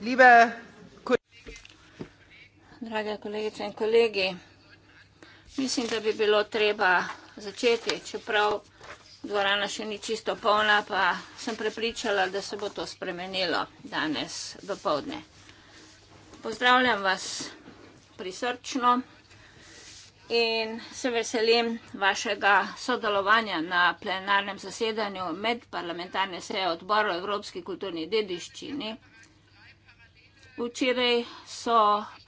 Liebe Drage kolegice in kolegi, mislim, da bi bilo treba začeti, čeprav dvorana še ni čisto polna, pa sem prepričala, da se bo to spremenilo danes do povdne. Pozdravljam vas prisrčno in se veselim vašega sodelovanja na plenarnem zasedanju med parlamentarne seje odboru Evropski kulturni dediščini Včeraj so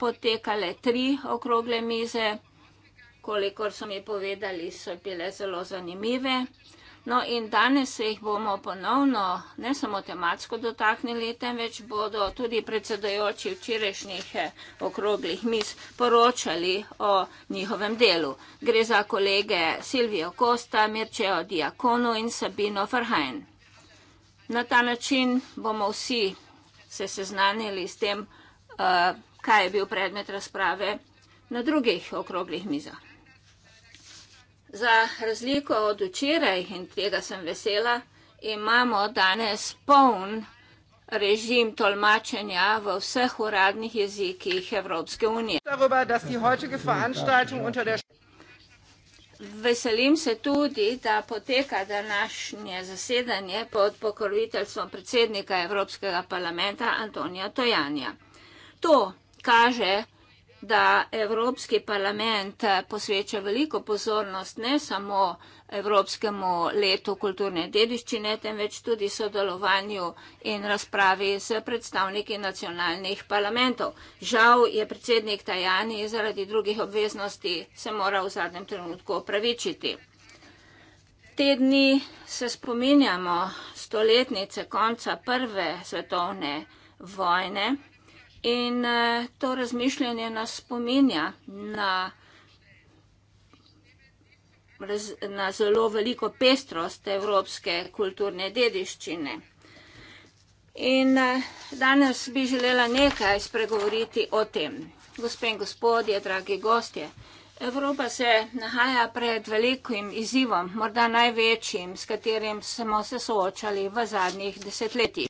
potekale tri okrogle mize, kolikor so mi povedali, so bile zelo zanimive. No in danes se jih bomo ponovno ne samo tematsko dotaknili, temveč bodo tudi predsedajoči včerajšnjih eh, okroglih mis poročali o njihovem delu. Gre za kolege Silvijo Kosta, Mirčejo Diakonu in Sabino Farhajn. Na ta način bomo vsi predsedajoči, se seznanili s tem, eh, kaj je bil predmet razprave na drugih okroglih mizah. Za razliko od včeraj, in tega sem vesela, imamo danes poln režim tolmačenja v vseh uradnih jezikih Evropske unije veselim se tudi, da poteka današnje zasedanje pod pokroviteljstvom predsednika Evropskega parlamenta Antonija Tojanja. To kaže, da Evropski parlament posveča veliko pozornost ne samo vsega, Evropskemu letu kulturne dediščine, temveč tudi sodelovanju in razpravi s predstavniki nacionalnih parlamentov. Žal je predsednik Tajani zaradi drugih obveznosti se mora v zadnjem trenutku opravičiti. Te dni se spominjamo stoletnice konca prve svetovne vojne in eh, to razmišljanje nas spominja na na zelo veliko pestrost evropske kulturne dediščine. In eh, danes bi želela nekaj spregovoriti o tem. Gospe in gospodje, dragi gostje, Evropa se nahaja pred velikim izzivom, morda največjim, s katerim smo se soočali v zadnjih desetletjih.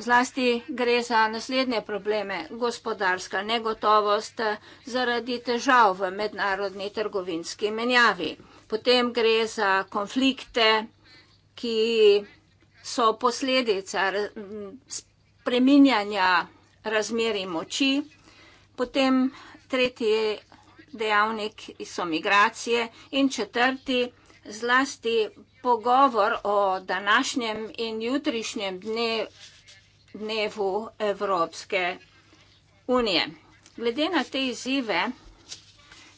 Zlasti gre za naslednje probleme, gospodarska negotovost eh, zaradi težav v mednarodni trgovinski menjavi. Potem gre za konflikte, ki so posledica spreminjanja razmeri moči. Potem tretji dejavnik so migracije in četrti zlasti pogovor o današnjem in jutrišnjem dne dnevu Evropske unije. Glede na te izzive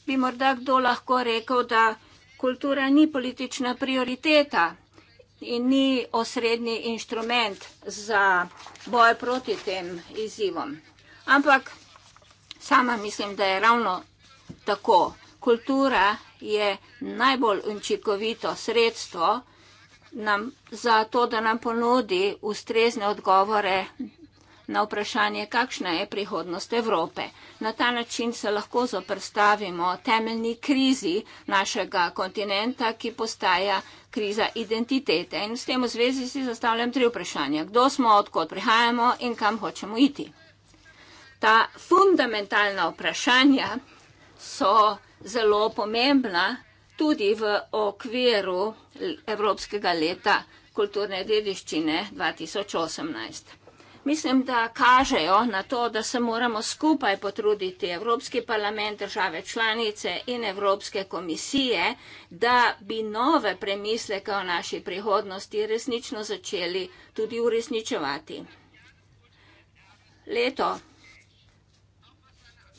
bi morda kdo lahko rekel, da kultura ni politična prioriteta in ni osrednji inštrument za boj proti tem izzivom. Ampak sama mislim, da je ravno tako. Kultura je najbolj učinkovito sredstvo, nam, za to, da nam ponudi ustrezne odgovore na vprašanje, kakšna je prihodnost Evrope. Na ta način se lahko zoprstavimo temeljni krizi našega kontinenta, ki postaja kriza identitete. In s tem v zvezi si zastavljam tri vprašanja. Kdo smo, odkot prihajamo in kam hočemo iti? Ta fundamentalna vprašanja so zelo pomembna tudi v okviru Evropskega leta kulturne dediščine 2018. Mislim, da kažejo na to, da se moramo skupaj potruditi Evropski parlament, države članice in Evropske komisije, da bi nove premisleke o naši prihodnosti resnično začeli tudi uresničevati. Leto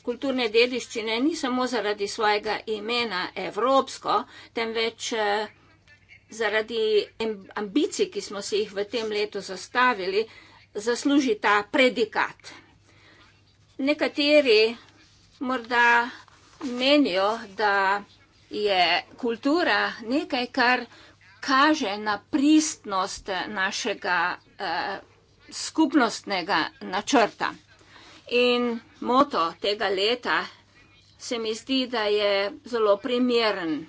kulturne dediščine ni samo zaradi svojega imena evropsko, temveč eh, zaradi ambicij, ki smo si jih v tem letu zastavili, zasluži ta predikat. Nekateri morda menijo, da je kultura nekaj, kar kaže na pristnost našega eh, skupnostnega načrta. In moto tega leta se mi zdi, da je zelo primeren.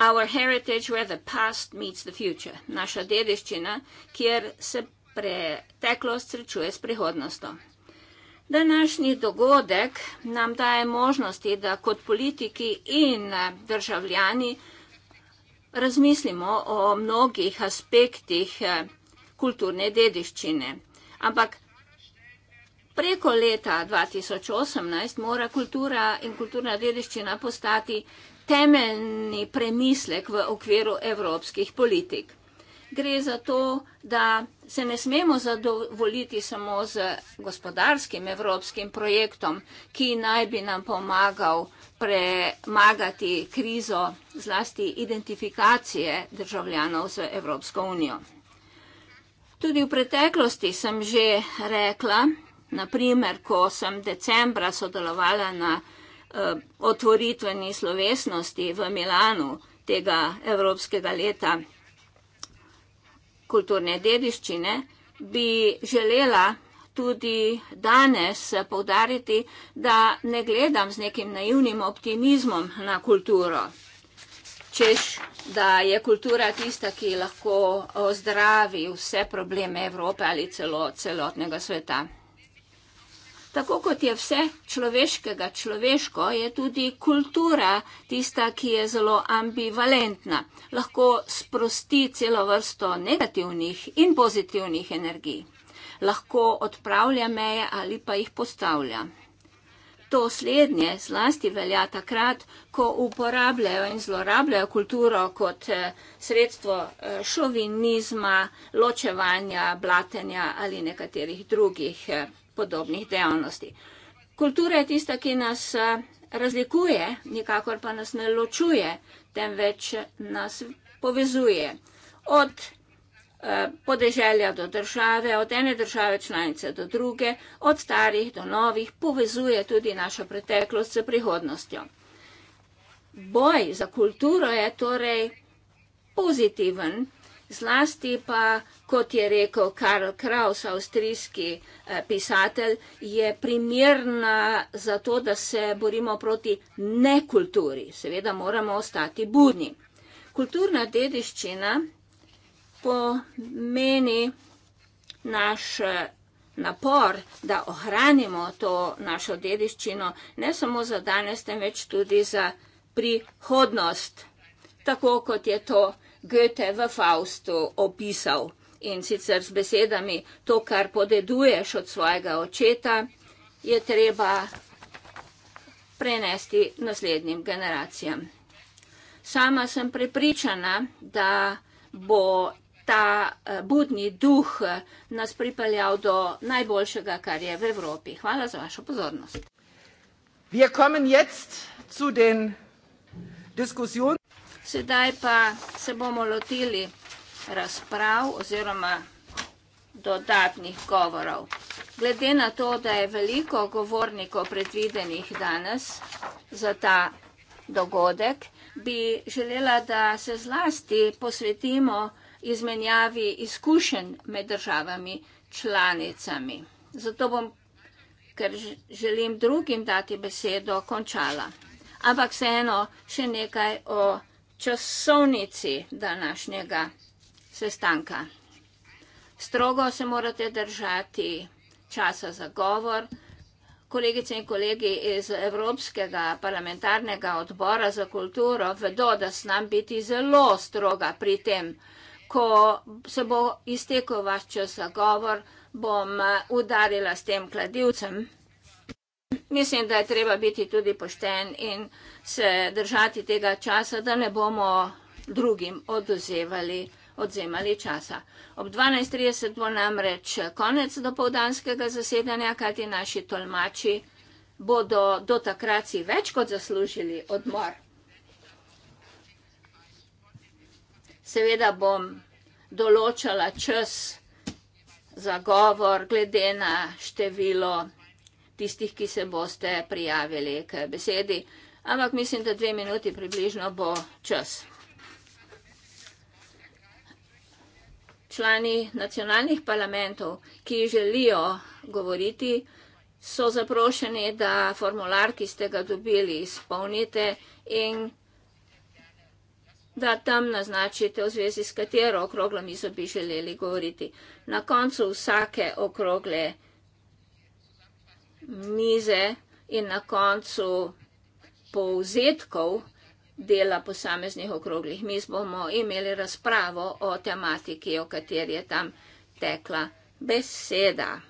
Our heritage where the past meets the future. Naša dediščina, kjer se preteklost srečuje s prihodnostjo. Današnji dogodek nam daje možnosti, da kot politiki in državljani razmislimo o mnogih aspektih eh, kulturne dediščine. Ampak Preko leta 2018 mora kultura in kulturna dediščina postati temeljni premislek v okviru evropskih politik. Gre za to, da se ne smemo zadovoljiti samo z gospodarskim evropskim projektom, ki naj bi nam pomagal premagati krizo zlasti identifikacije državljanov z Evropsko unijo. Tudi v preteklosti sem že rekla, Naprimer, ko sem decembra sodelovala na eh, otvoritveni slovesnosti v Milanu tega Evropskega leta kulturne dediščine, bi želela tudi danes povdariti, da ne gledam z nekim naivnim optimizmom na kulturo. Češ, da je kultura tista, ki lahko ozdravi vse probleme Evrope ali celo, celotnega sveta. Tako kot je vse človeškega človeško, je tudi kultura tista, ki je zelo ambivalentna. Lahko sprosti celo vrsto negativnih in pozitivnih energij. Lahko odpravlja meje ali pa jih postavlja. To slednje zlasti velja takrat, ko uporabljajo in zlorabljajo kulturo kot eh, sredstvo eh, šovinizma, ločevanja, blatenja ali nekaterih drugih eh, podobnih dejavnosti. Kultura je tista, ki nas eh, razlikuje, nikakor pa nas ne ločuje, temveč nas povezuje. Od eh, podeželja do države, od ene države članice do druge, od starih do novih, povezuje tudi našo preteklost s prihodnostjo. Boj za kulturo je torej pozitiven Zlasti pa, kot je rekel Karl Kraus, avstrijski eh, pisatelj, je primerna za to, da se borimo proti nekulturi. Seveda moramo ostati budni. Kulturna dediščina pomeni naš eh, napor, da ohranimo to našo dediščino ne samo za danes, temveč tudi za prihodnost, tako kot je to. Goethe v Faustu opisal. In sicer z besedami, to, kar podeduješ od svojega očeta, je treba prenesti naslednjim generacijam. Sama sem prepričana, da bo ta eh, budni duh eh, nas pripeljal do najboljšega, kar je v Evropi. Hvala za vašo pozornost. Wir kommen jetzt zu den Diskussionen. Sedaj pa se bomo lotili razprav oziroma dodatnih govorov. Glede na to, da je veliko govornikov predvidenih danes za ta dogodek, bi želela, da se zlasti posvetimo izmenjavi izkušenj med državami članicami. Zato bom, ker želim drugim dati besedo, končala. Ampak vseeno še nekaj o izkušenju časovnici današnjega sestanka. Strogo se morate držati časa za govor. Kolegice in kolegi iz Evropskega parlamentarnega odbora za kulturo vedo, da s nam biti zelo stroga pri tem, ko se bo iztekel vaš čas za govor, bom udarila s tem kladivcem mislim, da je treba biti tudi pošten in se držati tega časa, da ne bomo drugim oduzevali odzemali časa. Ob 12.30 bo namreč konec dopoldanskega zasedanja, kajti naši tolmači bodo do takrat si več kot zaslužili odmor. Seveda bom določala čas za govor glede na število odmor tistih, ki se boste prijavili k besedi. Ampak mislim, da dve minuti približno bo čas. Člani nacionalnih parlamentov, ki želijo govoriti, so zaprošeni, da formular, ki ste ga dobili, izpolnite in da tam naznačite v zvezi s katero okroglo mi so bi želeli govoriti. Na koncu vsake okrogle mize in na koncu povzetkov dela posameznih okroglih miz bomo imeli razpravo o tematiki, o kateri je tam tekla beseda.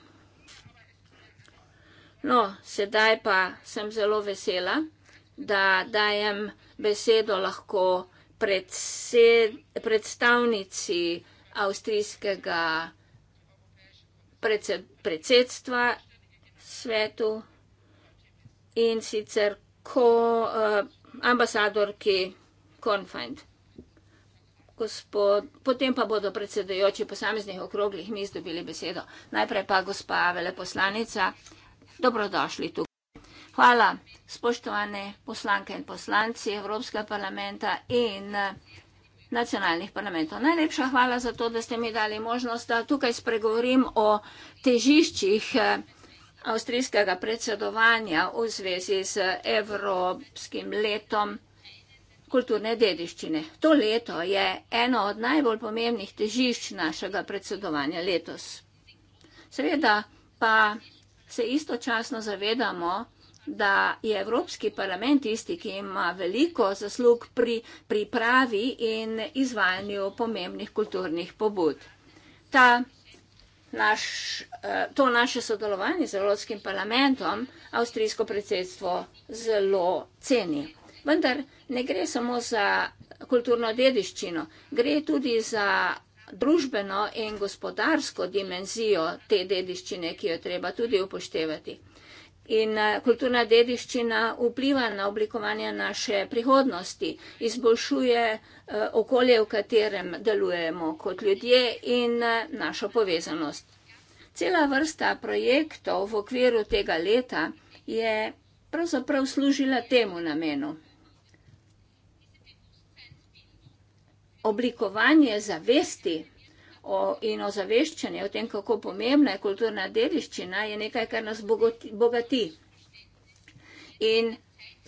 No, sedaj pa sem zelo vesela, da dajem besedo lahko predstavnici avstrijskega predsedstva svetu in sicer ko uh, eh, ambasadorki Confind. Gospod, potem pa bodo predsedojoči posameznih okroglih mi izdobili besedo. Najprej pa gospa veleposlanica, dobrodošli tu. Hvala, spoštovane poslanke in poslanci Evropskega parlamenta in eh, nacionalnih parlamentov. Najlepša hvala za to, da ste mi dali možnost, da tukaj spregovorim o težiščih eh, avstrijskega predsedovanja v zvezi z Evropskim letom kulturne dediščine. To leto je eno od najbolj pomembnih težišč našega predsedovanja letos. Seveda pa se istočasno zavedamo, da je Evropski parlament tisti, ki ima veliko zaslug pri pripravi in izvajanju pomembnih kulturnih pobud. Ta naš, eh, to naše sodelovanje z Evropskim parlamentom, avstrijsko predsedstvo zelo ceni. Vendar ne gre samo za kulturno dediščino, gre tudi za družbeno in gospodarsko dimenzijo te dediščine, ki jo treba tudi upoštevati. In eh, kulturna dediščina vpliva na oblikovanje naše prihodnosti, izboljšuje eh, okolje, v katerem delujemo kot ljudje in eh, našo povezanost. Cela vrsta projektov v okviru tega leta je pravzaprav služila temu namenu. Oblikovanje zavesti o, in ozaveščanje o tem, kako pomembna je kulturna dediščina, je nekaj, kar nas bogoti, bogati. In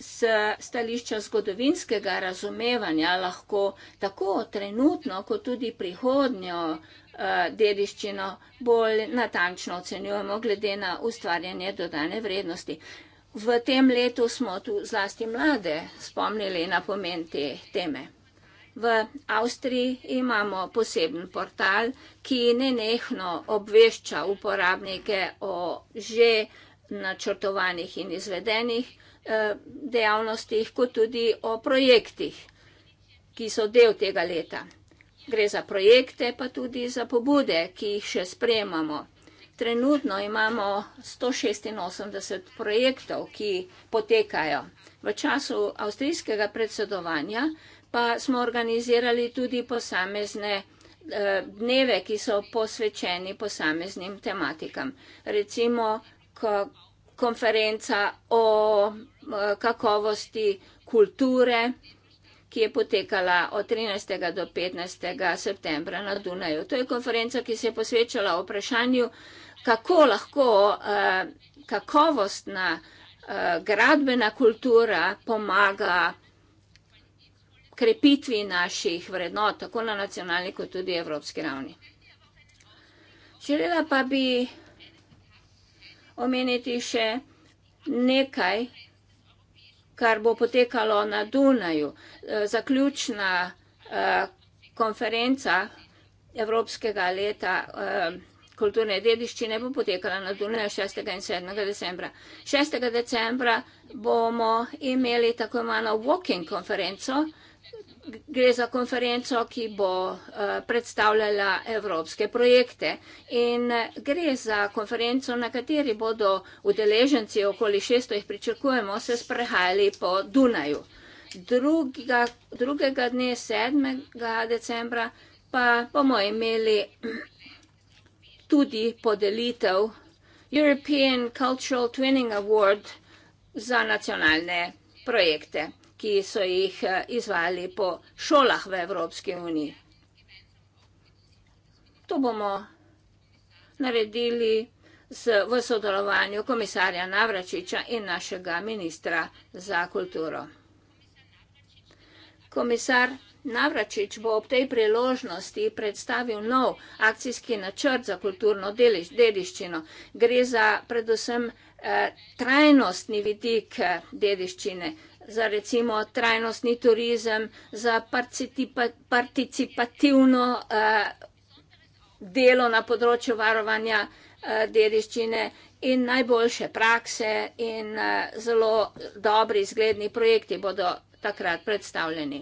s stališča zgodovinskega razumevanja lahko tako trenutno, kot tudi prihodnjo eh, dediščino bolj natančno ocenjujemo glede na ustvarjanje dodane vrednosti. V tem letu smo tu zlasti mlade spomnili na pomen te teme. V Avstriji imamo poseben portal, ki ne nehno obvešča uporabnike o že načrtovanih in izvedenih eh, dejavnostih, kot tudi o projektih, ki so del tega leta. Gre za projekte, pa tudi za pobude, ki jih še sprejemamo. Trenutno imamo 186 projektov, ki potekajo. V času avstrijskega predsedovanja pa smo organizirali tudi posamezne eh, dneve, ki so posvečeni posameznim tematikam. Recimo konferenca o eh, kakovosti kulture, ki je potekala od 13. do 15. septembra na Dunaju. To je konferenca, ki se je posvečala vprašanju, kako lahko eh, kakovostna gradbena kultura pomaga kulturi, krepitvi naših vrednot, tako na nacionalni kot tudi evropski ravni. Želela pa bi omeniti še nekaj, kar bo potekalo na Dunaju. Zaključna eh, konferenca Evropskega leta eh, kulturne dediščine bo potekala na Dunaju 6. in 7. decembra. 6. decembra bomo imeli tako imano walking konferenco, gre za konferenco, ki bo uh, predstavljala evropske projekte. In eh, gre za konferenco, na kateri bodo udeleženci, okoli 600 jih pričakujemo, se sprehajali po Dunaju. Drugega, drugega dne, 7. decembra, pa bomo imeli tudi podelitev European Cultural Twinning Award za nacionalne projekte ki so jih eh, izvali po šolah v Evropski uniji. To bomo naredili v sodelovanju komisarja Navračiča in našega ministra za kulturo. Komisar Navračič bo ob tej priložnosti predstavil nov akcijski načrt za kulturno dediščino. Gre za predvsem eh, trajnostni vidik eh, dediščine, za recimo trajnostni turizem, za participativno eh, delo na področju varovanja eh, dediščine in najboljše prakse in eh, zelo dobri izgledni projekti bodo takrat predstavljeni.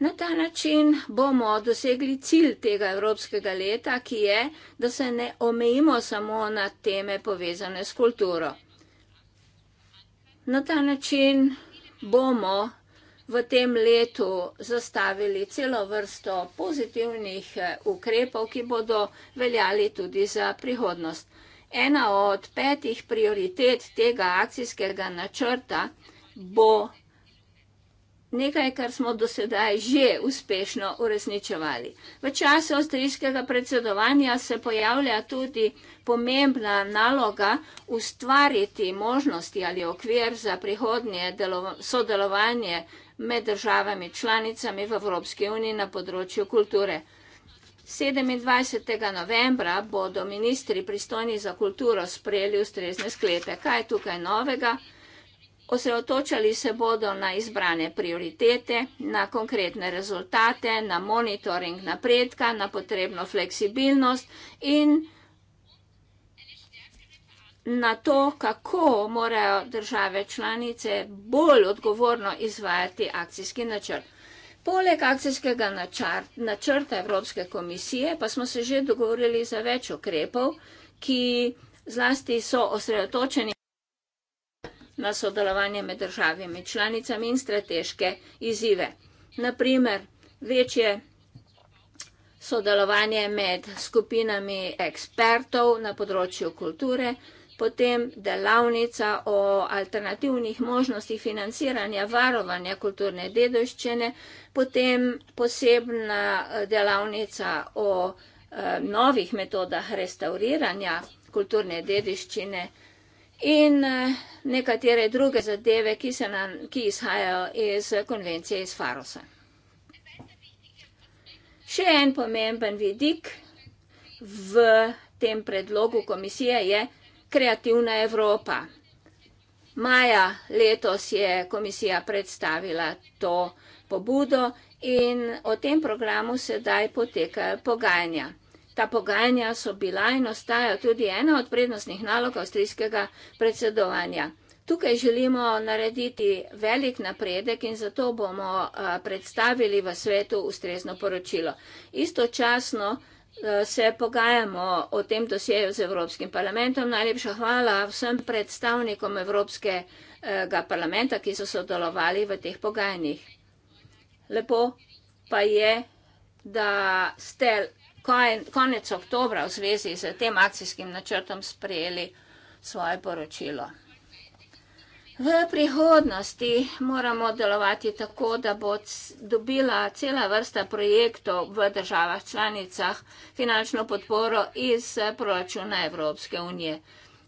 Na ta način bomo dosegli cilj tega evropskega leta, ki je, da se ne omejimo samo na teme povezane s kulturo. Na ta način bomo v tem letu zastavili celo vrsto pozitivnih eh, ukrepov, ki bodo veljali tudi za prihodnost. Ena od petih prioritet tega akcijskega načrta bo nekaj, kar smo do sedaj že uspešno uresničevali. V času avstrijskega predsedovanja se pojavlja tudi pomembna naloga ustvariti možnosti ali okvir za prihodnje sodelovanje med državami članicami v Evropski uniji na področju kulture. 27. novembra bodo ministri pristojni za kulturo sprejeli ustrezne sklepe. Kaj je tukaj novega? Osredotočali se bodo na izbrane prioritete, na konkretne rezultate, na monitoring napredka, na potrebno fleksibilnost in na to, kako morajo države članice bolj odgovorno izvajati akcijski načrt. Poleg akcijskega načrta, načrta Evropske komisije pa smo se že dogovorili za več okrepov, ki zlasti so osredotočeni na sodelovanje med državami, članicami in strateške izzive. Naprimer, večje sodelovanje med skupinami ekspertov na področju kulture, potem delavnica o alternativnih možnostih financiranja varovanja kulturne dediščine, potem posebna eh, delavnica o eh, novih metodah restauriranja kulturne dediščine, in eh, nekatere druge zadeve, ki, nam, ki izhajajo iz konvencije iz Farosa. Še en pomemben vidik v tem predlogu komisije je kreativna Evropa. Maja letos je komisija predstavila to pobudo in o tem programu sedaj potekajo pogajanja ta pogajanja so bila in ostajajo tudi ena od prednostnih nalog avstrijskega predsedovanja. Tukaj želimo narediti velik napredek in zato bomo predstavili v svetu ustrezno poročilo. Istočasno se pogajamo o tem dosjeju z Evropskim parlamentom. Najlepša hvala vsem predstavnikom Evropskega parlamenta, ki so sodelovali v teh pogajanjih. Lepo pa je, da ste konec oktobra v zvezi z tem akcijskim načrtom sprejeli svoje poročilo. V prihodnosti moramo delovati tako, da bo dobila cela vrsta projektov v državah članicah finančno podporo iz proračuna Evropske unije.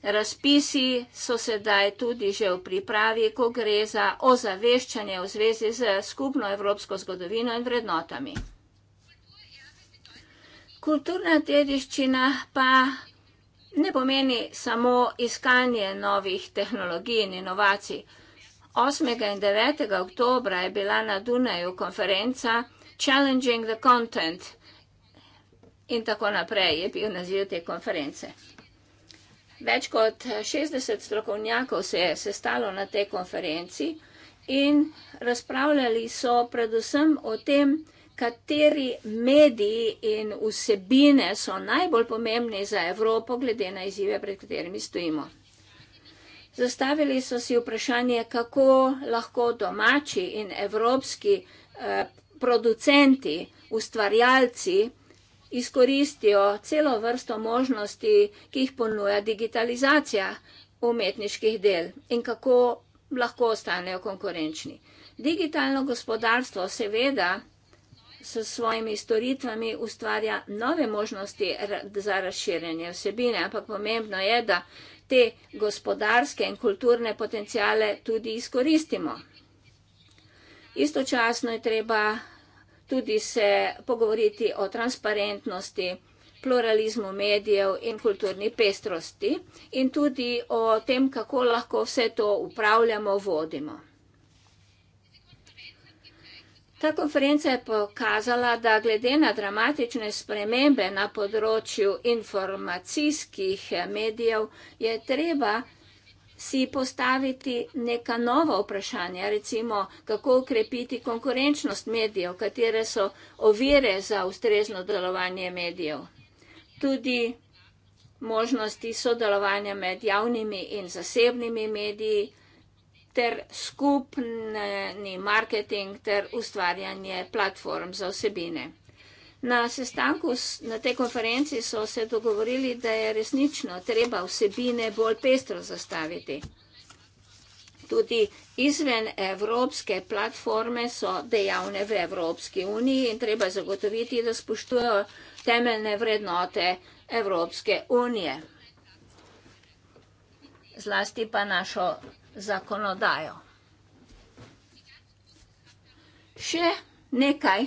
Razpisi so sedaj tudi že v pripravi, ko gre za ozaveščanje v zvezi z skupno evropsko zgodovino in vrednotami. Kulturna dediščina pa ne pomeni samo iskanje novih tehnologij in inovacij. 8. in 9. oktobra je bila na Dunaju konferenca Challenging the Content in tako naprej je bil naziv te konference. Več kot 60 strokovnjakov se je sestalo na tej konferenci in razpravljali so predvsem o tem, kateri mediji in vsebine so najbolj pomembni za Evropo, glede na izzive, pred katerimi stojimo. Zastavili so si vprašanje, kako lahko domači in evropski eh, producenti, ustvarjalci izkoristijo celo vrsto možnosti, ki jih ponuja digitalizacija umetniških del in kako lahko ostanejo konkurenčni. Digitalno gospodarstvo seveda s svojimi storitvami ustvarja nove možnosti za razširjanje vsebine, ampak pomembno je, da te gospodarske in kulturne potencijale tudi izkoristimo. Istočasno je treba tudi se pogovoriti o transparentnosti, pluralizmu medijev in kulturni pestrosti in tudi o tem, kako lahko vse to upravljamo, vodimo. Ta konferenca je pokazala, da glede na dramatične spremembe na področju informacijskih medijev je treba si postaviti neka nova vprašanja, recimo kako ukrepiti konkurenčnost medijev, katere so ovire za ustrezno delovanje medijev. Tudi možnosti sodelovanja med javnimi in zasebnimi mediji ter skupni marketing ter ustvarjanje platform za osebine. Na sestanku na tej konferenci so se dogovorili, da je resnično treba osebine bolj pestro zastaviti. Tudi izven evropske platforme so dejavne v Evropski uniji in treba zagotoviti, da spoštujejo temeljne vrednote Evropske unije. Zlasti pa našo zakonodajo. Še nekaj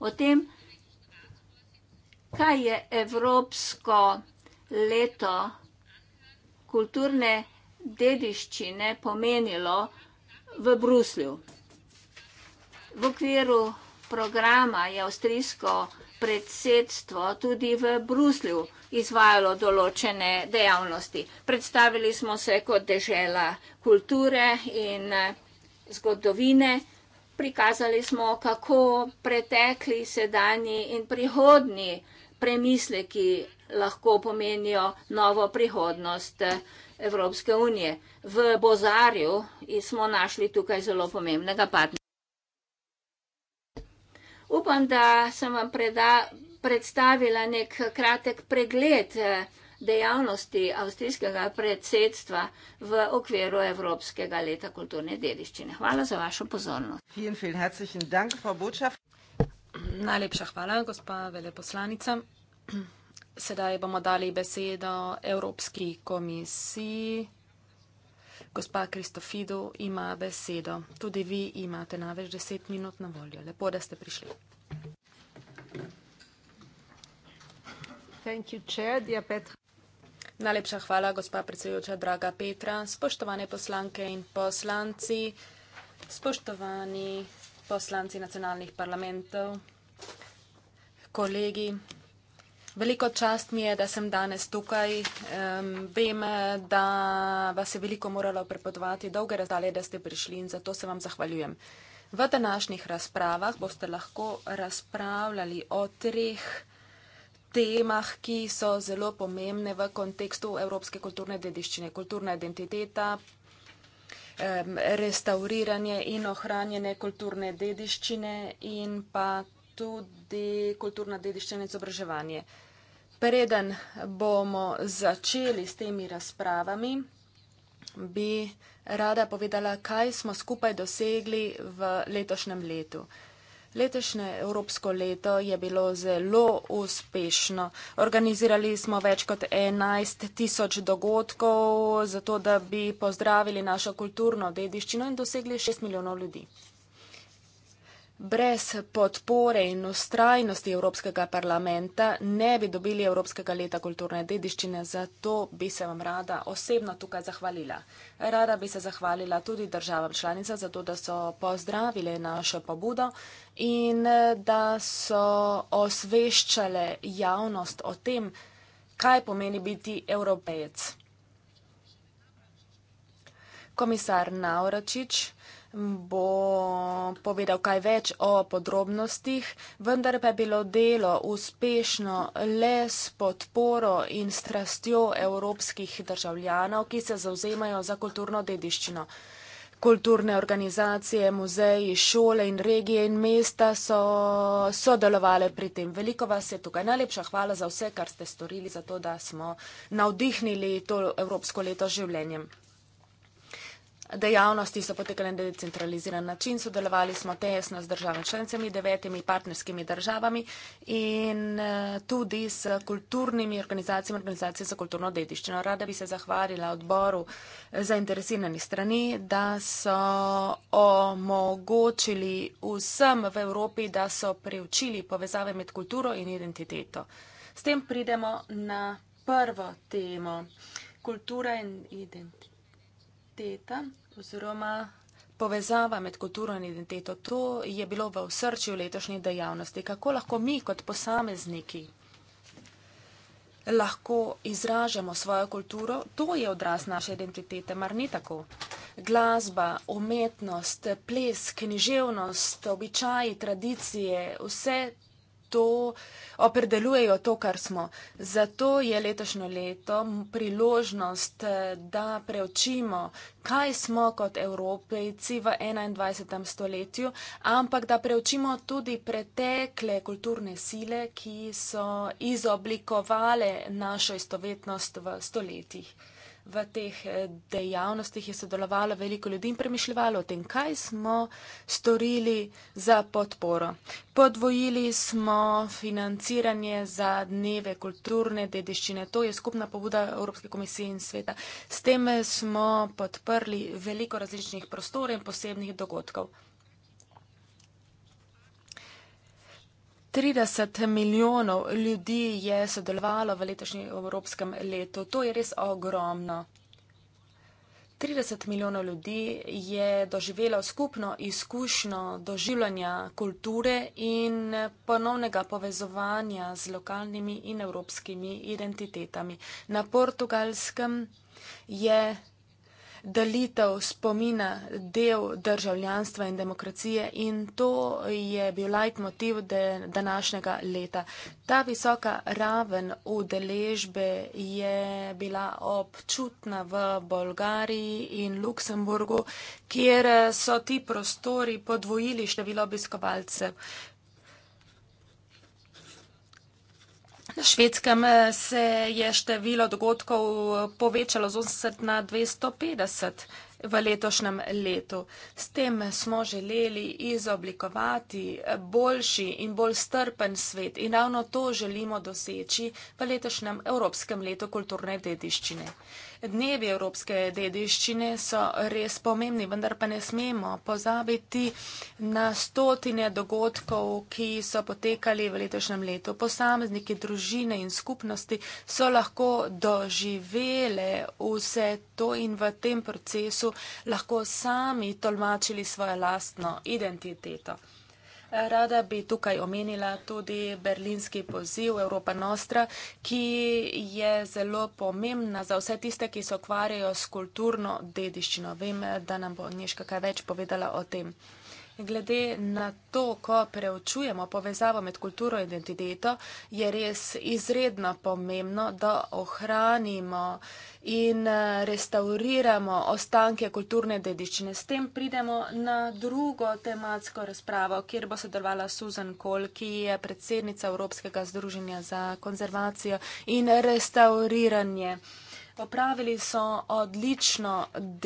o tem, kaj je Evropsko leto kulturne dediščine pomenilo v Bruslju. V okviru programa je avstrijsko predsedstvo tudi v Bruslju izvajalo določene dejavnosti. Predstavili smo se kot dežela kulture in eh, zgodovine, prikazali smo, kako pretekli, sedanji in prihodni premisleki lahko pomenijo novo prihodnost eh, Evropske unije. V Bozarju smo našli tukaj zelo pomembnega partnerja. Upam, da sem vam preda, predstavila nek kratek pregled eh, dejavnosti avstrijskega predsedstva v okviru Evropskega leta kulturne dediščine. Hvala za vašo pozornost. Najlepša hvala, gospa veleposlanica. Sedaj bomo dali besedo Evropski komisiji. Gospa Kristofido ima besedo. Tudi vi imate največ deset minut na voljo. Lepo, da ste prišli. Najlepša hvala, gospa predsedujoča, draga Petra. Spoštovane poslanke in poslanci, spoštovani poslanci nacionalnih parlamentov, kolegi, Veliko čast mi je, da sem danes tukaj. Um, vem, da vas je veliko moralo prepotovati dolge razdalje, da ste prišli in zato se vam zahvaljujem. V današnjih razpravah boste lahko razpravljali o treh temah, ki so zelo pomembne v kontekstu evropske kulturne dediščine. Kulturna identiteta, um, restauriranje in ohranjene kulturne dediščine in pa tudi kulturna dediščina in izobraževanje. Uh, Preden bomo začeli s temi razpravami, bi rada povedala, kaj smo skupaj dosegli v letošnjem letu. Letošnje Evropsko leto je bilo zelo uspešno. Organizirali smo več kot 11 tisoč dogodkov, zato da bi pozdravili našo kulturno dediščino in dosegli 6 milijonov ljudi. Brez podpore in ustrajnosti Evropskega parlamenta ne bi dobili Evropskega leta kulturne dediščine, zato bi se vam rada osebno tukaj zahvalila. Rada bi se zahvalila tudi državam članica, zato da so pozdravile našo pobudo in da so osveščale javnost o tem, kaj pomeni biti evropejec. Komisar Navračič, bo povedal kaj več o podrobnostih, vendar pa je bilo delo uspešno le s podporo in strastjo evropskih državljanov, ki se zauzemajo za kulturno dediščino. Kulturne organizacije, muzeji, šole in regije in mesta so sodelovali pri tem. Veliko vas je tukaj. Najlepša hvala za vse, kar ste storili, za to, da smo navdihnili to Evropsko leto življenjem. Dejavnosti so potekale na decentraliziran način, sodelovali smo tesno z državami članicami, devetimi partnerskimi državami in eh, tudi s kulturnimi organizacijami, organizacije za kulturno dediščino. Rada bi se zahvalila odboru eh, zainteresirani strani, da so omogočili vsem v Evropi, da so preučili povezave med kulturo in identiteto. S tem pridemo na prvo temo. Kultura in identiteta identiteta oziroma povezava med kulturo in identiteto. To je bilo v srčju letošnje dejavnosti. Kako lahko mi kot posamezniki lahko izražamo svojo kulturo? To je odraz naše identitete, mar ni tako? Glasba, umetnost, ples, književnost, običaji, tradicije, vse to, opredelujejo to, kar smo. Zato je letošnje leto priložnost, eh, da preučimo, kaj smo kot Evropejci v 21. stoletju, ampak da preučimo tudi pretekle kulturne sile, ki so izoblikovale našo istovetnost v stoletjih v teh eh, dejavnostih je sodelovalo veliko ljudi in premišljalo o tem, kaj smo storili za podporo. Podvojili smo financiranje za dneve kulturne dediščine, to je skupna pobuda Evropske komisije in sveta. S tem smo podprli veliko različnih prostorov in posebnih dogodkov. 30 milijonov ljudi je sodelovalo v letošnjem Evropskem letu. To je res ogromno. 30 milijonov ljudi je doživelo skupno izkušnjo doživljanja kulture in ponovnega povezovanja z lokalnimi in evropskimi identitetami. Na portugalskem je delitev spomina del državljanstva in demokracije in to je bil leitmotiv današnjega leta. Ta visoka raven udeležbe je bila občutna v Bolgariji in Luksemburgu, kjer so ti prostori podvojili število obiskovalcev. Švedskem eh, se je število dogodkov eh, povečalo z 80 na 250 v letošnjem letu. S tem smo želeli izoblikovati eh, boljši in bolj strpen svet in ravno to želimo doseči v letošnjem Evropskem letu kulturne dediščine. Dnevi evropske dediščine so res pomembni, vendar pa ne smemo pozabiti na stotine dogodkov, ki so potekali v letošnjem letu. Posamezniki, družine in skupnosti so lahko doživele vse to in v tem procesu lahko sami tolmačili svojo lastno identiteto. Rada bi tukaj omenila tudi berlinski poziv Evropa Nostra, ki je zelo pomembna za vse tiste, ki se okvarjajo s kulturno dediščino. Vem, da nam bo Nješka kaj več povedala o tem. Glede na to, ko preučujemo povezavo med kulturo in identiteto, je res izredno pomembno, da ohranimo in eh, restauriramo ostanke kulturne dedičine. S tem pridemo na drugo tematsko razpravo, kjer bo sodelovala Susan Kol, ki je predsednica Evropskega združenja za konzervacijo in restauriranje. Opravili so odlično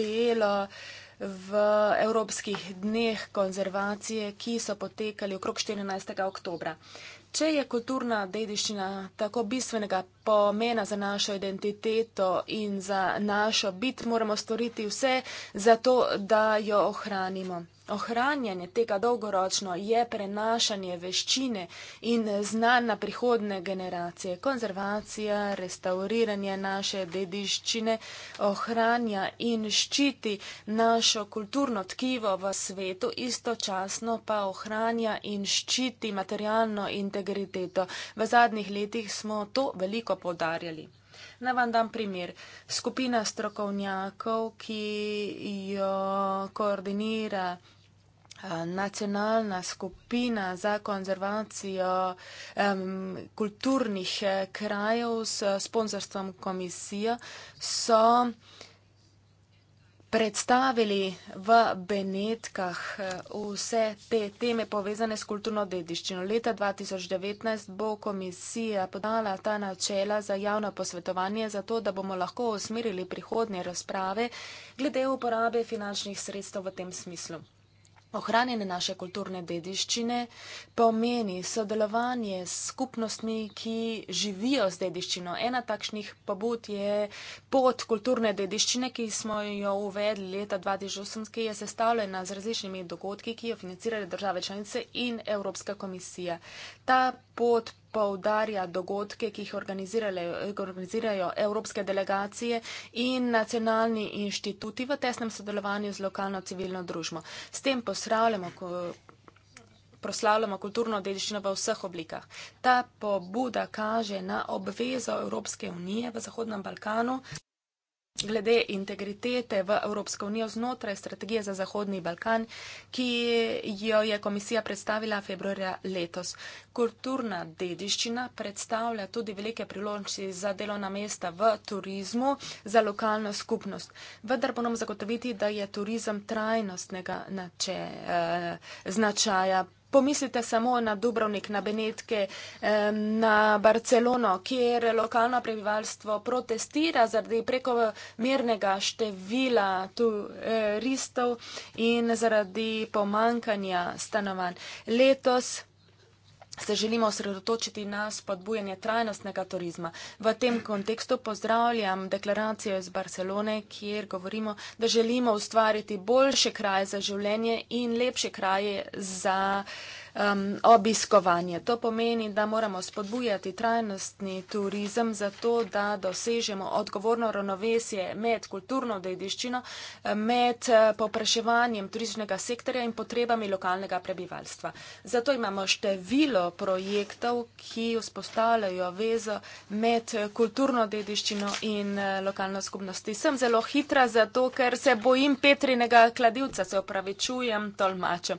delo v evropskih dneh konzervacije, ki so potekali okrog 14. oktober. Če je kulturna dediščina tako bistvenega pomena za našo identiteto in za našo bit, moramo storiti vse za to, da jo ohranimo ohranjanje tega dolgoročno je prenašanje veščine in znanj na prihodne generacije. Konzervacija, restauriranje naše dediščine ohranja in ščiti našo kulturno tkivo v svetu, istočasno pa ohranja in ščiti materialno integriteto. V zadnjih letih smo to veliko podarjali. Naj vam dam primer. Skupina strokovnjakov, ki jo koordinira Eh, nacionalna skupina za konzervacijo um, kulturnih eh, krajev s sponsorstvom komisijo, so predstavili v Benetkah eh, vse te teme povezane s kulturno dediščino. Leta 2019 bo komisija podala ta načela za javno posvetovanje, zato da bomo lahko usmerili prihodnje razprave glede uporabe finančnih sredstev v tem smislu. Ohranjanje naše kulturne dediščine pomeni sodelovanje s skupnostmi, ki živijo z dediščino. Ena takšnih pobud je pot kulturne dediščine, ki smo jo uvedli leta 2008, ki je sestavljena z različnimi dogodki, ki jo financirajo države članice in Evropska komisija. Ta pot poudarja dogodke, ki jih organizirajo evropske delegacije in nacionalni inštituti v tesnem sodelovanju z lokalno civilno družbo. S tem posravljamo, ko proslavljamo kulturno dediščino v vseh oblikah. Ta pobuda kaže na obvezo Evropske unije v Zahodnem Balkanu glede integritete v Evropsko unijo znotraj strategije za Zahodni Balkan, ki jo je komisija predstavila februarja letos. Kulturna dediščina predstavlja tudi velike priložnosti za delovna mesta v turizmu, za lokalno skupnost. Vendar ponom zagotoviti, da je turizem trajnostnega nače, eh, značaja Pomislite samo na Dubrovnik, na Benetke, na Barcelono, kjer lokalno prebivalstvo protestira zaradi prekomernega števila turistov eh, in zaradi pomankanja stanovanj. Letos se želimo osredotočiti na spodbujanje trajnostnega turizma. V tem kontekstu pozdravljam deklaracijo iz Barcelone, kjer govorimo, da želimo ustvariti boljše kraje za življenje in lepše kraje za življenje um, obiskovanje. To pomeni, da moramo spodbujati trajnostni turizem za to, da dosežemo odgovorno ravnovesje med kulturno dediščino, med eh, popraševanjem turističnega sektorja in potrebami lokalnega prebivalstva. Zato imamo število projektov, ki vzpostavljajo vezo med kulturno dediščino in eh, lokalno skupnosti. Sem zelo hitra zato, ker se bojim Petrinega kladivca, se opravičujem, tolmačem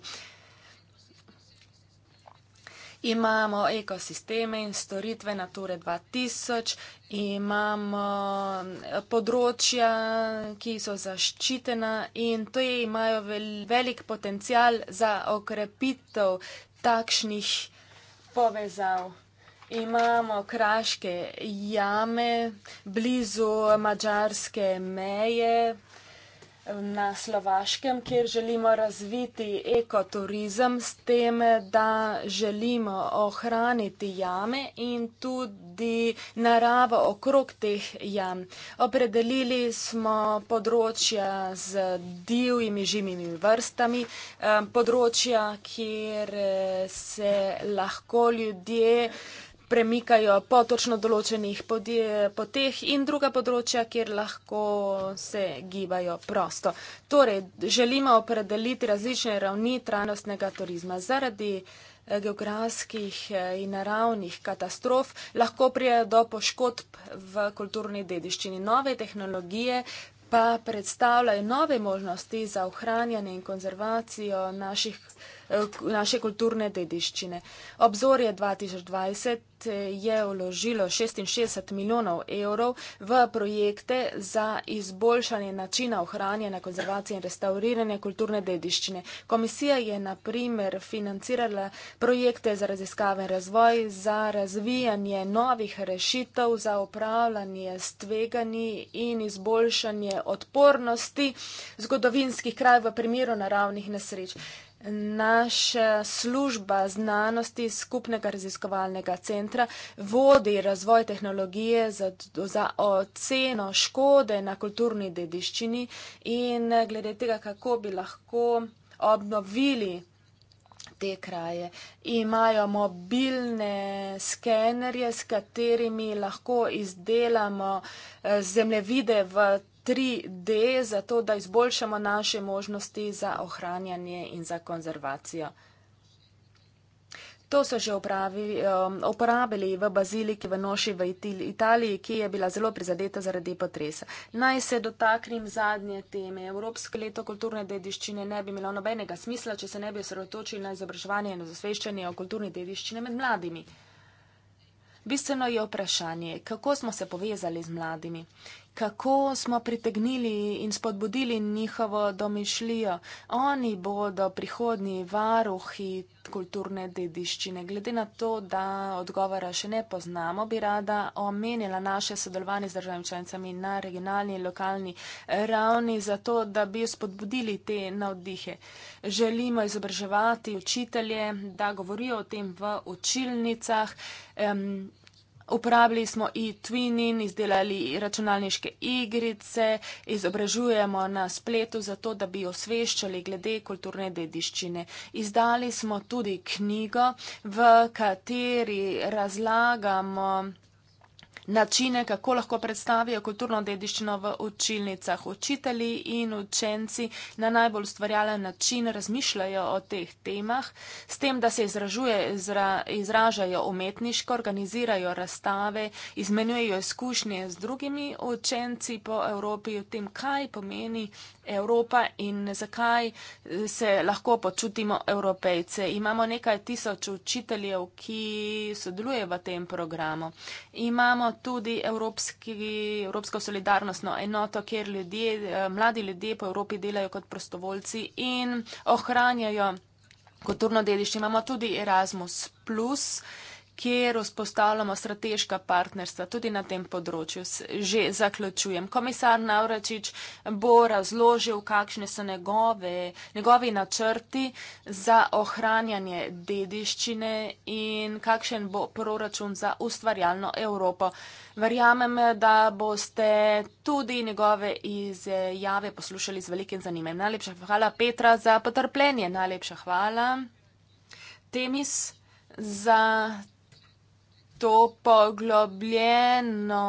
imamo ekosisteme in storitve Nature 2000, imamo eh, področja, ki so zaščitena in to je, imajo velik potencial za okrepitev takšnih povezav. Imamo kraške jame blizu mađarske meje na Slovaškem, kjer želimo razviti ekoturizem s tem, da želimo ohraniti jame in tudi naravo okrog teh jam. Opredelili smo področja z divjimi živimi vrstami, eh, področja, kjer eh, se lahko ljudje premikajo po točno določenih poteh in druga področja, kjer lahko se gibajo prosto. Torej, želimo opredeliti različne ravni trajnostnega turizma. Zaradi eh, geografskih eh, in naravnih katastrof lahko prije do poškodb v kulturni dediščini. Nove tehnologije pa predstavljajo nove možnosti za ohranjanje in konzervacijo naših. Eh, naše kulturne dediščine. Obzorje 2020 eh, je vložilo 66 milijonov evrov v projekte za izboljšanje načina ohranjanja, konzervacije in restauriranja kulturne dediščine. Komisija je naprimer financirala projekte za raziskave in razvoj, za razvijanje novih rešitev, za upravljanje stveganji in izboljšanje odpornosti zgodovinskih kraj v primeru naravnih nesreč. Naša služba znanosti skupnega raziskovalnega centra vodi razvoj tehnologije za, za oceno škode na kulturni dediščini in glede tega, kako bi lahko obnovili te kraje. Imajo mobilne skenerje, s katerimi lahko izdelamo eh, zemljevide v 3D, zato da izboljšamo naše možnosti za ohranjanje in za konzervacijo. To so že um, uporabili v baziliki v Noši v Italiji, ki je bila zelo prizadeta zaradi potresa. Naj se dotaknem zadnje teme. Evropsko leto kulturne dediščine ne bi imelo nobenega smisla, če se ne bi osredotočili na izobraževanje in ozveščanje o kulturni dediščini med mladimi. Bistveno je vprašanje, kako smo se povezali z mladimi kako smo pritegnili in spodbudili njihovo domišljijo. Oni bodo prihodni varuhi kulturne dediščine. Glede na to, da odgovora še ne poznamo, bi rada omenila naše sodelovanje z državami članicami na regionalni in lokalni ravni, zato da bi spodbudili te navdihe. Želimo izobraževati učitelje, da govorijo o tem v učilnicah. Um, Uporabili smo e-twinning, izdelali računalniške igrice, izobražujemo na spletu zato, da bi osveščali glede kulturne dediščine. Izdali smo tudi knjigo, v kateri razlagamo načine, kako lahko predstavijo kulturno dediščino v učilnicah. Učitelji in učenci na najbolj ustvarjalen način razmišljajo o teh temah, s tem, da se izražuje, izra, izražajo umetniško, organizirajo razstave, izmenjujejo izkušnje z drugimi učenci po Evropi o tem, kaj pomeni Evropa in zakaj eh, se lahko počutimo evropejce. Imamo nekaj tisoč učiteljev, ki sodelujejo v tem programu. Imamo tudi evropski, evropsko solidarnostno enoto, kjer ljudje, eh, mladi ljudje po Evropi delajo kot prostovoljci in ohranjajo kulturno dediščino. Imamo tudi Erasmus kjer vzpostavljamo strateška partnerstva tudi na tem področju. Že zaključujem. Komisar Navračič bo razložil, kakšne so njegove, njegovi načrti za ohranjanje dediščine in kakšen bo proračun za ustvarjalno Evropo. Verjamem, da boste tudi njegove izjave poslušali z velikim zanimanjem. Najlepša hvala Petra za potrpljenje. Najlepša hvala Temis za to poglobljeno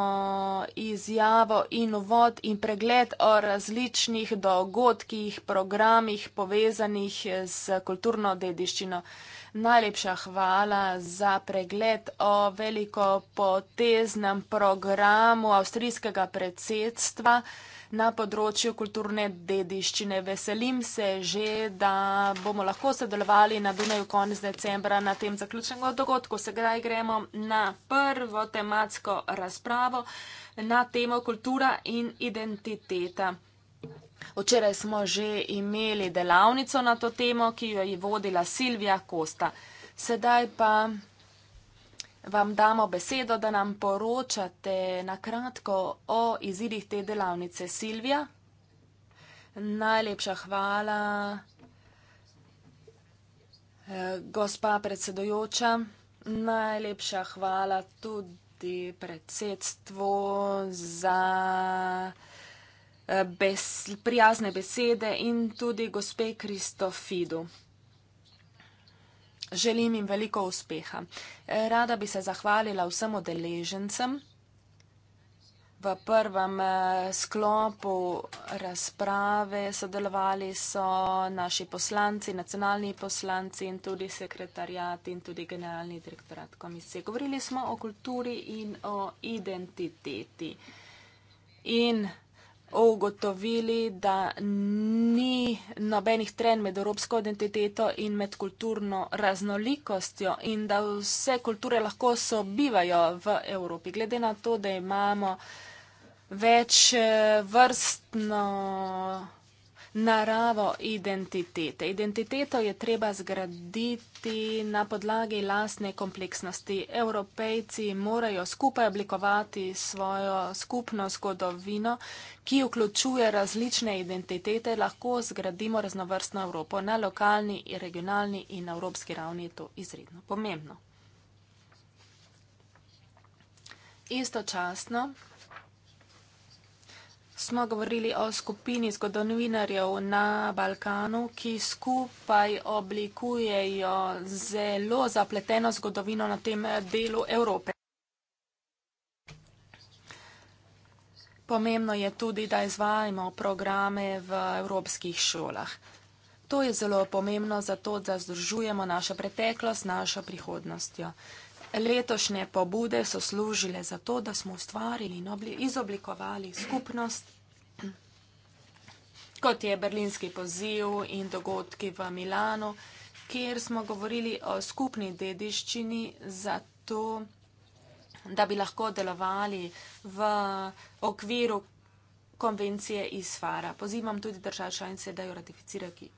izjavo in uvod in pregled o različnih dogodkih, programih povezanih s kulturno dediščino. Najlepša hvala za pregled o velikopoteznem programu avstrijskega predsedstva na področju kulturne dediščine. Veselim se že, da bomo lahko sodelovali na Dunaju konec decembra na tem zaključnem dogodku. Sedaj gremo na prvo tematsko razpravo na temo kultura in identiteta. Včeraj smo že imeli delavnico na to temo, ki jo je vodila Silvija Kosta. Sedaj pa vam damo besedo, da nam poročate na kratko o izidih te delavnice. Silvija, najlepša hvala. Eh, gospa predsedojoča, najlepša hvala tudi predsedstvu za eh, bes, prijazne besede in tudi gospe Kristofidu želim jim veliko uspeha. Eh, rada bi se zahvalila vsem odeležencem v prvem eh, sklopu razprave. Sodelovali so naši poslanci, nacionalni poslanci in tudi sekretarjat in tudi generalni direktorat komisije. Govorili smo o kulturi in o identiteti. In ugotovili, da ni nobenih tren med evropsko identiteto in med kulturno raznolikostjo in da vse kulture lahko sobivajo v Evropi. Glede na to, da imamo več eh, vrstno naravo identitete. Identiteto je treba zgraditi na podlagi lastne kompleksnosti. Evropejci morajo skupaj oblikovati svojo skupno zgodovino, ki vključuje različne identitete. Lahko zgradimo raznovrstno Evropo na lokalni, regionalni in evropski ravni. Je to izredno pomembno. Istočasno smo govorili o skupini zgodovinarjev na Balkanu, ki skupaj oblikujejo zelo zapleteno zgodovino na tem delu Evrope. Pomembno je tudi, da izvajamo programe v evropskih šolah. To je zelo pomembno zato, da združujemo našo preteklost z našo prihodnostjo letošnje pobude so služile za to, da smo ustvarili in obli, izoblikovali skupnost, kot je berlinski poziv in dogodki v Milano, kjer smo govorili o skupni dediščini za to, da bi lahko delovali v okviru konvencije iz FARA. Pozivam tudi države članice, da jo ratificirajo, ki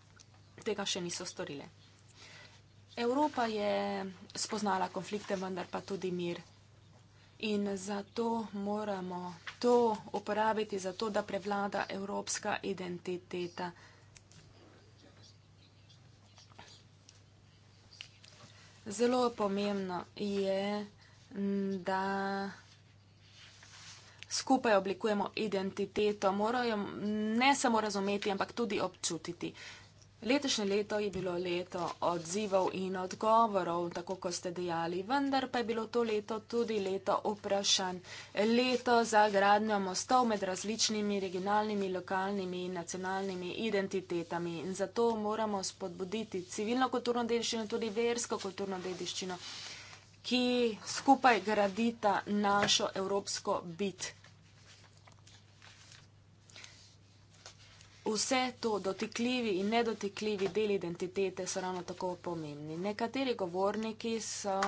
tega še niso storile. Evropa je spoznala konflikte, vendar pa tudi mir. In zato moramo to uporabiti, zato da prevlada evropska identiteta. Zelo pomembno je, da skupaj oblikujemo identiteto. Morajo ne samo razumeti, ampak tudi občutiti. Letošnje leto je bilo leto odzivov in odgovorov, tako kot ste dejali, vendar pa je bilo to leto tudi leto vprašanj. Leto za gradnjo mostov med različnimi regionalnimi, lokalnimi in nacionalnimi identitetami. In zato moramo spodbuditi civilno kulturno dediščino, tudi versko kulturno dediščino, ki skupaj gradita našo evropsko bit. vse to dotikljivi in nedotikljivi deli identitete so ravno tako pomembni. Nekateri govorniki so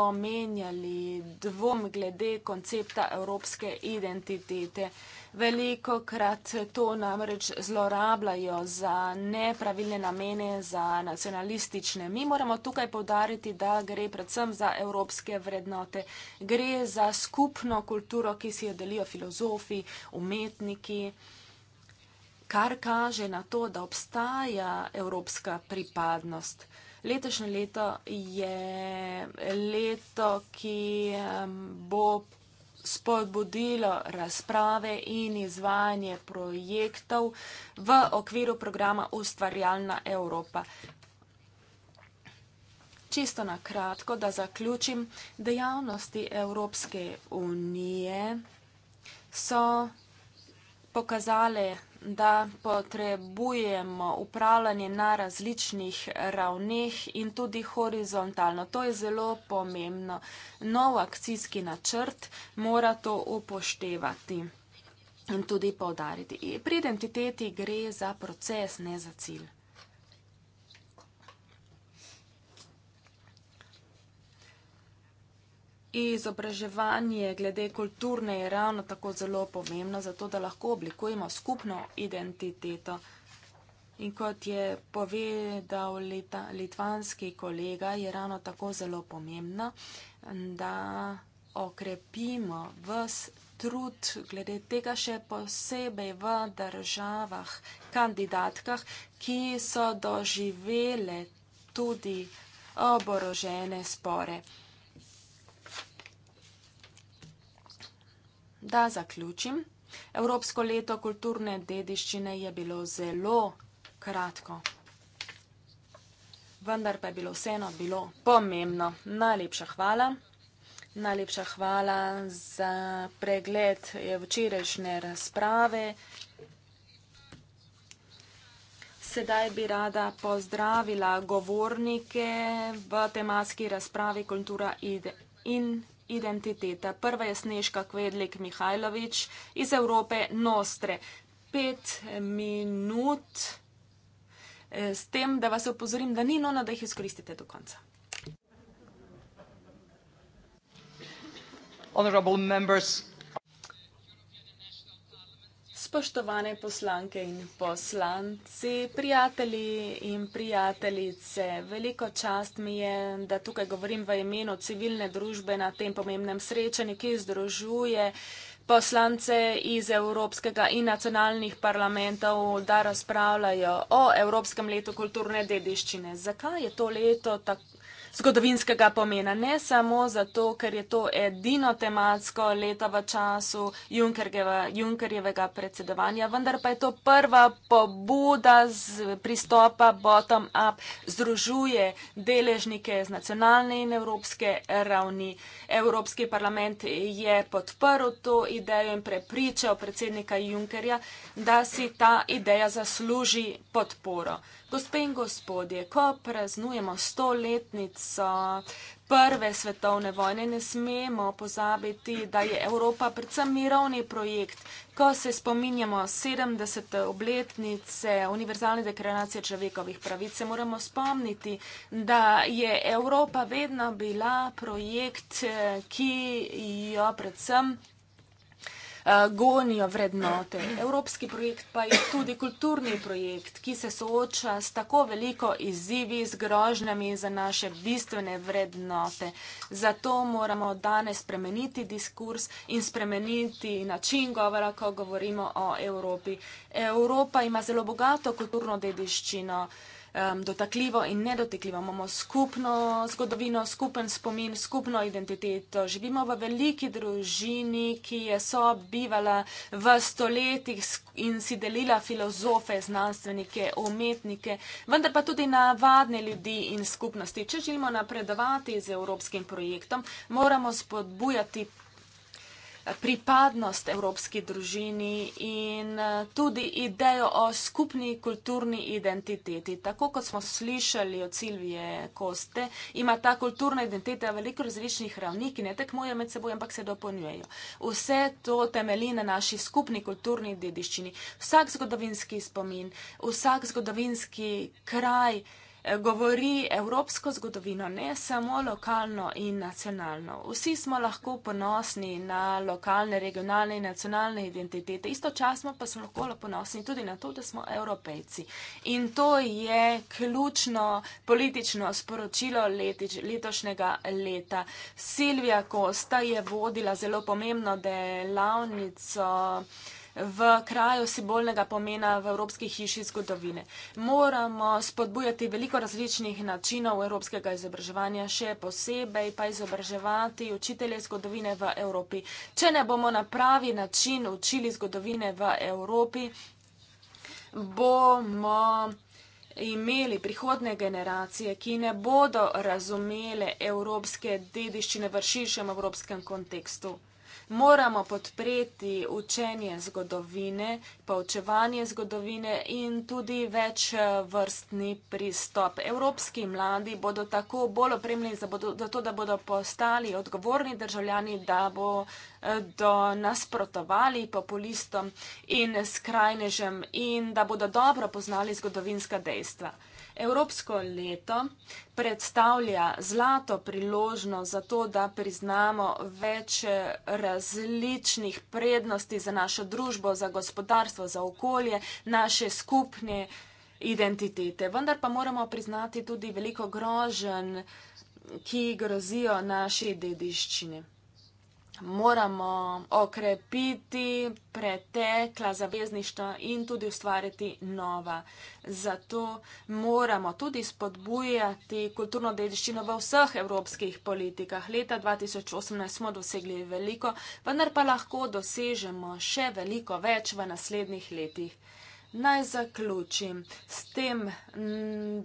omenjali dvom glede koncepta evropske identitete. Veliko krat to namreč zlorabljajo za nepravilne namene, za nacionalistične. Mi moramo tukaj podariti, da gre predvsem za evropske vrednote. Gre za skupno kulturo, ki si jo delijo filozofi, umetniki kar kaže na to, da obstaja evropska pripadnost. Letošnje leto je leto, ki bo spodbudilo razprave in izvajanje projektov v okviru programa Ustvarjalna Evropa. Čisto na kratko, da zaključim, dejavnosti Evropske unije so pokazale da potrebujemo upravljanje na različnih ravneh in tudi horizontalno. To je zelo pomembno. Nov akcijski načrt mora to upoštevati in tudi povdariti. Pri identiteti gre za proces, ne za cilj. Izobraževanje glede kulturne je ravno tako zelo pomembno, zato da lahko oblikujemo skupno identiteto. In kot je povedal leta, litvanski kolega, je ravno tako zelo pomembno, da okrepimo vse trud glede tega, še posebej v državah, kandidatkah, ki so doživele tudi oborožene spore. Da zaključim. Evropsko leto kulturne dediščine je bilo zelo kratko, vendar pa je bilo vseeno bilo pomembno. Najlepša hvala. Najlepša hvala za pregled včerajšnje razprave. Sedaj bi rada pozdravila govornike v tematski razpravi kultura in identitete. Prva je Sneška Kvedlik Mihajlović iz Evrope Nostre. Pet minut eh, s tem, da vas upozorim, da ni nona, da jih izkoristite do konca. Honorable members, Spoštovane poslanke in poslanci, prijatelji in prijateljice, veliko čast mi je, da tukaj govorim v imenu civilne družbe na tem pomembnem srečanju, ki združuje poslance iz evropskega in nacionalnih parlamentov, da razpravljajo o Evropskem letu kulturne dediščine. Zakaj je to leto tako? zgodovinskega pomena. Ne samo zato, ker je to edino tematsko leto v času Junkerjevega predsedovanja, vendar pa je to prva pobuda z pristopa bottom-up, združuje deležnike z nacionalne in evropske ravni. Evropski parlament je podprl to idejo in prepričal predsednika Junkerja, da si ta ideja zasluži podporo. Gospe in gospodje, ko praznujemo stoletnico prve svetovne vojne, ne smemo pozabiti, da je Evropa predvsem mirovni projekt. Ko se spominjamo 70. obletnice univerzalne deklaracije človekovih pravic, se moramo spomniti, da je Evropa vedno bila projekt, ki jo predvsem uh, gonijo vrednote. Evropski projekt pa je tudi kulturni projekt, ki se sooča s tako veliko izzivi, z grožnjami za naše bistvene vrednote. Zato moramo danes spremeniti diskurs in spremeniti način govora, ko govorimo o Evropi. Evropa ima zelo bogato kulturno dediščino um, dotakljivo in nedotekljivo. Imamo skupno zgodovino, skupen spomin, skupno identiteto. Živimo v veliki družini, ki je sobivala v stoletjih in si delila filozofe, znanstvenike, umetnike, vendar pa tudi navadne ljudi in skupnosti. Če želimo napredovati z evropskim projektom, moramo spodbujati pripadnost evropski družini in eh, tudi idejo o skupni kulturni identiteti. Tako kot smo slišali od Silvije Koste, ima ta kulturna identiteta veliko različnih ravni, ki ne tekmujejo med seboj, ampak se dopolnjujejo. Vse to temelji na naši skupni kulturni dediščini. Vsak zgodovinski spomin, vsak zgodovinski kraj, Eh, govori evropsko zgodovino, ne samo lokalno in nacionalno. Vsi smo lahko ponosni na lokalne, regionalne in nacionalne identitete, istočasno pa smo lahko ponosni tudi na to, da smo evropejci. In to je ključno politično sporočilo letič, letošnjega leta. Silvija Kosta je vodila zelo pomembno delavnico v kraju simbolnega pomena v Evropski hiši zgodovine. Moramo spodbujati veliko različnih načinov evropskega izobraževanja, še posebej pa izobraževati učitelje zgodovine v Evropi. Če ne bomo na pravi način učili zgodovine v Evropi, bomo imeli prihodne generacije, ki ne bodo razumele evropske dediščine v širšem evropskem kontekstu moramo podpreti učenje zgodovine, poučevanje zgodovine in tudi večvrstni pristop. Evropski mladi bodo tako bolj opremljeni za to, da bodo postali odgovorni državljani, da bodo eh, nasprotovali populistom in skrajnežem in da bodo dobro poznali zgodovinska dejstva. Evropsko leto predstavlja zlato priložnost za to, da priznamo več različnih prednosti za našo družbo, za gospodarstvo, za okolje, naše skupne identitete. Vendar pa moramo priznati tudi veliko grožen, ki grozijo naši dediščini moramo okrepiti pretekla zavezništva in tudi ustvariti nova. Zato moramo tudi spodbujati kulturno dediščino v vseh evropskih politikah. Leta 2018 smo dosegli veliko, vendar pa lahko dosežemo še veliko več v naslednjih letih. Naj zaključim s tem,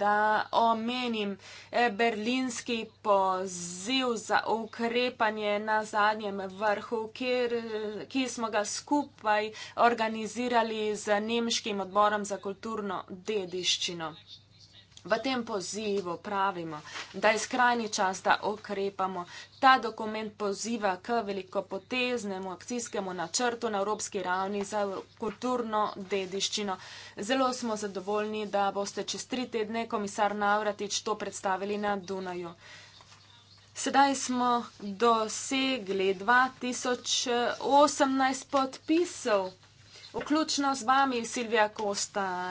da omenim e, berlinski poziv za ukrepanje na zadnjem vrhu, kjer, ki smo ga skupaj organizirali z Nemškim odborom za kulturno dediščino v tem pozivu pravimo, da je skrajni čas, da okrepamo. Ta dokument poziva k velikopoteznemu akcijskemu načrtu na evropski ravni za kulturno dediščino. Zelo smo zadovoljni, da boste čez tri tedne, komisar Navratič, to predstavili na Dunaju. Sedaj smo dosegli 2018 podpisov vključno z vami, Silvija Kosta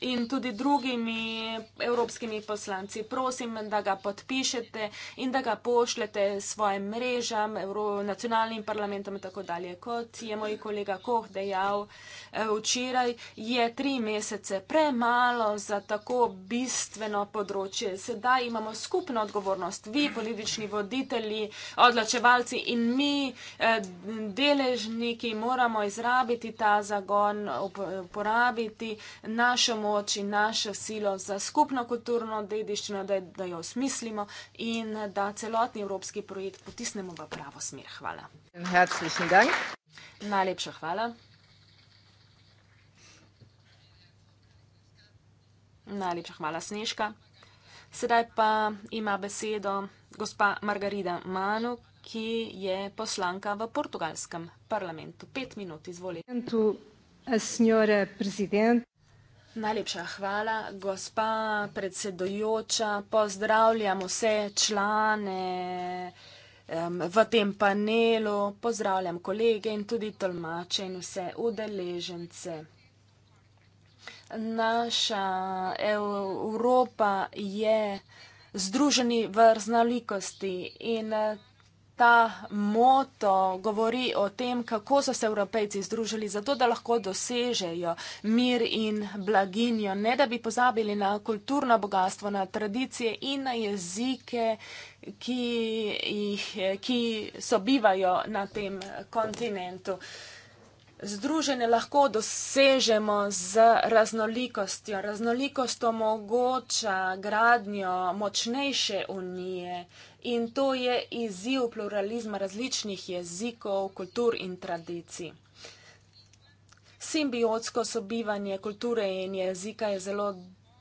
in tudi drugimi evropskimi poslanci. Prosim, da ga podpišete in da ga pošljete svojim mrežam, nacionalnim parlamentom in tako dalje. Kot je moj kolega Koh dejal eh, včeraj, je tri mesece premalo za tako bistveno področje. Sedaj imamo skupno odgovornost, vi, politični voditelji, odločevalci in mi, eh, deležniki, moramo izrabiti ta zagon uporabiti našo moč in našo silo za skupno kulturno dediščino, da, da jo osmislimo in da celotni evropski projekt potisnemo v pravo smer. Hvala. Najlepša hvala. Najlepša hvala, Sneška. Sedaj pa ima besedo gospa Margarida Manuk, ki je poslanka v portugalskem parlamentu. Pet minut, izvolite. Eh, Najlepša hvala, gospa predsedojoča. Pozdravljam vse člane um, v tem panelu, pozdravljam kolege in tudi tolmače in vse udeležence. Naša Evropa je združeni v raznolikosti in ta moto govori o tem, kako so se evropejci združili, zato da lahko dosežejo mir in blaginjo, ne da bi pozabili na kulturno bogatstvo, na tradicije in na jezike, ki, jih, ki sobivajo na tem kontinentu. Združenje lahko dosežemo z raznolikostjo. Raznolikost omogoča gradnjo močnejše unije in to je izziv pluralizma različnih jezikov, kultur in tradicij. Simbiotsko sobivanje kulture in jezika je zelo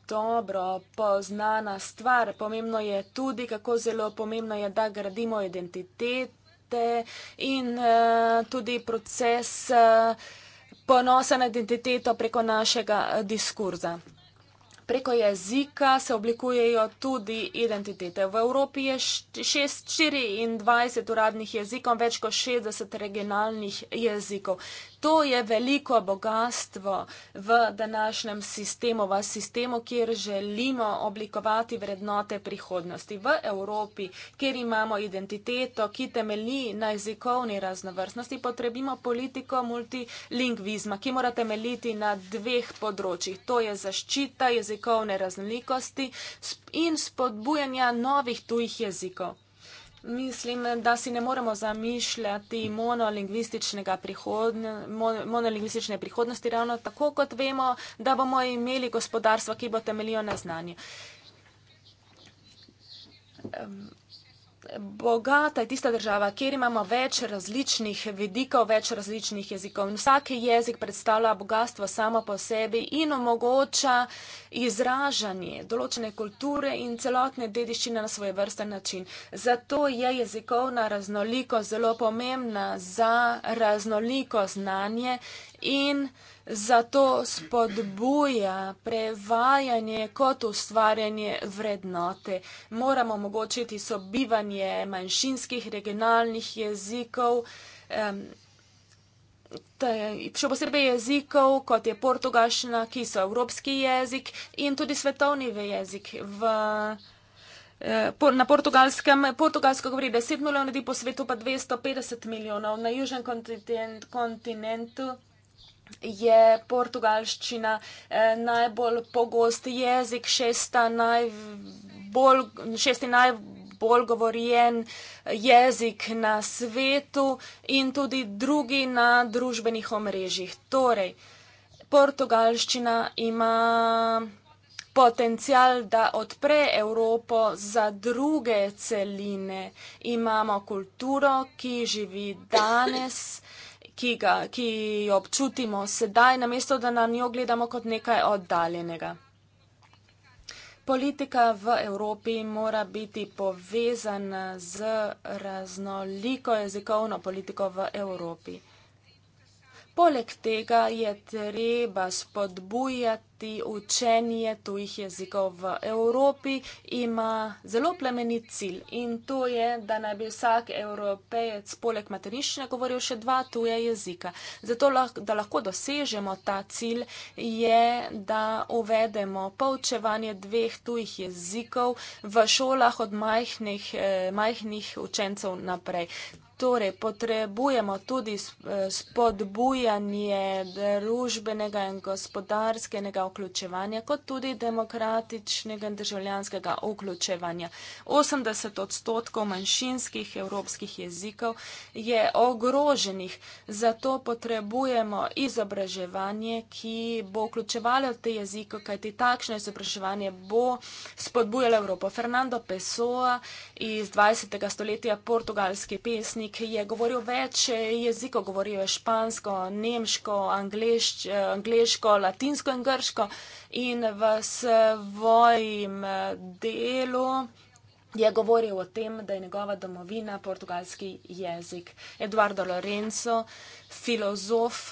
dobro poznana stvar. Pomembno je tudi, kako zelo pomembno je, da gradimo identitet identitete in uh, tudi proces uh, ponosa na identiteto preko našega eh, diskurza. Preko jezika se oblikujejo tudi identitete. V Evropi je 24 uradnih jezikov, več kot 60 regionalnih jezikov. To je veliko bogatstvo v današnjem sistemu, v sistemu, kjer želimo oblikovati vrednote prihodnosti. V Evropi, kjer imamo identiteto, ki temelji na jezikovni raznovrstnosti, potrebimo politiko multilingvizma, ki mora temeljiti na dveh področjih. To je zaščita jezikovne raznolikosti in spodbujanja novih tujih jezikov. Mislim, da si ne moremo zamišljati monolingvističnega prihodn mon monolingvistične prihodnosti, ravno tako kot vemo, da bomo imeli gospodarstvo, ki bo temeljilo na znanju. Um, bogata je tista država, kjer imamo več različnih vidikov, več različnih jezikov. In vsak jezik predstavlja bogatstvo samo po sebi in omogoča izražanje določene kulture in celotne dediščine na svoj vrsten način. Zato je jezikovna raznoliko zelo pomembna za raznoliko znanje in zato spodbuja prevajanje kot ustvarjanje vrednote. Moramo omogočiti sobivanje manjšinskih regionalnih jezikov, še posebej jezikov, kot je portugalščina, ki so evropski jezik in tudi svetovni jezik. V eh, Na portugalskem, portugalsko govori 10 milijonov ljudi, po svetu pa 250 milijonov, na južnem kontinentu, kontinentu je portugalščina eh, najbolj pogost jezik, šesta najbolj, šesti najbolj govorjen jezik na svetu in tudi drugi na družbenih omrežjih. Torej, portugalščina ima potencial, da odpre Evropo za druge celine. Imamo kulturo, ki živi danes ki, ga, ki jo občutimo sedaj, namesto da na njo gledamo kot nekaj oddaljenega. Politika v Evropi mora biti povezana z raznoliko jezikovno politiko v Evropi. Poleg tega je treba spodbujati učenje tujih jezikov v Evropi, ima zelo plemeni cilj in to je, da naj bi vsak evropejec poleg materinščine govoril še dva tuje jezika. Zato, da lahko dosežemo ta cilj, je, da uvedemo poučevanje dveh tujih jezikov v šolah od majhnih, eh, majhnih učencev naprej. Torej, potrebujemo tudi eh, spodbujanje družbenega in gospodarskega vključevanja, kot tudi demokratičnega in državljanskega vključevanja. 80 odstotkov manjšinskih evropskih jezikov je ogroženih, zato potrebujemo izobraževanje, ki bo vključevalo te jezike, kajti takšno izobraževanje bo spodbujalo Evropo. Fernando Pessoa iz 20. stoletja, portugalski pesnik, Dominik je govoril več jezikov, govoril je špansko, nemško, angliško, latinsko in grško in v svojem delu je govoril o tem, da je njegova domovina portugalski jezik. Eduardo Lorenzo, filozof,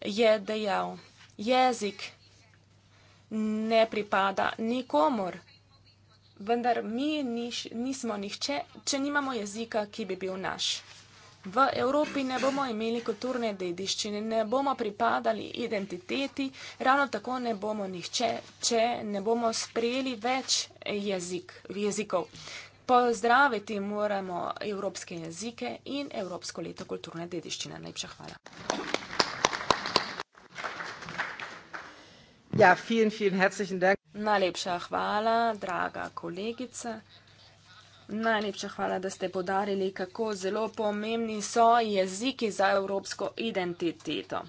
je dejal, jezik ne pripada nikomor vendar mi niš, nismo nihče, če nimamo jezika, ki bi bil naš. V Evropi ne bomo imeli kulturne dediščine, ne bomo pripadali identiteti, ravno tako ne bomo nihče, če ne bomo sprejeli več jezik, jezikov. Pozdraviti moramo evropske jezike in Evropsko leto kulturne dediščine. Najlepša hvala. Ja, vielen, vielen herzlichen Dank. Najlepša hvala, draga kolegica. Najlepša hvala, da ste podarili, kako zelo pomembni so jeziki za evropsko identiteto.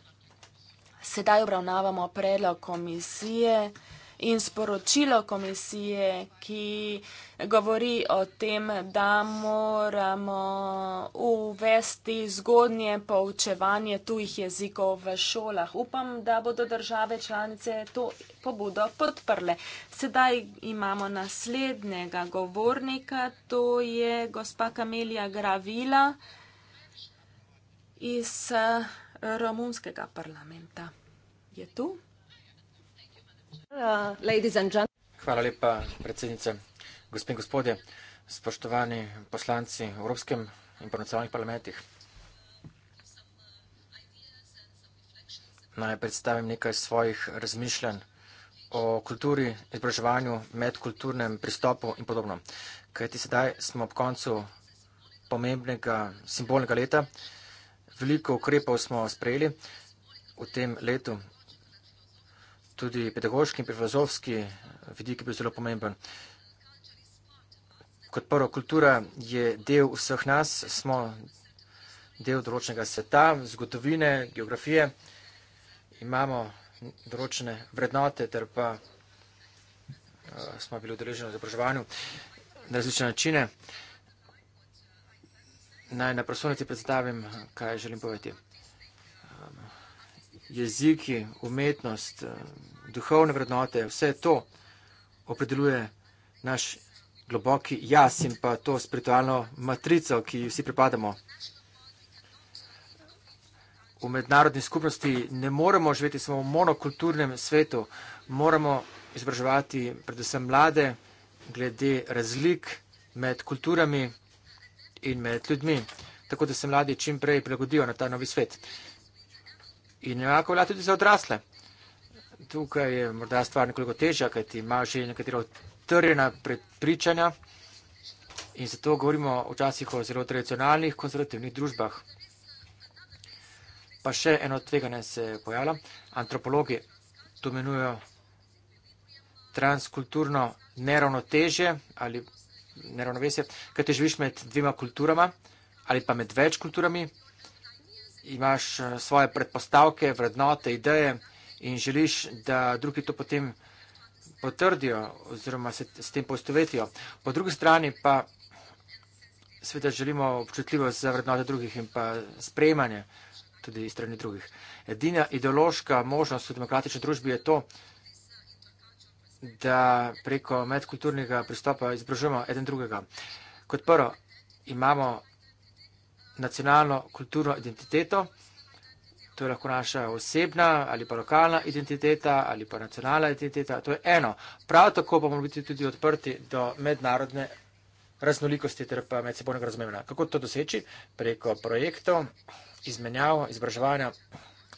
Sedaj obravnavamo predlog komisije in sporočilo komisije, ki govori o tem, da moramo uvesti zgodnje poučevanje tujih jezikov v šolah. Upam, da bodo države članice to pobudo podprle. Sedaj imamo naslednjega govornika, to je gospa Kamelija Gravila iz eh, romunskega parlamenta. Je tu? Hvala lepa, predsednice. Gospe in gospodje, spoštovani poslanci v Evropskem in pa nacionalnih parlamentih. Naj predstavim nekaj svojih razmišljanj o kulturi, izbraževanju, medkulturnem pristopu in podobno. Kajti sedaj smo ob koncu pomembnega simbolnega leta. Veliko ukrepov smo sprejeli v tem letu tudi pedagoški in filozofski vidik je bil zelo pomemben. Kot prvo, kultura je del vseh nas, smo del določnega sveta, zgodovine, geografije, imamo določene vrednote ter pa eh, smo bili udeleženi v izobraževanju na različne načine. Naj na prosojnici predstavim, kaj želim povedati jeziki, umetnost, eh, duhovne vrednote, vse to opredeljuje naš globoki jaz in pa to spiritualno matrico, ki vsi pripadamo. V mednarodni skupnosti ne moremo živeti samo v monokulturnem svetu, moramo izobraževati predvsem mlade glede razlik med kulturami in med ljudmi, tako da se mladi čim prej prilagodijo na ta novi svet. In enako velja tudi za odrasle. Tukaj je morda stvar nekoliko težja, ker ti imajo že nekatero trjena predpričanja in zato govorimo včasih o zelo tradicionalnih konzervativnih družbah. Pa še eno tveganje se pojavlja. Antropologi to menujo transkulturno neravnotežje ali neravnovesje, ker ti živiš med dvima kulturama ali pa med več kulturami, imaš eh, svoje predpostavke, vrednote, ideje in želiš, da drugi to potem potrdijo oziroma se s tem postovetijo. Po drugi strani pa sveda želimo občutljivost za vrednote drugih in pa sprejemanje tudi iz strani drugih. Edina ideološka možnost v demokratični družbi je to, da preko medkulturnega pristopa izbražujemo eden drugega. Kot prvo imamo nacionalno kulturno identiteto. To je lahko naša osebna ali pa lokalna identiteta ali pa nacionalna identiteta. To je eno. Prav tako bomo biti tudi odprti do mednarodne raznolikosti ter pa medsebojnega razumevanja. Kako to doseči? Preko projektov, izmenjav, izobraževanja,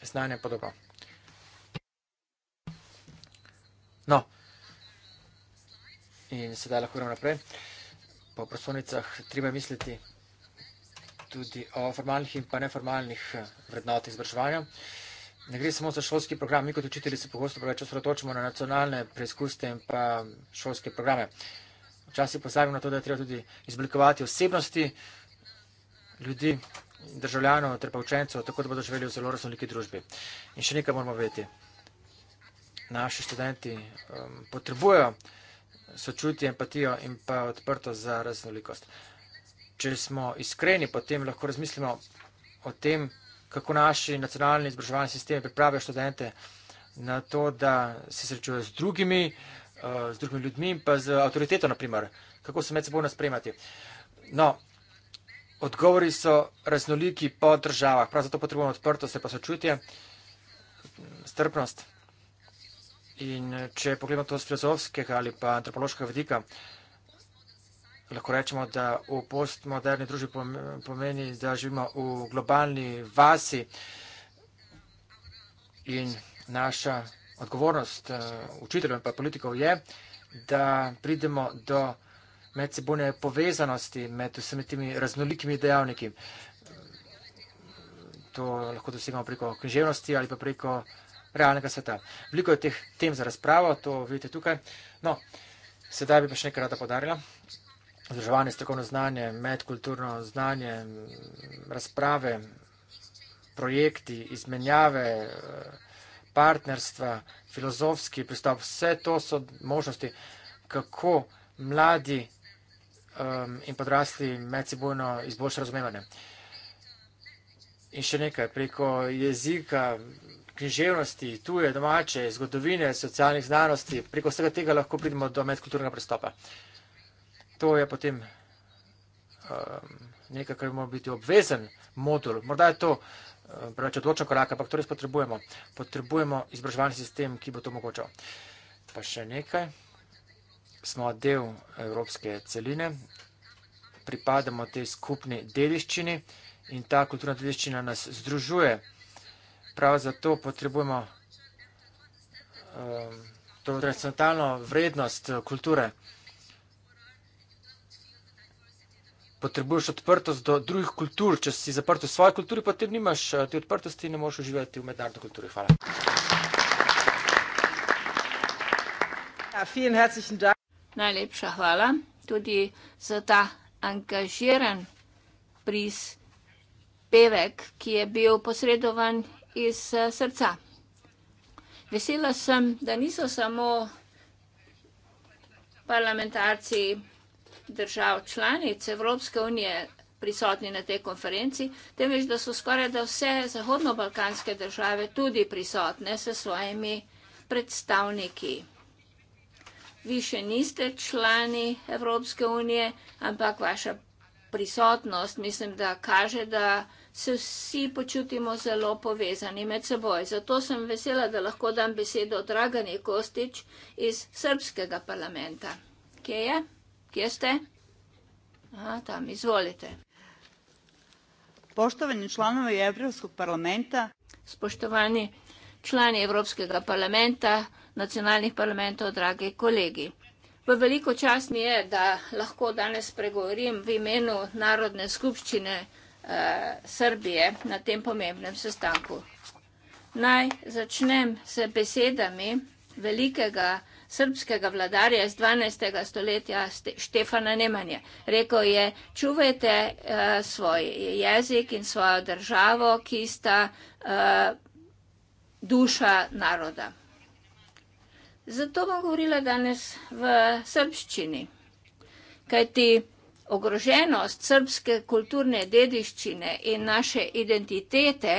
znanja in podobno. No, in sedaj lahko gremo naprej. Po prosovnicah treba misliti tudi o formalnih in pa neformalnih eh, vrednotih izvrševanja. Ne gre samo za šolski program, mi kot učitelji se pogosto preveč osredotočimo na nacionalne preizkuste in pa šolske programe. Včasih pozabimo na to, da je treba tudi izblikovati osebnosti ljudi, državljanov ter pa učencev, tako da bodo živeli v zelo raznoliki družbi. In še nekaj moramo vedeti. Naši študenti um, potrebujejo sočutje, empatijo in pa odprto za raznolikost če smo iskreni, potem lahko razmislimo o tem, kako naši nacionalni izobraževalni sistemi pripravijo študente na to, da se srečujejo z drugimi, eh, z drugimi ljudmi in pa z avtoriteto, naprimer, kako se med seboj nasprejmati. No, odgovori so raznoliki po državah, prav zato potrebujemo odprto se pa sočutje, strpnost. In eh, če pogledamo to z filozofskega ali pa antropološkega vidika, lahko rečemo, da v postmoderni družbi pomeni, da živimo v globalni vasi in naša odgovornost eh, učiteljev in pa politikov je, da pridemo do medsebojne povezanosti med vsemi temi raznolikimi dejavniki. To lahko dosegamo preko književnosti ali pa preko realnega sveta. Veliko je teh tem za razpravo, to vidite tukaj. No, sedaj bi pa še nekaj rada podarila združevanje strokovno znanje, medkulturno znanje, razprave, projekti, izmenjave, partnerstva, filozofski pristop, vse to so možnosti, kako mladi um, in podrasti medsebojno izboljšajo razumevanje. In še nekaj, preko jezika, književnosti, tuje, domače, zgodovine, socialnih znanosti, preko vsega tega lahko pridemo do medkulturnega pristopa. Uh, To je potem um, nekaj, kar mora biti obvezen modul. Morda je to um, preveč odločen korak, ampak to res potrebujemo. Potrebujemo izobraževalni sistem, ki bo to omogočal. Pa še nekaj. Smo del evropske celine, pripadamo tej skupni dediščini in ta kulturna dediščina nas združuje. Prav zato potrebujemo um, to transcendentalno vrednost uh, kulture. potrebuješ odprtost do drugih kultur. Če si zaprt v svoji kulturi, potem nimaš eh, te odprtosti in ne moreš uživati v mednarodni kulturi. Hvala. Ja, Najlepša hvala tudi za ta angažiran pris pevek, ki je bil posredovan iz eh, srca. Vesela sem, da niso samo parlamentarci držav članic Evropske unije prisotni na tej konferenci, temveč da so skoraj da vse zahodnobalkanske države tudi prisotne s svojimi predstavniki. Vi še niste člani Evropske unije, ampak vaša prisotnost mislim, da kaže, da se vsi počutimo zelo povezani med seboj. Zato sem vesela, da lahko dam besedo Dragani Kostič iz Srpskega parlamenta. Kje je? Kje ste? A, tam, izvolite. Poštovani članovi Evropskog parlamenta. Spoštovani člani Evropskega parlamenta, nacionalnih parlamentov, dragi kolegi. V veliko čast mi je, da lahko danes pregovorim v imenu Narodne skupščine eh, Srbije na tem pomembnem sestanku. Naj začnem s besedami velikega srpskega vladarja iz 12. stoletja Štefana Nemanje. Rekl je, čuvajte uh, svoj jezik in svojo državo, ki sta uh, duša naroda. Zato bom govorila danes v srbščini, kajti ogroženost srbske kulturne dediščine in naše identitete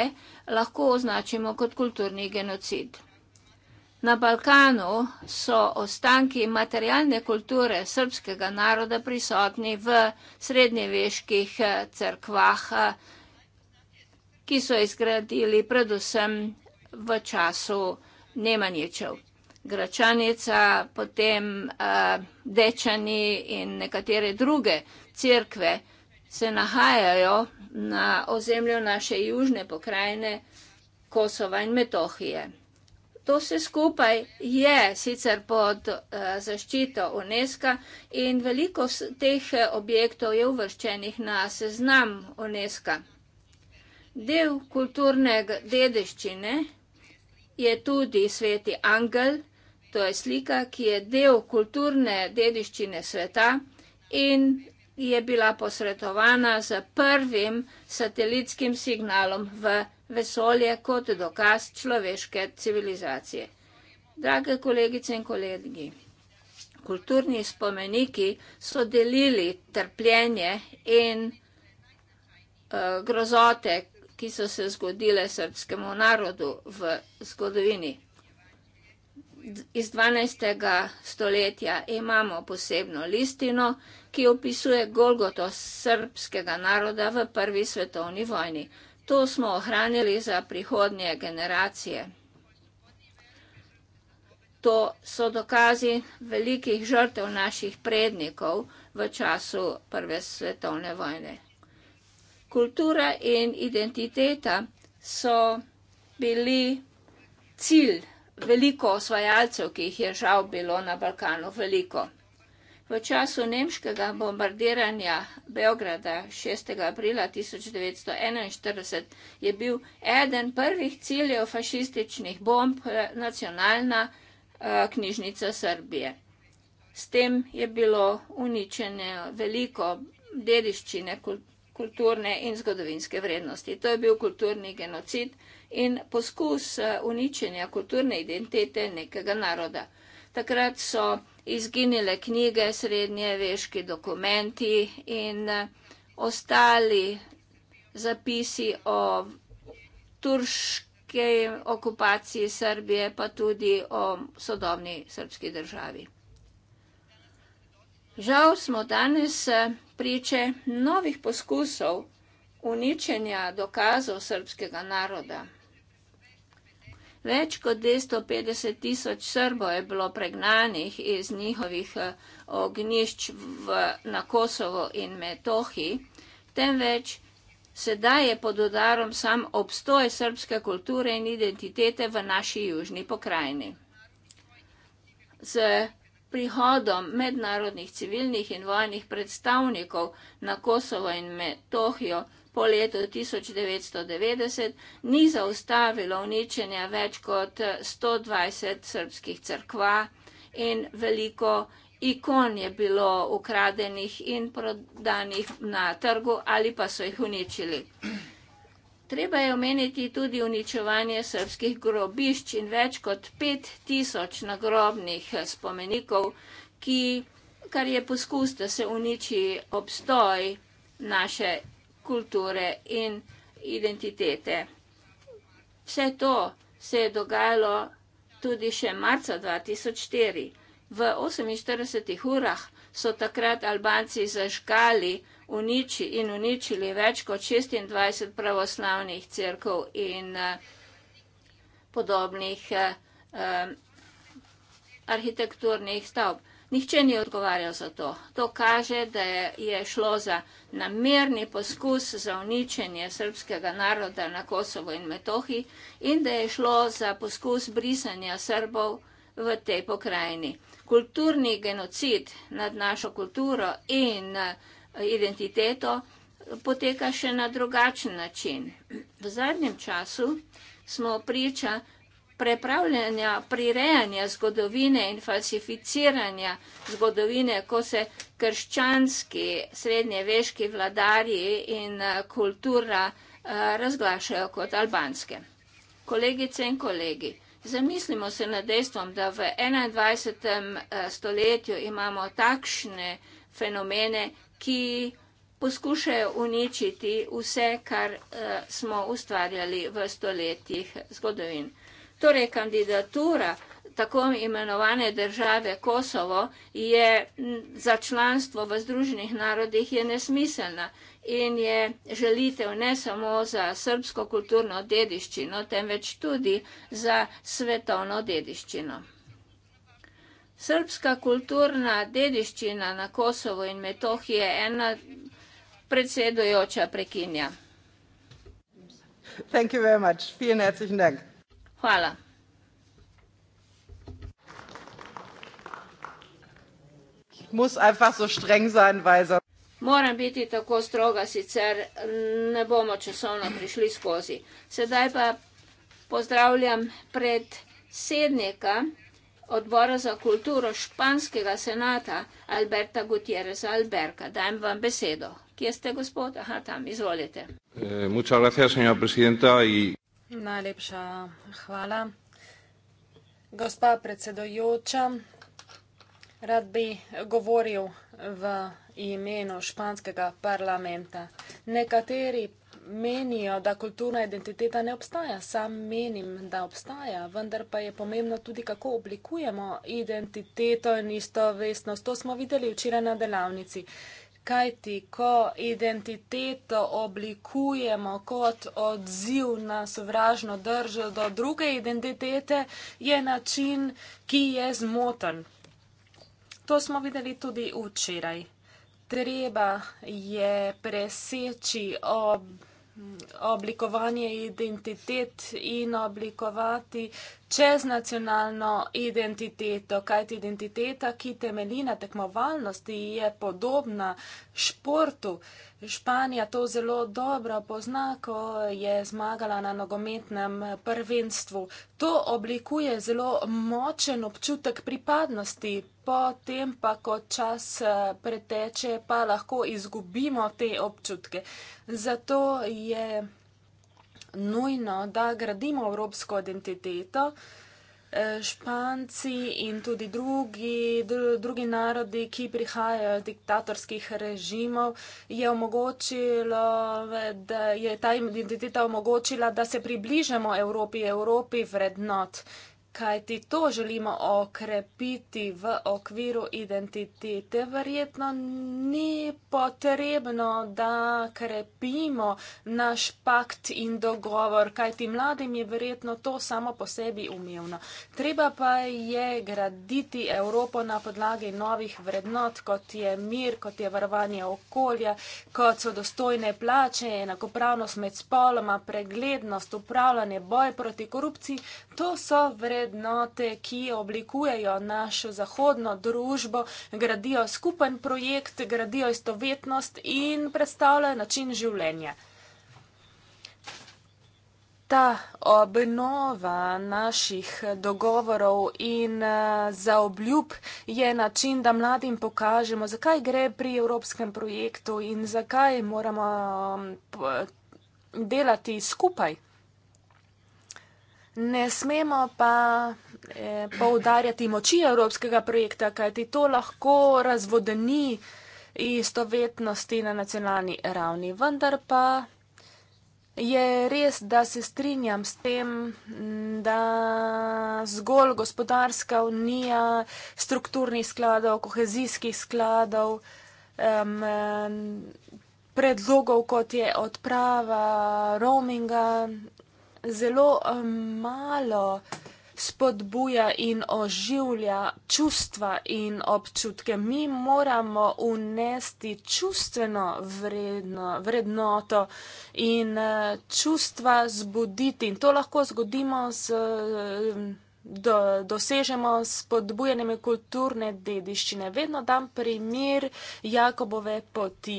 lahko označimo kot kulturni genocid. Na Balkanu so ostanki materialne kulture srpskega naroda prisotni v srednjeveških eh, crkvah, eh, ki so izgradili predvsem v času Nemanječev. Gračanica, potem eh, Dečani in nekatere druge crkve se nahajajo na ozemlju naše južne pokrajine Kosova in Metohije. To vse skupaj je sicer pod eh, zaščito UNESCO in veliko teh eh, objektov je uvrščenih na seznam UNESCO. Del kulturne dediščine je tudi sveti angel, to je slika, ki je del kulturne dediščine sveta in je bila posredovana z prvim satelitskim signalom v Evropi vesolje kot dokaz človeške civilizacije. Drage kolegice in kolegi, kulturni spomeniki so delili trpljenje in uh, grozote, ki so se zgodile srpskemu narodu v zgodovini. Iz 12. stoletja imamo posebno listino, ki opisuje golgoto srpskega naroda v prvi svetovni vojni. To smo ohranili za prihodnje generacije. To so dokazi velikih žrtev naših prednikov v času Prve svetovne vojne. Kultura in identiteta so bili cilj veliko osvajalcev, ki jih je žal bilo na Balkanu veliko. V času nemškega bombardiranja Beograda 6. aprila 1941 je bil eden prvih ciljev fašističnih bomb nacionalna eh, knjižnica Srbije. S tem je bilo uničene veliko dediščine kulturne in zgodovinske vrednosti. To je bil kulturni genocid in poskus eh, uničenja kulturne identitete nekega naroda. Takrat so izginile knjige, srednjeveški dokumenti in eh, ostali zapisi o turški okupaciji Srbije, pa tudi o sodobni srpski državi. Žal smo danes eh, priče novih poskusov uničenja dokazov srpskega naroda. Več kot 250 tisoč Srbo je bilo pregnanih iz njihovih eh, ognišč v, na Kosovo in Metohi, temveč sedaj je pod udarom sam obstoj srpske kulture in identitete v naši južni pokrajini. Z prihodom mednarodnih civilnih in vojnih predstavnikov na Kosovo in Metohijo po letu 1990 ni zaustavilo uničenja več kot 120 srpskih crkva in veliko ikon je bilo ukradenih in prodanih na trgu ali pa so jih uničili. Treba je omeniti tudi uničevanje srpskih grobišč in več kot pet tisoč nagrobnih spomenikov, ki, kar je poskus, da se uniči obstoj naše kulture in identitete. Vse to se je dogajalo tudi še marca 2004. V 48 urah so takrat Albanci zažgali uniči in uničili več kot 26 pravoslavnih crkv in eh, podobnih eh, eh, arhitekturnih stavb. Nihče ni odgovarjal za to. To kaže, da je šlo za namerni poskus za uničenje srpskega naroda na Kosovo in Metohi in da je šlo za poskus brisanja Srbov v tej pokrajini. Kulturni genocid nad našo kulturo in eh, identiteto poteka še na drugačen način. V zadnjem času smo priča prepravljanja, prirejanja zgodovine in falsificiranja zgodovine, ko se krščanski srednjeveški vladarji in eh, kultura eh, razglašajo kot albanske. Kolegice in kolegi, zamislimo se nad dejstvom, da v 21. Eh, stoletju imamo takšne fenomene, ki poskušajo uničiti vse, kar smo ustvarjali v stoletjih zgodovin. Torej, kandidatura tako imenovane države Kosovo je za članstvo v Združenih narodih je nesmiselna in je želitev ne samo za srbsko kulturno dediščino, temveč tudi za svetovno dediščino. Srbska kulturna dediščina na Kosovo in Metohiji je ena predsedujoča prekinja. Thank you very much. Vielen herzlichen Dank. Hvala. Moram biti tako stroga, sicer ne bomo časovno prišli skozi. Sedaj pa pozdravljam predsednika odbora za kulturo Španskega senata Alberta Gutierreza Alberka. Dajem vam besedo. Kje ste, gospod? Aha, tam, izvolite. Eh, muchas gracias, señora presidenta. Y... Najlepša hvala. Gospa predsedojoča, rad bi govoril v imenu španskega parlamenta. Nekateri menijo, da kulturna identiteta ne obstaja. Sam menim, da obstaja, vendar pa je pomembno tudi, kako oblikujemo identiteto in istovestnost. To smo videli včeraj na delavnici. Kaj ti, ko identiteto oblikujemo kot odziv na sovražno držo do druge identitete, je način, ki je zmoten. To smo videli tudi včeraj. Treba je preseči ob, oblikovanje identitet in oblikovati čez nacionalno identiteto, kajti identiteta, ki temelji na tekmovalnosti, je podobna športu. Španija to zelo dobro pozna, ko je zmagala na nogometnem prvenstvu. To oblikuje zelo močen občutek pripadnosti, potem pa, ko čas eh, preteče, pa lahko izgubimo te občutke. Zato je nujno, da gradimo evropsko identiteto. E, Španci in tudi drugi, drugi narodi, ki prihajajo iz diktatorskih režimov, je, da, je ta identiteta omogočila, da se približamo Evropi, Evropi vrednot kajti to želimo okrepiti v okviru identitete. Verjetno ni potrebno, da krepimo naš pakt in dogovor, kajti mladim je verjetno to samo po sebi umevno. Treba pa je graditi Evropo na podlagi novih vrednot, kot je mir, kot je varovanje okolja, kot so dostojne plače, enakopravnost med spoloma, preglednost, upravljanje, boj proti korupciji. To so vrednosti vrednote, ki oblikujejo našo zahodno družbo, gradijo skupen projekt, gradijo istovetnost in predstavljajo način življenja. Ta obnova naših dogovorov in eh, zaobljub je način, da mladim pokažemo, zakaj gre pri evropskem projektu in zakaj moramo eh, delati skupaj. Ne smemo pa eh, poudarjati moči evropskega projekta, kajti to lahko razvodeni istovetnosti na nacionalni ravni. Vendar pa je res, da se strinjam s tem, da zgolj gospodarska unija, strukturni skladov, kohezijskih skladov, um, predlogov kot je odprava roaminga zelo um, malo spodbuja in oživlja čustva in občutke. Mi moramo unesti čustveno vredno, vrednoto in uh, čustva zbuditi. In to lahko zgodimo z. Uh, do, dosežemo spodbujanjem kulturne dediščine. Vedno dam primer Jakobove poti.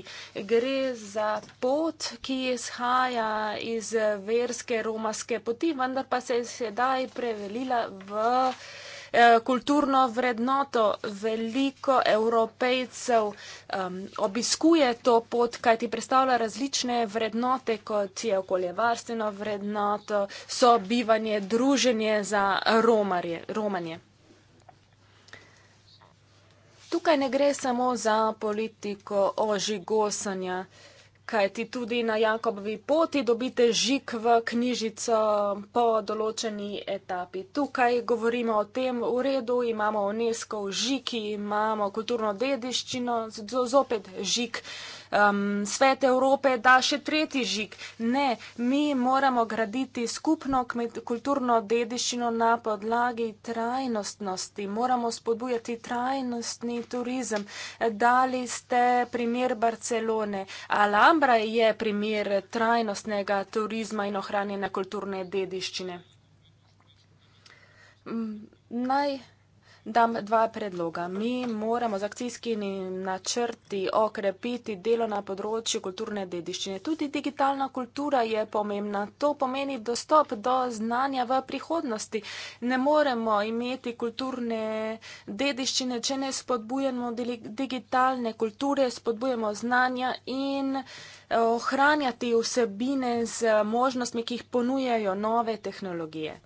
Gre za pot, ki izhaja iz verske romanske poti, vendar pa se je sedaj prevelila v. Eh, kulturno vrednoto. Veliko evropejcev um, obiskuje to pot, kaj ti predstavlja različne vrednote, kot je okoljevarstveno vrednoto, sobivanje, druženje za romarje, romanje. Tukaj ne gre samo za politiko ožigosanja. Uh, kajti tudi na Jakobovi poti dobite žig v knjižico po določeni etapi. Tukaj govorimo o tem uredu, imamo UNESCO žiki, imamo kulturno dediščino, zopet žig um, svet Evrope da še tretji žig. Ne, mi moramo graditi skupno kulturno dediščino na podlagi trajnostnosti. Moramo spodbujati trajnostni turizem. Dali ste primer Barcelone. Alhambra je primer trajnostnega turizma in ohranjene kulturne dediščine. Mm, naj dam dva predloga. Mi moramo z akcijskimi načrti okrepiti delo na področju kulturne dediščine. Tudi digitalna kultura je pomembna. To pomeni dostop do znanja v prihodnosti. Ne moremo imeti kulturne dediščine, če ne spodbujemo digitalne kulture, spodbujemo znanja in eh, ohranjati vsebine z možnostmi, ki jih ponujajo nove tehnologije.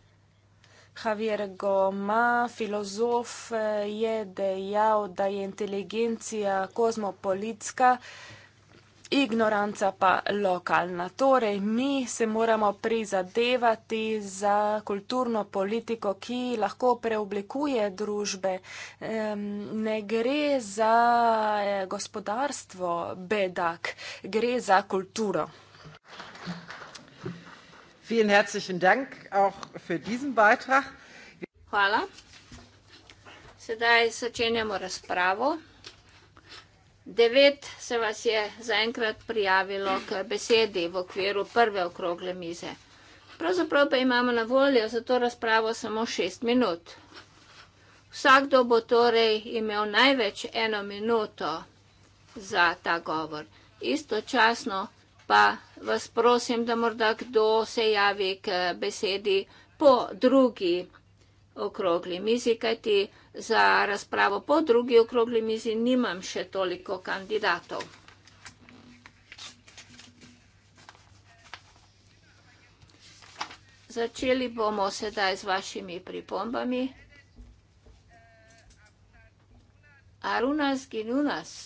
Javier Goma, filozof, je dejal, da je inteligencija kozmopolitska, ignoranca pa lokalna. Torej, mi se moramo prizadevati za kulturno politiko, ki lahko preoblikuje družbe. Ne gre za eh, gospodarstvo, bedak, gre za kulturo. Vielen herzlichen Dank auch für diesen Beitrag. Hvala. Sedaj začenjamo razpravo. Devet se vas je zaenkrat prijavilo k besedi v okviru prve okrogle mize. Pravzaprav pa imamo na voljo za to razpravo samo šest minut. Vsakdo bo torej imel največ eno minuto za ta govor. Istočasno pa vas prosim, da morda kdo se javi k besedi po drugi okrogli mizi, kajti za razpravo po drugi okrogli mizi nimam še toliko kandidatov. Začeli bomo sedaj z vašimi pripombami. Arunas Ginunas. Arunas Ginunas.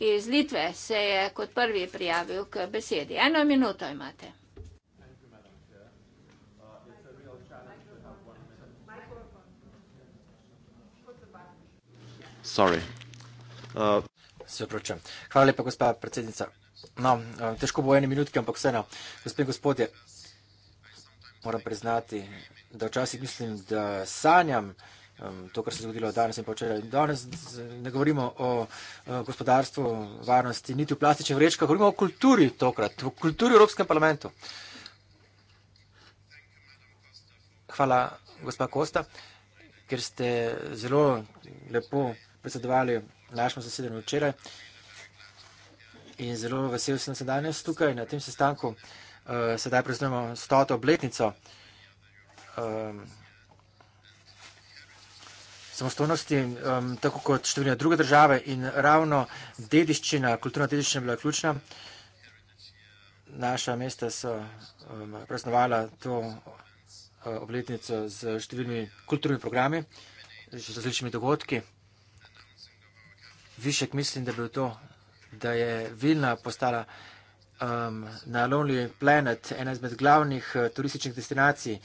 Iz Litve se je kot prvi prijavil k besedi. Eno minuto imate. Uh, se opročam. Hvala lepa, gospa predsednica. No, um, težko bo ene minutke, ampak vseeno, gospod in gospodje, moram priznati, da včasih mislim, da sanjam, um, to, kar se je zgodilo danes in počela. Danes ne govorimo o, o gospodarstvu, varnosti, niti o plastičnih vrečkah, govorimo o kulturi tokrat, o kulturi v Evropskem parlamentu. Hvala, gospa Kosta, ker ste zelo lepo predsedovali našemu zasedanju včeraj. In zelo vesel sem se danes tukaj na tem sestanku. Uh, sedaj preznamo stoto obletnico. Um, samostojnosti, um, tako kot številne druge države in ravno dediščina, kulturna dediščina je bila ključna. Naša mesta so um, praznovala to uh, obletnico z številnimi kulturnimi programi, z različnimi dogodki. Višek mislim, da je bil to, da je Vilna postala um, na Lonely Planet ena izmed glavnih uh, turističnih destinacij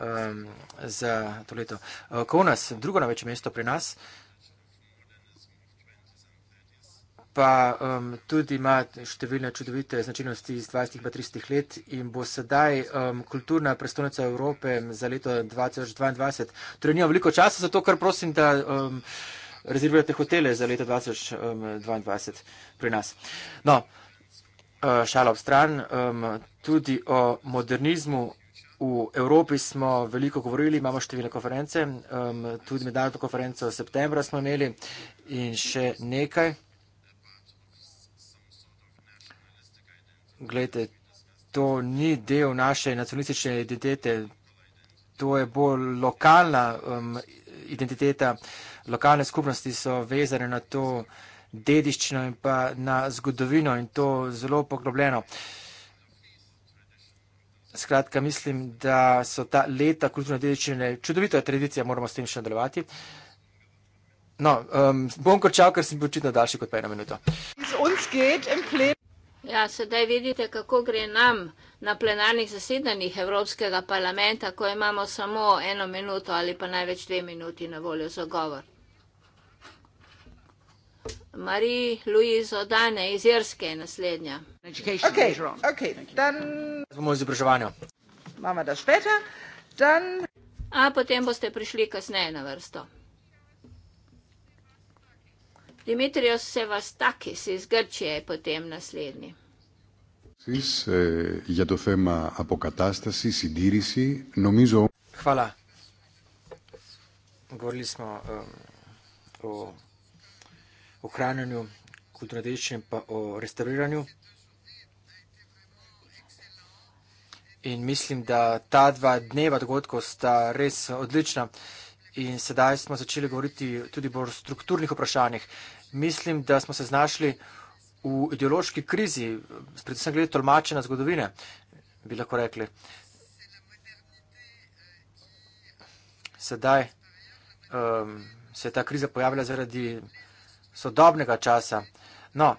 um, za to leto. Uh, Kovnas, drugo največje mesto pri nas, pa um, tudi ima številne čudovite značilnosti iz 20 pa 30 let in bo sedaj um, kulturna prestolnica Evrope za leto 2022. Torej nima veliko časa, zato kar prosim, da um, rezervirate hotele za leto 2022 um, pri nas. No, uh, šala ob stran, um, tudi o modernizmu V Evropi smo veliko govorili, imamo številne konference, um, tudi mednarodno konferenco v septembra smo imeli in še nekaj. Glejte, to ni del naše nacionalistične identitete, to je bolj lokalna um, identiteta. Lokalne skupnosti so vezane na to dediščino in pa na zgodovino in to zelo poglobljeno. Uh, Skratka, mislim, da so ta leta kulturne dediščine čudovita tradicija, moramo s tem še nadaljevati. No, um, bom končal, ker sem bil očitno daljši kot pa eno minuto. Ja, sedaj vidite, kako gre nam na plenarnih zasedanjih Evropskega parlamenta, ko imamo samo eno minuto ali pa največ dve minuti na voljo za govor. Marie Louise O'Dane iz Irske je naslednja. Okay, okay, dan... Bomo v izobraževanju. Mama da špeta, dan... A potem boste prišli kasneje na vrsto. Dimitrios Sevastakis iz Grčije je potem naslednji. Sis, eh, ja to fema apokatastasi, sidirisi, nomizo... Hvala. Govorili smo um, o ohranjanju kulturne dediščine pa o restauriranju. In mislim, da ta dva dneva dogodkov sta res odlična. In sedaj smo začeli govoriti tudi o strukturnih vprašanjih. Mislim, da smo se znašli v ideološki krizi, predvsem glede tolmačenja zgodovine, bi lahko rekli. Sedaj um, se je ta kriza pojavila zaradi sodobnega časa. No,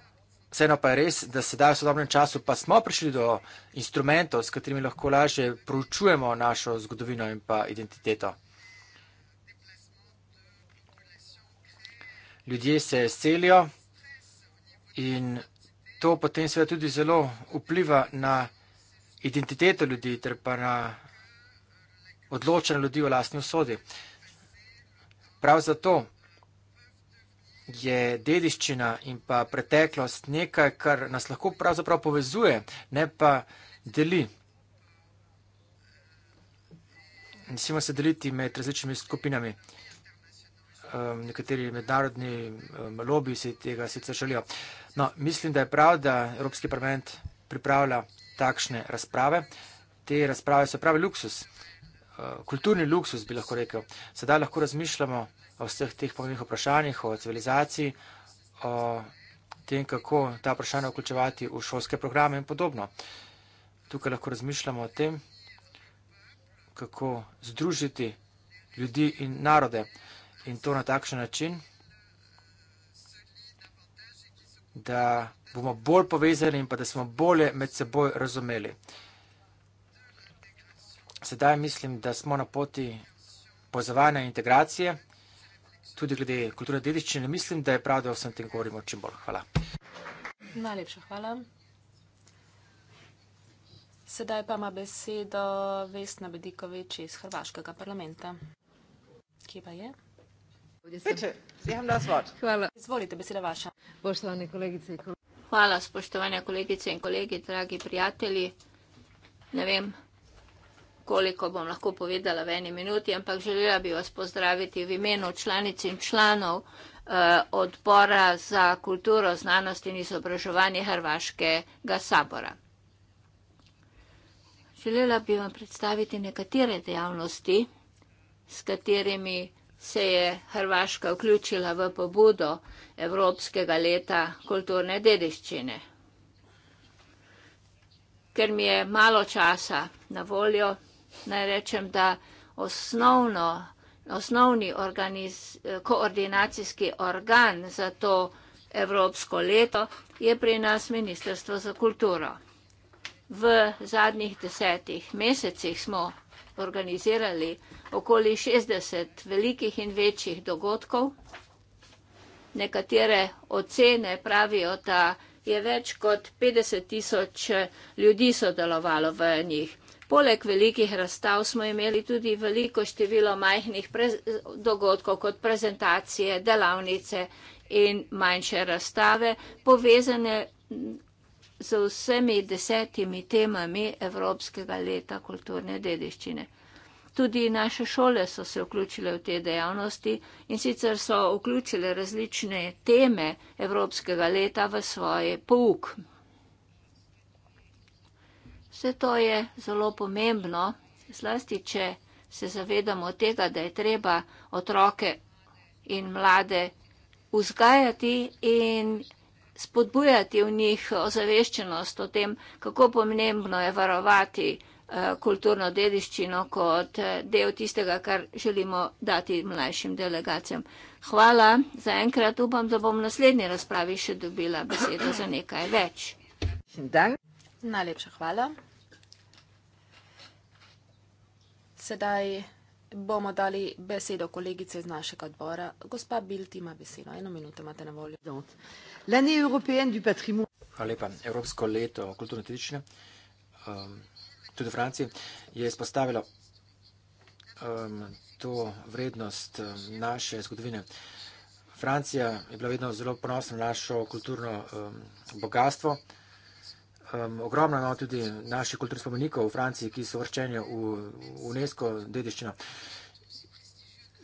vseeno pa je res, da sedaj v sodobnem času pa smo prišli do instrumentov, s katerimi lahko lažje proučujemo našo zgodovino in pa identiteto. Ljudje se selijo in to potem seveda tudi zelo vpliva na identiteto ljudi ter pa na odločanje ljudi o lastni usodi. Prav zato je dediščina in pa preteklost nekaj, kar nas lahko pravzaprav povezuje, ne pa deli. Nesimo se deliti med različnimi skupinami. Um, nekateri mednarodni um, lobi si tega sicer želijo. No, mislim, da je prav, da Evropski parlament pripravlja takšne razprave. Te razprave so pravi luksus, uh, kulturni luksus bi lahko rekel. Sedaj lahko razmišljamo o vseh teh pomembnih vprašanjih, o civilizaciji, o tem, kako ta vprašanja vključevati v šolske programe in podobno. Tukaj lahko razmišljamo o tem, kako združiti ljudi in narode in to na takšen način, da bomo bolj povezani in pa da smo bolje med seboj razumeli. Sedaj mislim, da smo na poti pozvanja integracije tudi glede kulturne dediščine, mislim, da je prav, da vsem tem govorimo čim bolj. Hvala. Najlepša hvala. Sedaj pa ima besedo Vesna Bedikovič iz Hrvaškega parlamenta. Kje pa je? Hvala. Izvolite, beseda vaša. Poštovane kolegice in kolegi. Hvala, spoštovane kolegice in kolegi, dragi prijatelji. Ne vem, koliko bom lahko povedala v eni minuti, ampak želela bi vas pozdraviti v imenu članic in članov eh, odbora za kulturo, znanost in izobraževanje Hrvaškega sabora. Želela bi vam predstaviti nekatere dejavnosti, s katerimi se je Hrvaška vključila v pobudo Evropskega leta kulturne dediščine. Ker mi je malo časa na voljo, Naj rečem, da osnovno, osnovni organiz, koordinacijski organ za to evropsko leto je pri nas Ministrstvo za kulturo. V zadnjih desetih mesecih smo organizirali okoli 60 velikih in večjih dogodkov. Nekatere ocene pravijo, da je več kot 50 tisoč ljudi sodelovalo v njih. Poleg velikih razstav smo imeli tudi veliko število majhnih dogodkov kot prezentacije, delavnice in manjše razstave, povezane z vsemi desetimi temami Evropskega leta kulturne dediščine. Tudi naše šole so se vključile v te dejavnosti in sicer so vključile različne teme Evropskega leta v svoje pouk. Vse to je zelo pomembno, zlasti če se zavedamo tega, da je treba otroke in mlade vzgajati in spodbujati v njih ozaveščenost o tem, kako pomembno je varovati eh, kulturno dediščino kot eh, del tistega, kar želimo dati mlajšim delegacijam. Hvala za enkrat, upam, da bom v naslednji razpravi še dobila besedo za nekaj več. Hvala. Najlepša hvala. Sedaj bomo dali besedo kolegice iz našega odbora. Gospa Bilt ima besedo. Eno minuto imate na voljo. Hvala lepa. Evropsko leto kulturno tradične um, tudi v Franciji je izpostavilo um, to vrednost um, naše zgodovine. Francija je bila vedno zelo ponosna na našo kulturno um, bogatstvo. Um, ogromno, no, tudi naših kulturnih spomenikov v Franciji, ki so vrščeni v UNESCO dediščino.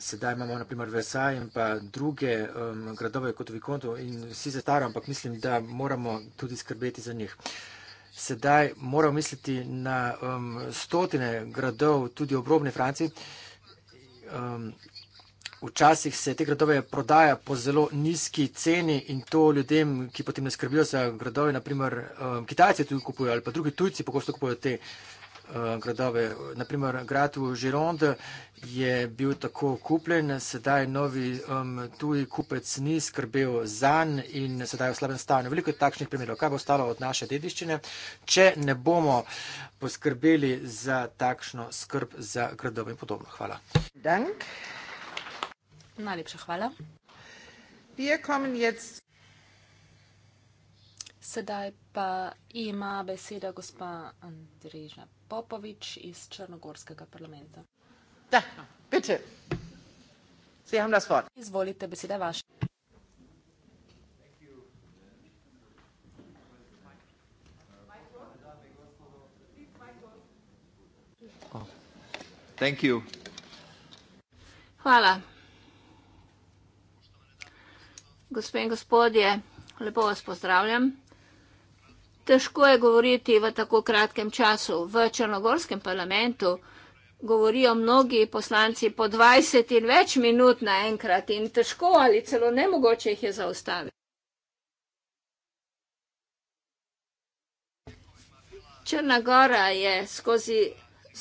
Sedaj imamo naprimer Vesaj in pa druge um, gradove kot v Vikontu in vsi se staro, ampak mislim, da moramo tudi skrbeti za njih. Sedaj moramo misliti na um, stotine gradov tudi obrobne Franciji. Um, Včasih se te gradove prodaja po zelo nizki ceni in to ljudem, ki potem ne skrbijo za gradove, naprimer um, eh, Kitajci tudi kupujejo ali pa drugi tujci pogosto kupujejo te uh, gradove. Naprimer, grad v Žironde je bil tako kupljen, sedaj novi um, tuji kupec ni skrbel zanj in sedaj je v slabem stanju. Veliko je takšnih primerov. Kaj bo ostalo od naše dediščine, če ne bomo poskrbeli za takšno skrb za gradove in podobno? Hvala. Dank. Najlepša hvala. Sedaj pa ima beseda gospa Andrejža Popovič iz Črnogorskega parlamenta. Da, bitte. Sie haben das Wort. Izvolite, beseda je vaša. Oh. Thank you. Hvala. Gospe in gospodje, lepo vas pozdravljam. Težko je govoriti v tako kratkem času. V črnogorskem parlamentu govorijo mnogi poslanci po 20 in več minut naenkrat in težko ali celo nemogoče jih je zaustaviti. Črna gora je skozi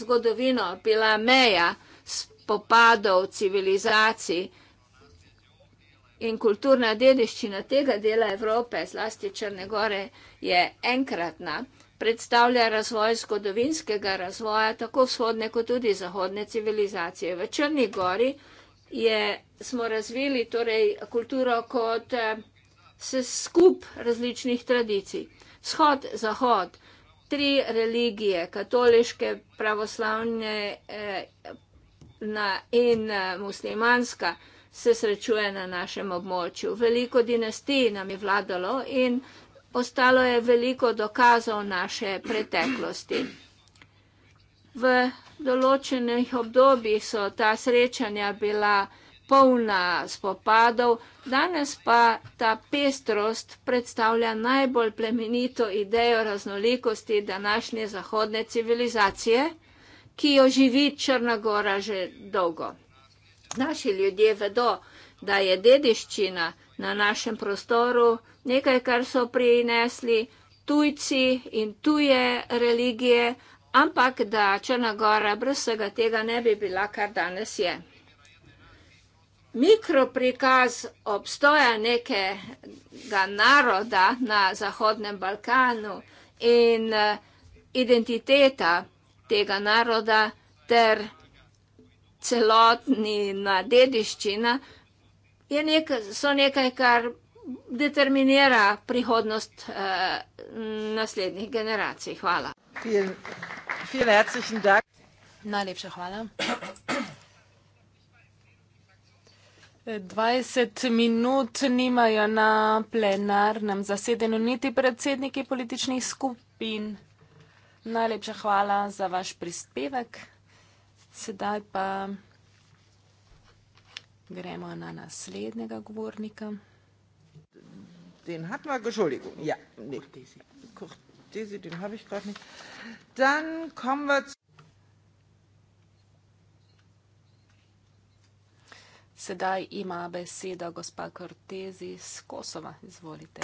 zgodovino bila meja spopadov, civilizacij, In kulturna dediščina tega dela Evrope, zlasti Črne Gore, je enkratna, predstavlja razvoj zgodovinskega razvoja tako vzhodne kot tudi zahodne civilizacije. V Črni Gori je, smo razvili torej, kulturo kot eh, se skup različnih tradicij. Vzhod, zahod, tri religije, katoliške, pravoslavne eh, na, in eh, muslimanska se srečuje na našem območju. Veliko dinastij nam je vladalo in ostalo je veliko dokazov naše preteklosti. V določenih obdobjih so ta srečanja bila polna spopadov, danes pa ta pestrost predstavlja najbolj plemenito idejo raznolikosti današnje zahodne civilizacije, ki jo živi Črna gora že dolgo naši ljudje vedo, da je dediščina na našem prostoru nekaj, kar so prinesli tujci in tuje religije, ampak da Črna Gora brez vsega tega ne bi bila, kar danes je. Mikroprikaz obstoja nekega naroda na Zahodnem Balkanu in eh, identiteta tega naroda ter celotna dediščina, nek, so nekaj, kar determinira prihodnost eh, naslednjih generacij. Hvala. Viel, viel Najlepša hvala. 20 minut nimajo na plenarnem zasedenju niti predsedniki političnih skupin. Najlepša hvala za vaš prispevek. Sedaj pa gremo na naslednjega govornika. Den hat mal, Entschuldigung, ja, nee. Kurtesi, den habe ich gerade nicht. Dann kommen wir zu. Sedaj ima besedo gospa Kortezi iz Kosova. Izvolite.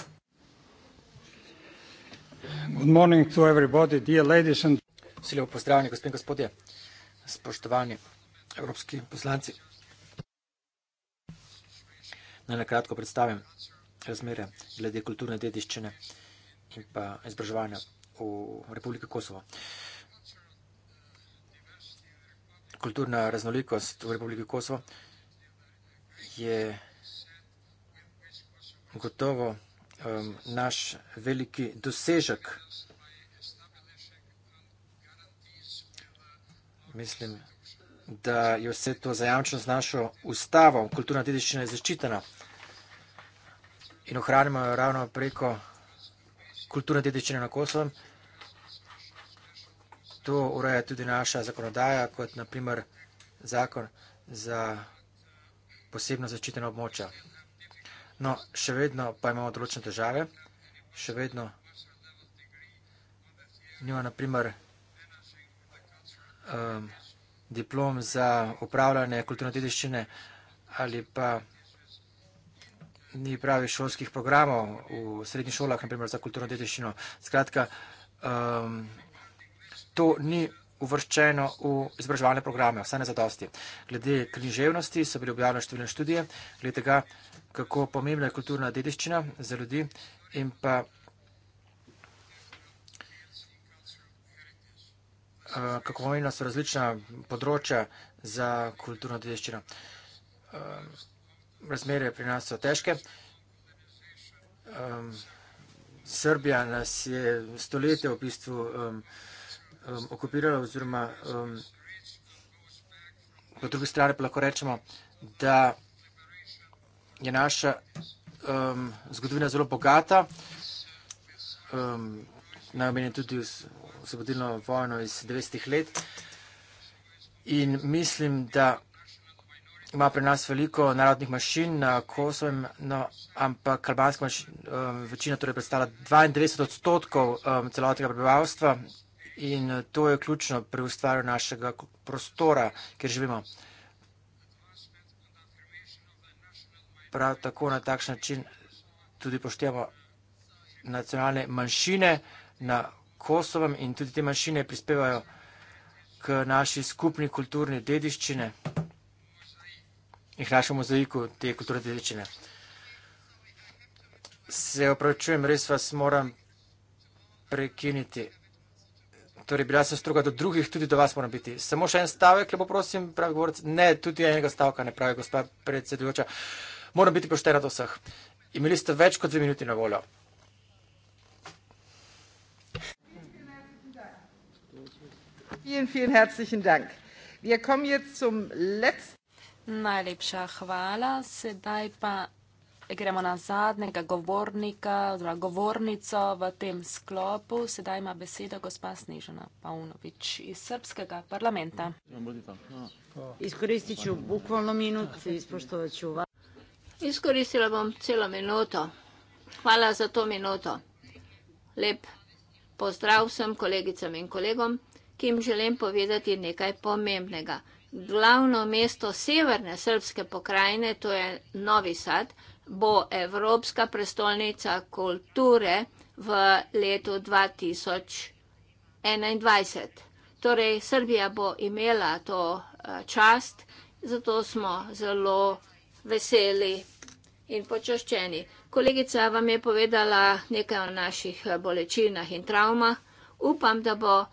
Good morning to everybody, dear ladies and gentlemen. Vsi lepo pozdravljeni, gospod in gospodje spoštovani evropski poslanci. Naj nakratko predstavim razmere glede kulturne dediščine in pa izobraževanja v Republiki Kosovo. Kulturna raznolikost v Republiki Kosovo je gotovo um, naš veliki dosežek mislim, da je vse to zajamčeno z našo ustavo. Kulturna dediščina je zaščitena in ohranimo jo ravno preko kulturne dediščine na Kosovem. To ureja tudi naša zakonodaja, kot naprimer zakon za posebno zaščiteno območja. No, še vedno pa imamo določene težave, še vedno nima naprimer Um, diplom za upravljanje kulturno dediščine ali pa ni pravi šolskih programov v srednjih šolah, naprimer za kulturno dediščino. Skratka, um, to ni uvrščeno v izobraževalne programe, vse ne za dosti. Glede književnosti so bili objavljene številne študije, glede tega, kako pomembna je kulturna dediščina za ljudi in pa Eh, kako pomembna so različna področja za kulturno dediščino. Eh, razmere pri nas so težke. Srbija nas je stolete v bistvu okupirala oziroma po drugi strani pa lahko rečemo, da je naša zgodovina zelo bogata najmenje tudi osvobodilno vojno iz 90-ih let. In mislim, da ima pri nas veliko narodnih mašin na Kosovem, no, ampak albanska um, večina torej predstavlja 92 odstotkov um, celotnega prebivalstva in uh, to je ključno pri ustvarju našega prostora, kjer živimo. Prav tako na takšen način tudi poštevamo nacionalne manjšine, na Kosovem in tudi te manjšine prispevajo k naši skupni kulturni dediščine in k našemu mozaiku te kulturne dediščine. Se opravičujem, res vas moram prekiniti. Torej, bila sem stroga do drugih, tudi do vas moram biti. Samo še en stavek, lepo prosim, pravi govorec. Ne, tudi enega stavka ne pravi, gospa predsedujoča. Moram biti poštena do vseh. Imeli ste več kot dve minuti na voljo. Vielen, vielen herzlichen Dank. Wir kommen jetzt zum letzten. Najlepša hvala, sedaj pa gremo na zadnjega govornika, oziroma govornico v tem sklopu. Sedaj ima besedo gospa Snežena Pavnovič iz srpskega parlamenta. Izkoristit ću bukvalno minut i ispoštovat ću vas. Iskoristila bom celo minuto. Hvala za to minuto. Lep pozdrav vsem kolegicam in kolegom ki jim želim povedati nekaj pomembnega. Glavno mesto severne srpske pokrajine, to je Novi Sad, bo Evropska prestolnica kulture v letu 2021. Torej, Srbija bo imela to eh, čast, zato smo zelo veseli in počaščeni. Kolegica vam je povedala nekaj o naših bolečinah in travmah. Upam, da bo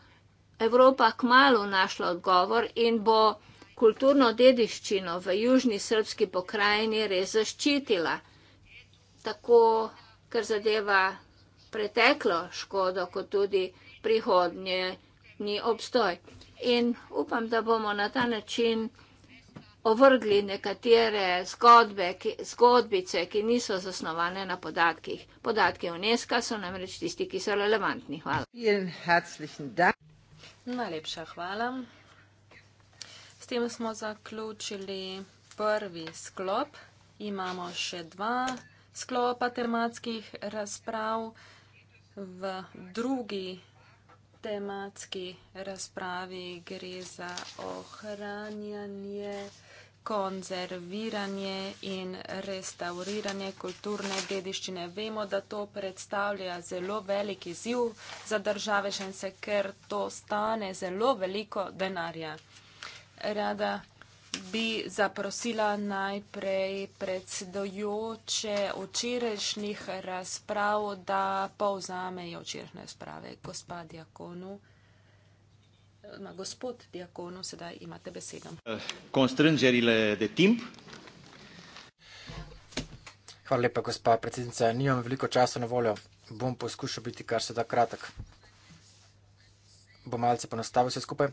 Evropa kmalo našla odgovor in bo kulturno dediščino v južni srpski pokrajini res zaščitila, tako kar zadeva preteklo škodo, kot tudi prihodnje ni obstoj. In upam, da bomo na ta način ovrgli nekatere zgodbe, ki, zgodbice, ki niso zasnovane na podatkih. Podatki UNESCO so namreč tisti, ki so relevantni. Hvala. Vielen herzlichen Dank. Najlepša hvala. S tem smo zaključili prvi sklop. Imamo še dva sklopa tematskih razprav. V drugi tematski razpravi gre za ohranjanje konzerviranje in restauriranje kulturne dediščine. Vemo, da to predstavlja zelo veliki ziv za države šense, ker to stane zelo veliko denarja. Rada bi zaprosila najprej predsedojoče včerajšnjih razprav, da povzamejo včerajšnje razprave. Gospod Jakonu. Na gospod Diakonu, sedaj imate besedo. Konstrangerile de timp. Hvala lepa, gospa predsednica. Nimam veliko časa na voljo. Bom poskušal biti kar se da kratek. Bom malce ponastavil vse skupaj.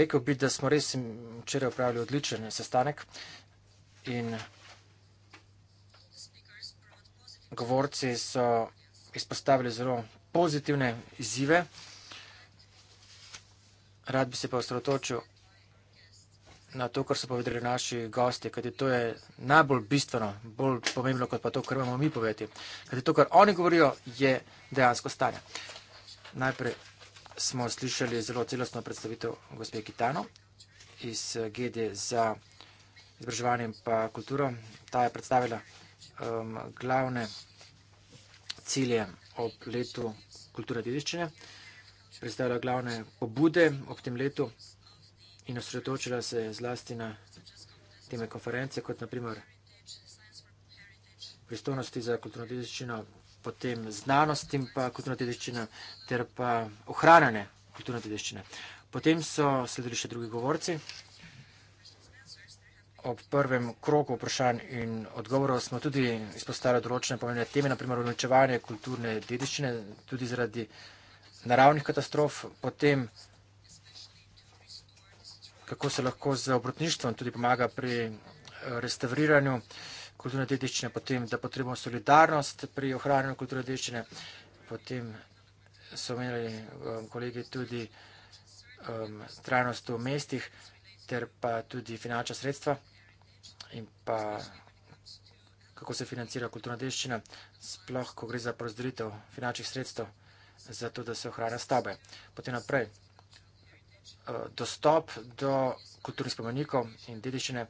Rekel bi, da smo res včeraj upravili odličen sestanek in govorci so izpostavili zelo pozitivne izzive. Rad bi se pa osredotočil na to, kar so povedali naši gosti, kajti to je najbolj bistveno, bolj pomembno kot pa to, kar imamo mi povedati. Kajti to, kar oni govorijo, je dejansko stanje. Najprej smo slišali zelo celostno predstavitev gospe Kitano iz eh, GD za izbraževanje in pa kulturo. Ta je predstavila um, glavne cilje ob letu kulture dediščine predstavlja glavne pobude ob tem letu in osredotočila se zlasti na teme konference, kot naprimer pristojnosti za kulturno dediščino, potem znanost in pa kulturno dediščina ter pa ohranjanje kulturno dediščine. Potem so sledili še drugi govorci. Ob prvem krogu vprašanj in odgovorov smo tudi izpostavili določene pomenjene teme, naprimer uničevanje kulturne dediščine, tudi zaradi naravnih katastrof, potem kako se lahko z obrotništvom tudi pomaga pri eh, restauriranju kulturne dediščine, potem, da potrebujemo solidarnost pri ohranjanju kulturne dediščine, potem so omenjali um, eh, kolegi tudi um, trajnost v mestih, ter pa tudi finančna sredstva in pa kako se financira kulturna dediščina, sploh, ko gre za porozdelitev finančnih sredstev zato da se ohranja stave. Potem naprej, eh, dostop do kulturnih spomenikov in dediščine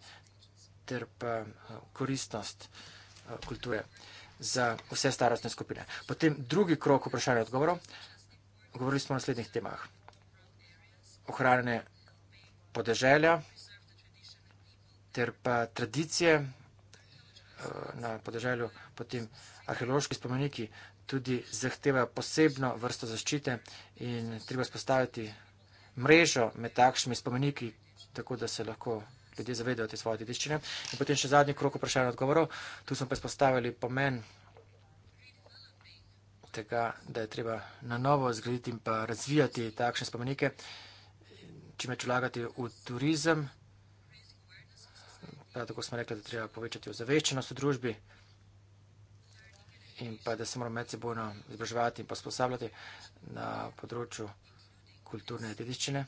ter pa eh, koristnost eh, kulture za vse starostne skupine. Potem drugi krok vprašanja odgovorov. Govorili smo o naslednjih temah. Ohranjanje podeželja ter pa tradicije na podeželju, potem arheološki spomeniki, tudi zahtevajo posebno vrsto zaščite in treba spostaviti mrežo med takšnimi spomeniki, tako da se lahko ljudje zavedajo te svoje dediščine. In potem še zadnji krok vprašanj in odgovorov. Tu smo pa spostavili pomen tega, da je treba na novo zgraditi in pa razvijati takšne spomenike, čim več vlagati v turizem. Prav tako smo rekli, da treba povečati ozaveščenost v družbi in pa da se moramo medsebojno izobraževati in pa sposabljati na področju kulturne dediščine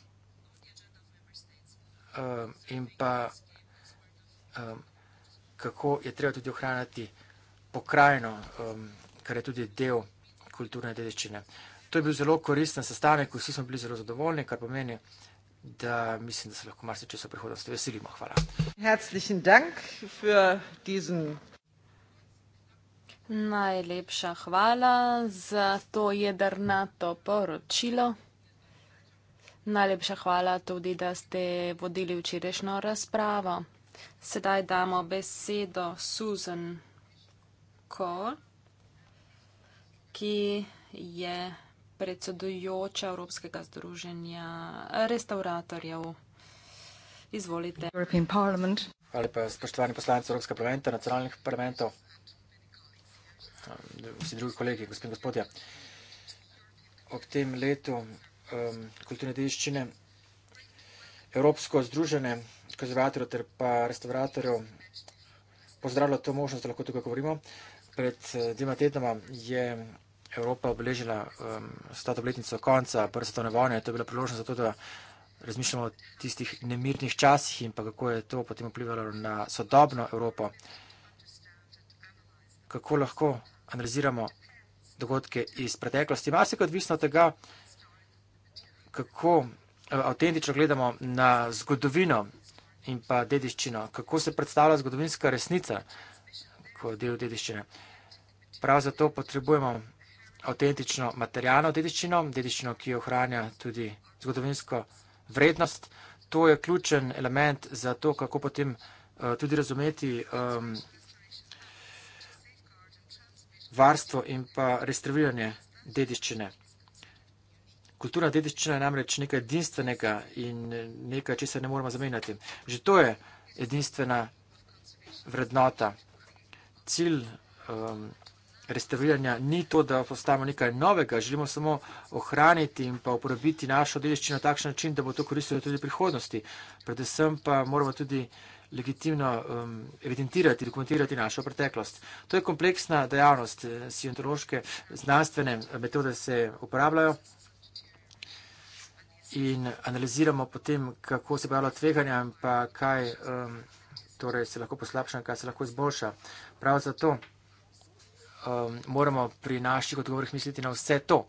um, in pa um, kako je treba tudi ohranjati pokrajino, um, kar je tudi del kulturne dediščine. To je bil zelo koristen sestanek, vsi smo bili zelo zadovoljni, kar pomeni, da mislim, da se lahko marsikaj v prihodnosti veselimo. Hvala. Herzlichen Dank für diesen. Najlepša hvala za to jedrnato poročilo. Najlepša hvala tudi, da ste vodili včerajšnjo razpravo. Sedaj damo besedo Susan Cole, ki je predsedujoča Evropskega združenja restauratorjev. Izvolite. Hvala lepa, spoštovani poslanci Evropskega parlamenta, nacionalnih parlamentov vsi drugi kolegi, gospod in gospodja. Ob tem letu um, kulturne dediščine Evropsko združene konzervatorjev ter pa restauratorjev pozdravlja to možnost, da lahko tukaj govorimo. Pred eh, dvema tednoma je Evropa obeležila um, stato obletnico konca prve svetovne vojne. To je bila priložnost za to, da razmišljamo o tistih nemirnih časih in pa kako je to potem vplivalo na sodobno Evropo. Kako lahko analiziramo dogodke iz preteklosti. Marsik je odvisno od tega, kako eh, avtentično gledamo na zgodovino in pa dediščino, kako se predstavlja zgodovinska resnica kot del dediščine. Prav zato potrebujemo avtentično materialno dediščino, dediščino, ki ohranja tudi zgodovinsko vrednost. To je ključen element za to, kako potem eh, tudi razumeti um, varstvo in pa restauriranje dediščine. Kultura dediščina je namreč nekaj edinstvenega in nekaj, če se ne moramo zamenjati. Že to je edinstvena vrednota. Cilj um, restauriranja ni to, da postavimo nekaj novega, želimo samo ohraniti in pa uporabiti našo dediščino na takšen način, da bo to koristilo tudi prihodnosti. Predvsem pa moramo tudi legitimno um, evidentirati, dokumentirati našo preteklost. To je kompleksna dejavnost, eh, sijontološke znanstvene eh, metode se uporabljajo in analiziramo potem, kako se pojavljajo tveganja in pa kaj um, torej se lahko poslabša in kaj se lahko izboljša. Prav zato um, moramo pri naših odgovorih misliti na vse to. Uh,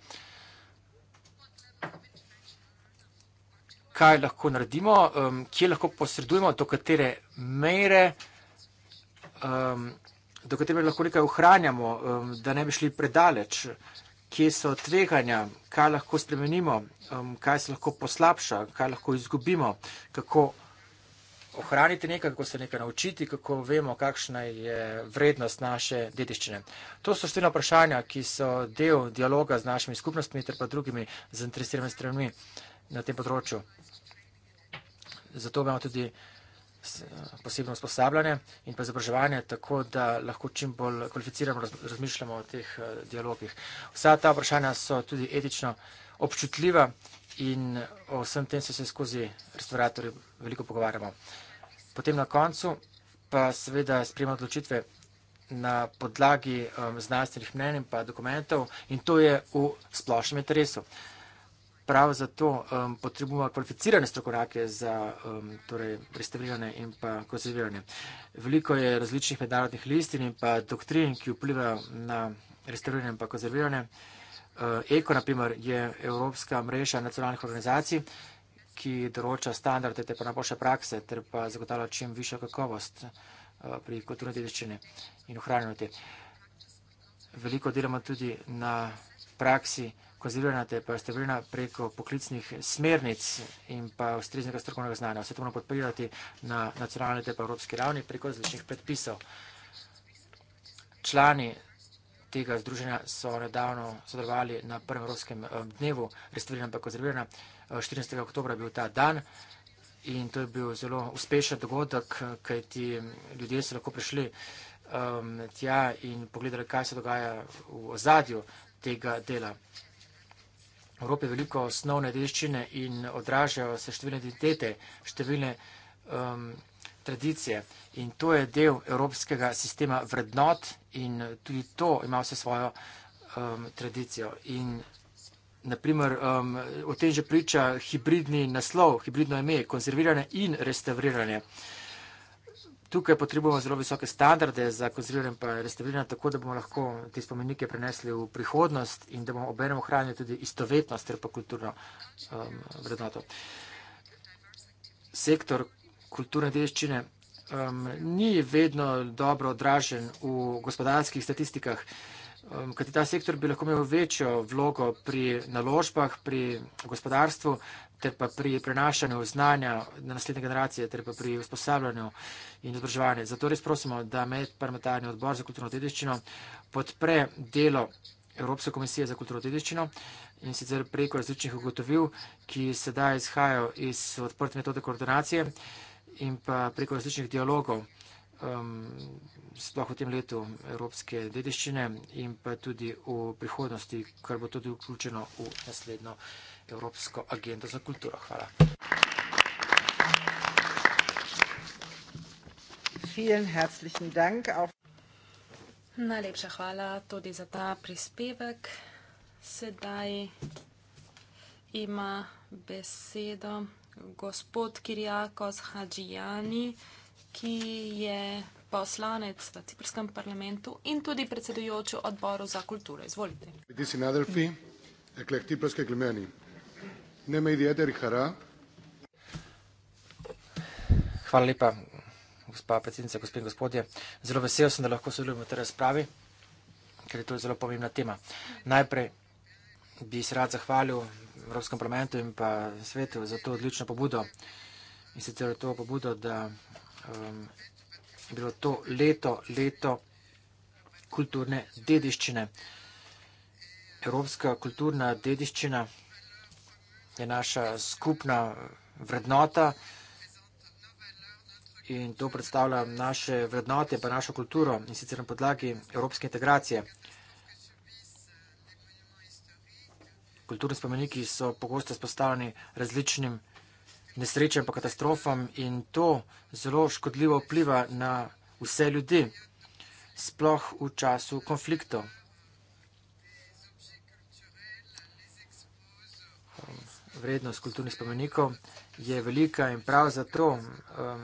kaj lahko naredimo, um, kje lahko posredujemo, do katere mere, um, do katere mere lahko nekaj ohranjamo, um, da ne bi šli predaleč, kje so tveganja, kaj lahko spremenimo, um, kaj se lahko poslabša, kaj lahko izgubimo, kako ohraniti nekaj, kako se nekaj naučiti, kako vemo, kakšna je vrednost naše dediščine. To so številna vprašanja, ki so del dialoga z našimi skupnostmi ter pa drugimi zainteresiranimi stranmi na tem področju zato imamo tudi posebno usposabljanje in pa izobraževanje, tako da lahko čim bolj kvalificiramo, razmišljamo o teh eh, dialogih. Vsa ta vprašanja so tudi etično občutljiva in o vsem tem se se skozi restauratorje veliko pogovarjamo. Potem na koncu pa seveda sprejemamo odločitve na podlagi um, znanstvenih mnen in pa dokumentov in to je v splošnem interesu prav zato um, potrebujemo kvalificirane strokovnjake za um, torej restauriranje in pa konzerviranje. Veliko je različnih mednarodnih listin in pa doktrin, ki vplivajo na restauriranje in pa konzerviranje. Uh, Eko, naprimer, je Evropska mreža nacionalnih organizacij, ki določa standarde te pa najboljše prakse ter pa zagotavlja čim višjo kakovost uh, pri kulturni dediščini in ohranjanju te. Veliko delamo tudi na praksi konzervirana te pa stabilna preko poklicnih smernic in pa ustreznega strokovnega znanja. Vse to moramo podpirati na nacionalni te pa evropski ravni preko različnih predpisov. Člani tega združenja so nedavno sodelovali na prvem evropskem eh, dnevu, restaurirana pa konzervirana. 14. Eh, oktober je bil ta dan in to je bil zelo uspešen dogodek, kaj ti mm, ljudje so lahko prišli um, tja in pogledali, kaj se dogaja v ozadju tega dela. Evropi veliko osnovne dediščine in odražajo se številne identitete, številne um, tradicije. In to je del evropskega sistema vrednot in tudi to ima vse svojo um, tradicijo. In naprimer, um, o tem že priča hibridni naslov, hibridno ime, konzervirane in restaurirane. Uh, Tukaj potrebujemo zelo visoke standarde za konzerviranje in restauriranje, tako da bomo lahko te spomenike prenesli v prihodnost in da bomo obenem ohranili tudi istovetnost ter pa kulturno um, vrednoto. Sektor kulturne dediščine um, ni vedno dobro odražen v gospodarskih statistikah, um, kajti ta sektor bi lahko imel večjo vlogo pri naložbah, pri gospodarstvu, ter pa pri prenašanju znanja na naslednje generacije, ter pa pri usposabljanju in izobraževanju. Zato res prosimo, da medparlamentarni odbor za kulturno dediščino podpre delo Evropske komisije za kulturno dediščino in sicer preko različnih ugotovil, ki sedaj izhajajo iz odprte metode koordinacije in pa preko različnih dialogov, um, sploh v tem letu Evropske dediščine in pa tudi v prihodnosti, kar bo tudi vključeno v naslednjo. Evropsko agendo za kulturo. Hvala. Najlepša hvala tudi za ta prispevek. Sedaj ima besedo gospod Kirjakos Hadžijani, ki je poslanec v ciprskem parlamentu in tudi predsedujoč odboru za kulturo. Izvolite. Ne me ideateri hara. Hvala lepa, gospa predsednica, gospe in gospodje. Zelo vesel sem, da lahko sodelujem v tej razpravi, ker je to zelo pomembna tema. Najprej bi se rad zahvalil Evropskem parlamentu in pa svetu za to odlično pobudo. In sicer to pobudo, da um, je bilo to leto, leto kulturne dediščine. Evropska kulturna dediščina je naša skupna vrednota in to predstavlja naše vrednote pa našo kulturo in sicer na podlagi evropske integracije. Kulturni spomeniki so pogosto spostavljeni različnim nesrečem pa katastrofam in to zelo škodljivo vpliva na vse ljudi, sploh v času konfliktov. vrednost kulturnih spomenikov je velika in prav zato um,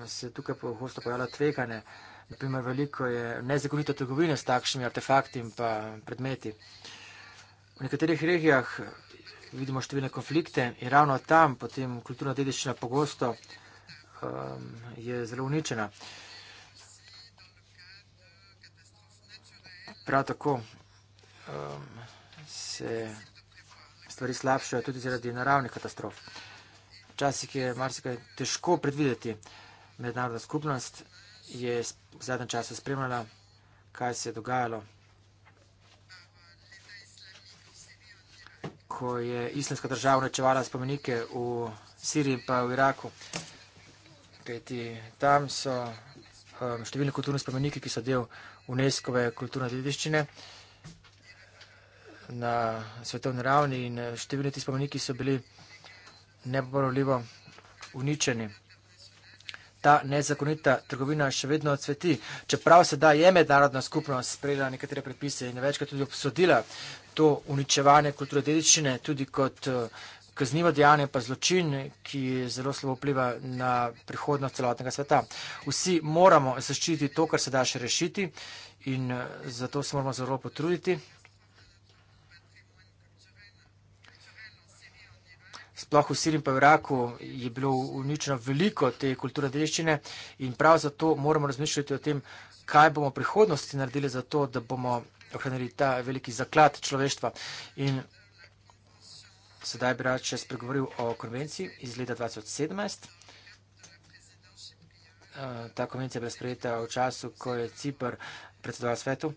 se tukaj pogosto pojavlja tvegane. Naprimer, veliko je nezakonito trgovine s takšnimi artefakti in pa predmeti. V nekaterih regijah vidimo številne konflikte in ravno tam potem kulturna dediščina pogosto um, je zelo uničena. Prav tako um, se stvari slabšajo tudi zaradi naravnih katastrof. Včasih je marsikaj težko predvideti. Mednarodna skupnost je v zadnjem času spremljala, kaj se je dogajalo, ko je islamska država rečevala spomenike v Siriji in pa v Iraku. Kajti tam so um, številni kulturni spomeniki, ki so del UNESCO-ve kulturne dediščine na svetovni ravni in eh, številni ti spomeniki so bili neporovljivo uničeni. Ta nezakonita trgovina še vedno cveti, čeprav se da je mednarodna skupnost sprejela nekatere predpise in večkrat tudi obsodila to uničevanje kulture dedičine, tudi kot eh, kaznivo dejanje pa zločin, ki zelo slabo vpliva na prihodnost celotnega sveta. Vsi moramo zaščititi to, kar se da še rešiti in eh, zato se moramo zelo potruditi. sploh v Siriji in pa v Iraku je bilo uničeno veliko te kulturne dediščine in prav zato moramo razmišljati o tem, kaj bomo v prihodnosti naredili za to, da bomo ohranili ta veliki zaklad človeštva. In sedaj bi rad še spregovoril o konvenciji iz leta 2017. Eh, ta konvencija je bila sprejeta v času, ko je Cipr predsedoval svetu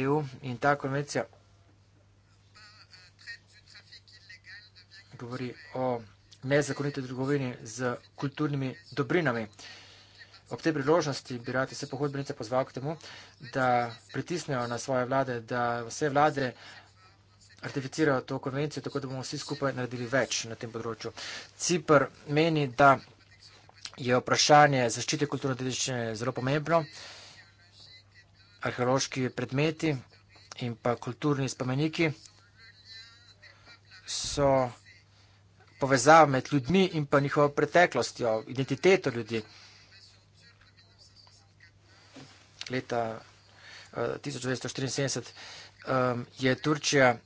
EU in ta konvencija govori o nezakonite trgovini z kulturnimi dobrinami. Ob tej priložnosti bi rad vse pohodbenice pozval k temu, da pritisnejo na svoje vlade, da vse vlade ratificirajo to konvencijo, tako da bomo vsi skupaj naredili več na tem področju. Cipr meni, da je vprašanje zaščite kulturne dediščine zelo pomembno. Arheološki predmeti in pa kulturni spomeniki so vprašanje, povezava med ljudmi in pa njihovo preteklostjo, identiteto ljudi. Leta 1974 eh, je Turčija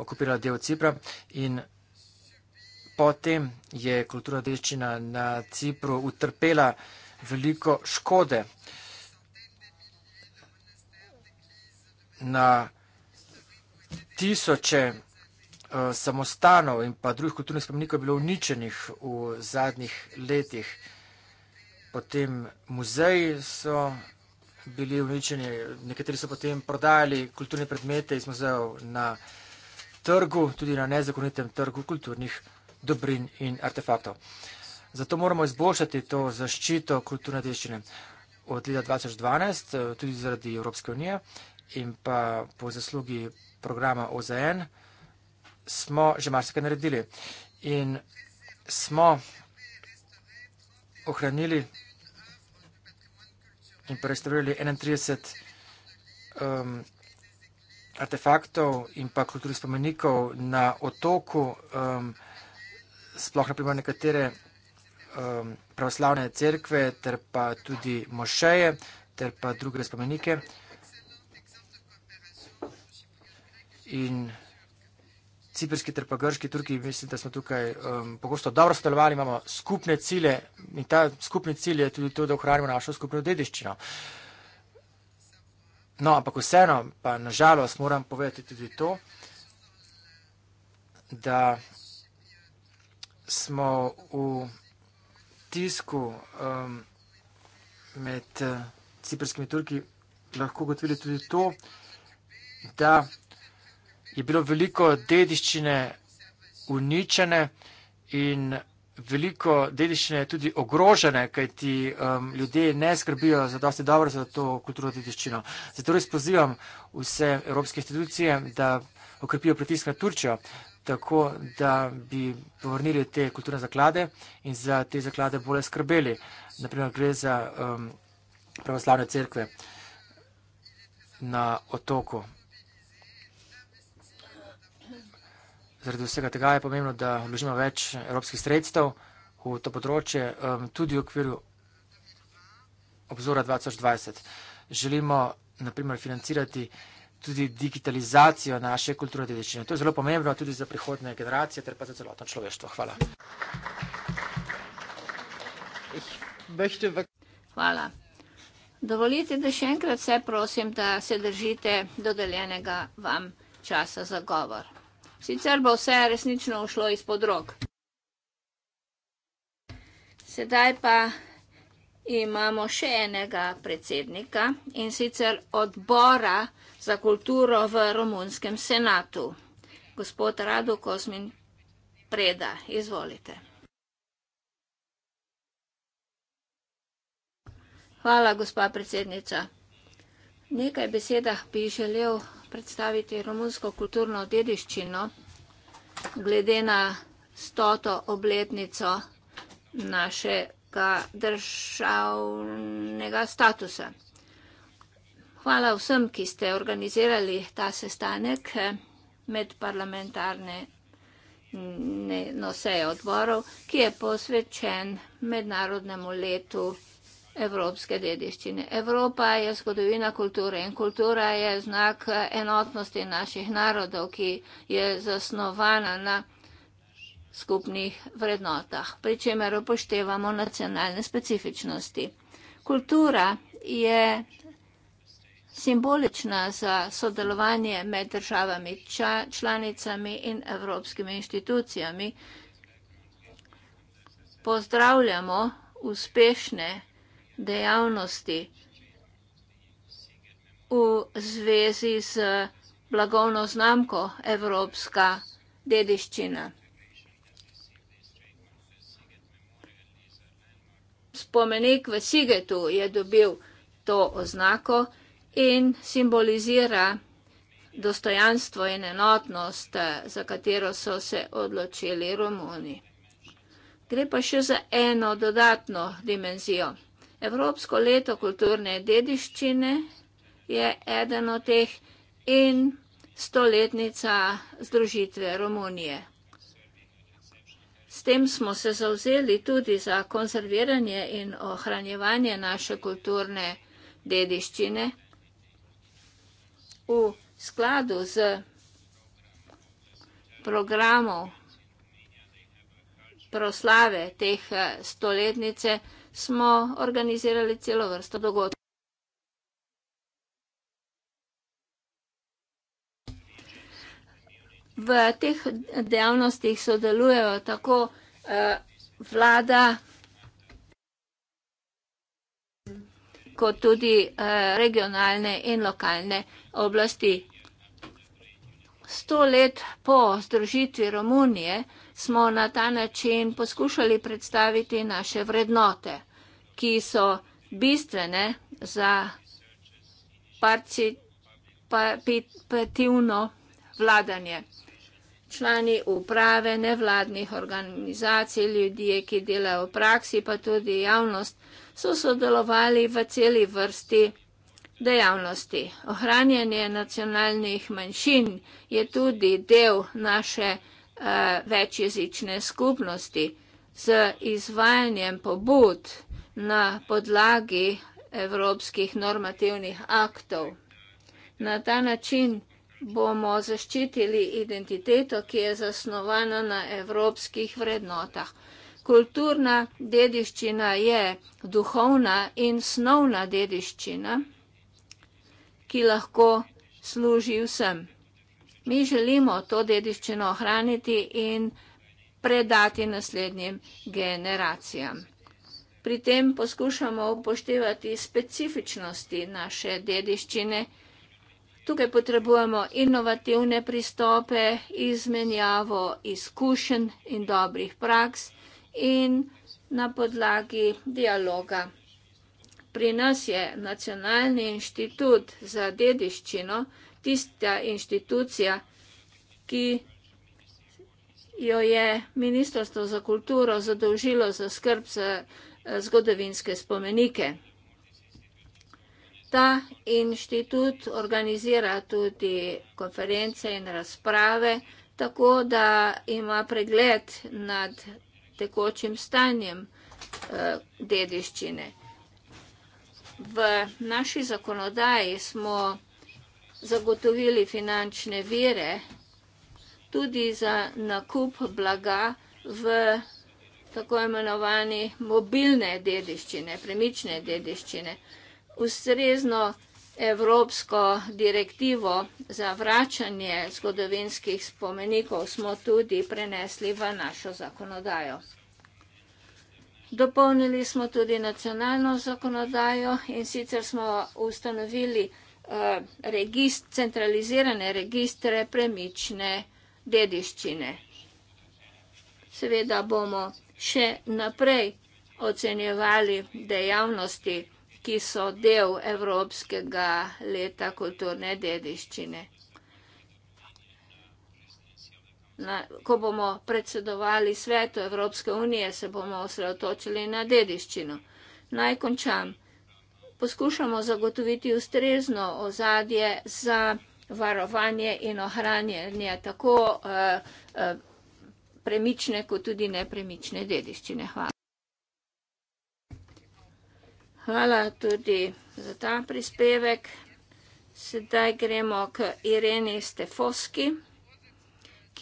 okupirala del Cipra in potem je kultura dediščina na Cipru utrpela veliko škode na tisoče Eh, samostanov in pa drugih kulturnih spomenikov je bilo uničenih v zadnjih letih. Potem muzeji so bili uničeni, nekateri so potem prodajali kulturne predmete iz muzejev na trgu, tudi na nezakonitem trgu kulturnih dobrin in artefaktov. Zato moramo izboljšati to zaščito kulturne deščine od leta 2012, eh, tudi zaradi Evropske unije in pa po zaslugi programa OZN smo že marsikaj naredili in smo ohranili in pa restaurirali 31 um, artefaktov in pa kulturnih spomenikov na otoku, um, sploh naprimer nekatere um, pravoslavne cerkve ter pa tudi mošeje ter pa druge spomenike. In ciprski ter pa grški Turki, mislim, da smo tukaj um, pogosto dobro sodelovali, imamo skupne cilje in ta skupni cilj je tudi to, da ohranimo našo skupno dediščino. No, ampak vseeno, pa nažalost moram povedati tudi to, da smo v tisku um, med uh, ciprskimi Turki lahko gotovili tudi to, da je bilo veliko dediščine uničene in veliko dediščine tudi ogrožene, kajti um, ljudje ne skrbijo za dosti dobro za to kulturno dediščino. Zato res pozivam vse evropske institucije, da okrepijo pritisk na Turčijo, tako da bi povrnili te kulturne zaklade in za te zaklade bolj skrbeli. Naprimer, gre za um, pravoslavne cerkve na otoku. Zaradi vsega tega je pomembno, da vložimo več evropskih sredstev v to področje, um, tudi v okviru obzora 2020. Želimo naprimer financirati tudi digitalizacijo naše kulturne dedičine. To je zelo pomembno tudi za prihodne generacije ter pa za celotno človeštvo. Hvala. Hvala. Dovolite, da še enkrat vse prosim, da se držite dodeljenega vam časa za govor. Sicer bo vse resnično ušlo izpod rok. Sedaj pa imamo še enega predsednika in sicer odbora za kulturo v Romunskem senatu. Gospod Rado Kosmin Preda, izvolite. Hvala, gospa predsednica. Nekaj besedah bi želel predstaviti romunsko kulturno dediščino glede na stoto obletnico našega državnega statusa. Hvala vsem, ki ste organizirali ta sestanek eh, med parlamentarne nosej no, odborov, ki je posvečen mednarodnemu letu evropske dediščine. Evropa je zgodovina kulture in kultura je znak enotnosti naših narodov, ki je zasnovana na skupnih vrednotah, pri čemer upoštevamo nacionalne specifičnosti. Kultura je simbolična za sodelovanje med državami članicami in evropskimi inštitucijami. Pozdravljamo uspešne dejavnosti v zvezi z blagovno znamko Evropska dediščina. Spomenik v Sigetu je dobil to oznako in simbolizira dostojanstvo in enotnost, za katero so se odločili Romuni. Gre pa še za eno dodatno dimenzijo. Evropsko leto kulturne dediščine je eden od teh in stoletnica združitve Romunije. S tem smo se zauzeli tudi za konserviranje in ohranjevanje naše kulturne dediščine v skladu z programov proslave teh eh, stoletnice, smo organizirali celo vrsto dogodkov. V teh dejavnostih sodelujejo tako eh, vlada, kot tudi eh, regionalne in lokalne oblasti sto let po združitvi Romunije smo na ta način poskušali predstaviti naše vrednote, ki so bistvene za participativno vladanje. Člani uprave, nevladnih organizacij, ljudje, ki delajo v praksi, pa tudi javnost, so sodelovali v celi vrsti vrednosti dejavnosti. Ohranjanje nacionalnih manjšin je tudi del naše uh, večjezične skupnosti. Z izvajanjem pobud na podlagi evropskih normativnih aktov. Na ta način bomo zaščitili identiteto, ki je zasnovana na evropskih vrednotah. Kulturna dediščina je duhovna in snovna dediščina ki lahko služi vsem. Mi želimo to dediščino ohraniti in predati naslednjim generacijam. Pri tem poskušamo upoštevati specifičnosti naše dediščine. Tukaj potrebujemo inovativne pristope, izmenjavo izkušenj in dobrih praks in na podlagi dialoga. Pri nas je nacionalni inštitut za dediščino tista inštitucija, ki jo je Ministrstvo za kulturo zadolžilo za skrb za eh, zgodovinske spomenike. Ta inštitut organizira tudi konference in razprave, tako da ima pregled nad tekočim stanjem eh, dediščine v naši zakonodaji smo zagotovili finančne vire tudi za nakup blaga v tako imenovani mobilne dediščine, premične dediščine. Ustrezno evropsko direktivo za vračanje zgodovinskih spomenikov smo tudi prenesli v našo zakonodajo. Dopolnili smo tudi nacionalno zakonodajo in sicer smo ustanovili eh, Regist, centralizirane registre premične dediščine. Seveda bomo še naprej ocenjevali dejavnosti, ki so del Evropskega leta kulturne dediščine. Na, ko bomo predsedovali svetu Evropske unije, se bomo osredotočili na dediščino. Naj končam. Poskušamo zagotoviti ustrezno ozadje za varovanje in ohranjanje tako eh, eh premične kot tudi nepremične dediščine. Hvala. Hvala tudi za ta prispevek. Sedaj gremo k Ireni Stefovski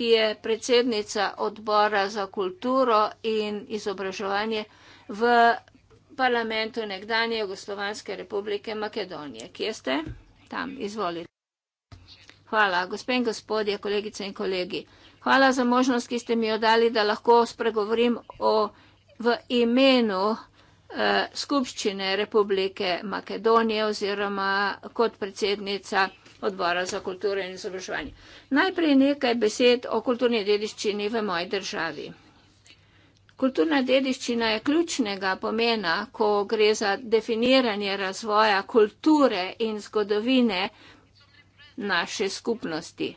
ki je predsednica odbora za kulturo in izobraževanje v parlamentu nekdanje Jugoslovanske republike Makedonije. Kje ste? Tam, izvolite. Hvala, gospe in gospodje, kolegice in kolegi. Hvala za možnost, ki ste mi jo dali, da lahko spregovorim o, v imenu eh, Skupščine Republike Makedonije oziroma kot predsednica odbora za kulturo in izobraževanje. Najprej nekaj besed o kulturni dediščini v moji državi. Kulturna dediščina je ključnega pomena, ko gre za definiranje razvoja kulture in zgodovine naše skupnosti.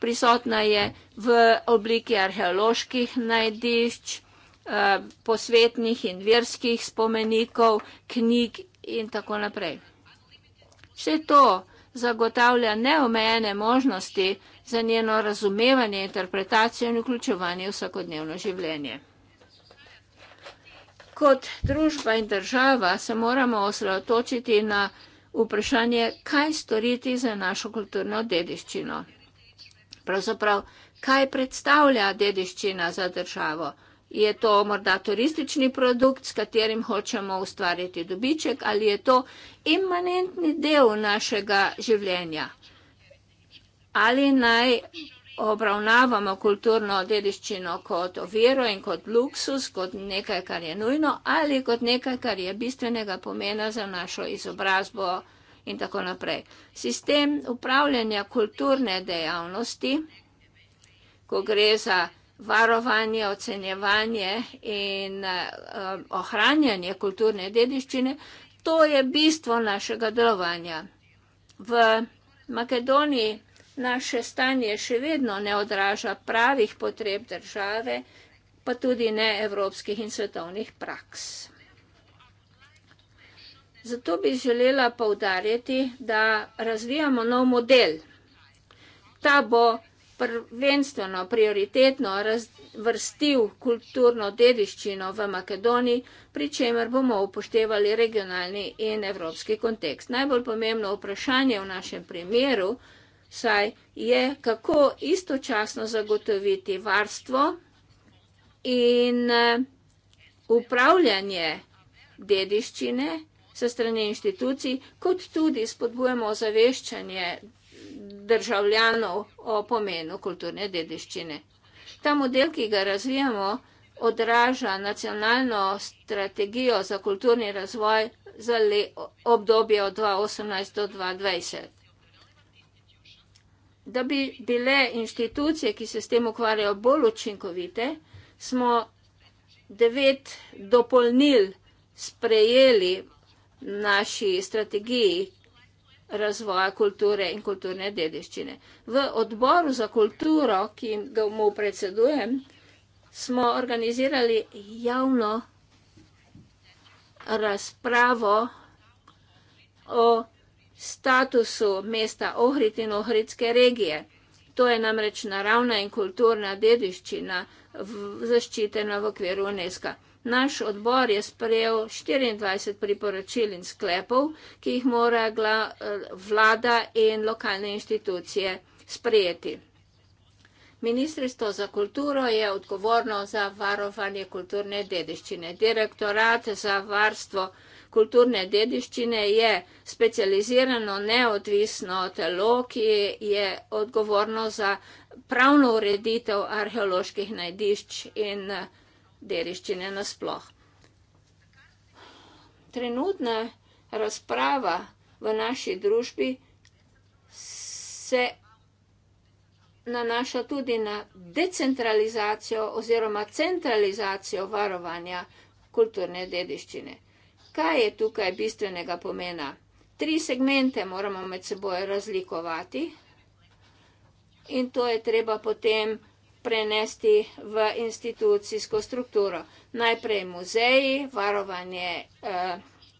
Prisotna je v obliki arheoloških najdišč, eh, posvetnih in verskih spomenikov, knjig in tako naprej. Vse to, zagotavlja neomejene možnosti za njeno razumevanje, interpretacijo in vključevanje v vsakodnevno življenje. Kot družba in država se moramo osredotočiti na vprašanje, kaj storiti za našo kulturno dediščino. Pravzaprav, kaj predstavlja dediščina za državo? je to morda turistični produkt, s katerim hočemo ustvariti dobiček, ali je to imanentni del našega življenja. Ali naj obravnavamo kulturno dediščino kot oviro in kot luksus, kot nekaj, kar je nujno, ali kot nekaj, kar je bistvenega pomena za našo izobrazbo in tako naprej. Sistem upravljanja kulturne dejavnosti, ko gre za kulturno dediščino, varovanje, ocenjevanje in eh, ohranjanje kulturne dediščine, to je bistvo našega delovanja. V Makedoniji naše stanje še vedno ne odraža pravih potreb države, pa tudi ne evropskih in svetovnih praks. Zato bi želela povdarjati, da razvijamo nov model. Ta bo razvijal, prvenstveno, prioritetno razvrstil kulturno dediščino v Makedoniji, pri čemer bomo upoštevali regionalni in evropski kontekst. Najbolj pomembno vprašanje v našem primeru saj je, kako istočasno zagotoviti varstvo in eh, upravljanje dediščine se strani inštitucij, kot tudi spodbujamo ozaveščanje državljanov o pomenu kulturne dediščine. Ta model, ki ga razvijamo, odraža nacionalno strategijo za kulturni razvoj za le, obdobje od 2018 do 2020. Da bi bile inštitucije, ki se s tem ukvarjajo, bolj učinkovite, smo devet dopolnil sprejeli naši strategiji, razvoja kulture in kulturne dediščine. V odboru za kulturo, ki ga mu predsedujem, smo organizirali javno razpravo o statusu mesta Ohrid in Ohridske regije. To je namreč naravna in kulturna dediščina v, zaščitena v okviru UNESCO. Naš odbor je sprejel 24 priporočil in sklepov, ki jih mora eh, vlada in lokalne inštitucije sprejeti. Ministrstvo za kulturo je odgovorno za varovanje kulturne dediščine. Direktorat za varstvo kulturne dediščine je specializirano neodvisno telo, ki je odgovorno za pravno ureditev arheoloških najdišč in dediščine nasploh. Trenutna razprava v naši družbi se nanaša tudi na decentralizacijo oziroma centralizacijo varovanja kulturne dediščine. Kaj je tukaj bistvenega pomena? Tri segmente moramo med seboj razlikovati in to je treba potem prenesti v institucijsko strukturo. Najprej muzeji, varovanje eh,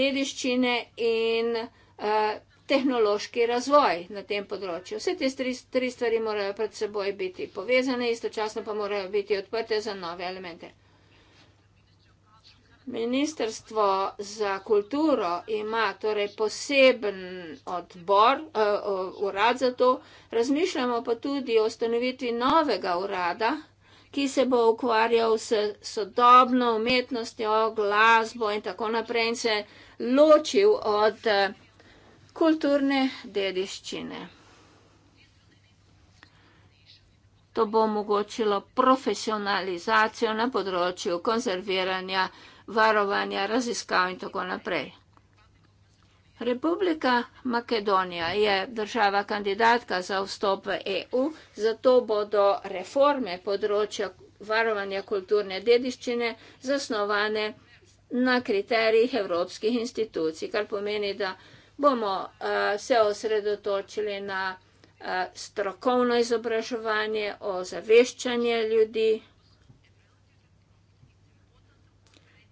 dediščine in eh, tehnološki razvoj na tem področju. Vse te tri, tri stvari morajo pred seboj biti povezane, istočasno pa morajo biti odprte za nove elemente. Ministrstvo za kulturo ima torej poseben odbor, uh, urad za to. Razmišljamo pa tudi o ustanovitvi novega urada, ki se bo ukvarjal s sodobno umetnostjo, glasbo in tako naprej in se ločil od eh, kulturne dediščine. To bo omogočilo profesionalizacijo na področju konzerviranja varovanja raziskav in tako naprej. Republika Makedonija je država kandidatka za vstop v EU, zato bodo reforme področja varovanja kulturne dediščine zasnovane na kriterijih evropskih institucij, kar pomeni, da bomo uh, se osredotočili na uh, strokovno izobraževanje, ozaveščanje ljudi,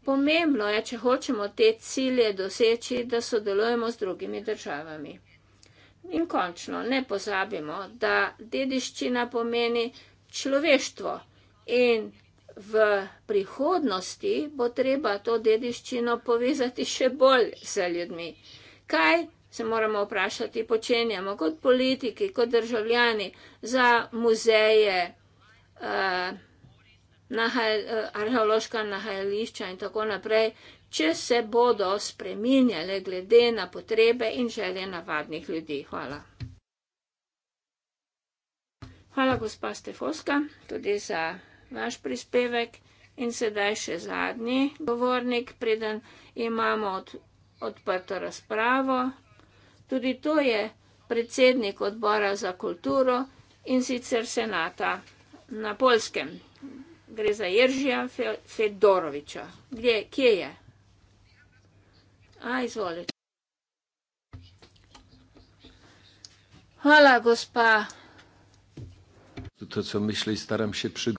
Pomembno je, če hočemo te cilje doseči, da sodelujemo z drugimi državami. In končno, ne pozabimo, da dediščina pomeni človeštvo in v prihodnosti bo treba to dediščino povezati še bolj z ljudmi. Kaj se moramo vprašati, počenjamo kot politiki, kot državljani za muzeje? Uh, nahaj, eh, arheološka nahajališča in tako naprej, če se bodo spreminjale glede na potrebe in želje navadnih ljudi. Hvala. Hvala, gospa Stefoska, tudi za vaš prispevek. In sedaj še zadnji govornik, preden imamo od, odprto razpravo. Tudi to je predsednik odbora za kulturo in sicer senata na polskem gre za Jeržija Fedoroviča. Gde, kje je? A, izvoli. Hvala, gospa. To so misli, staram še pri...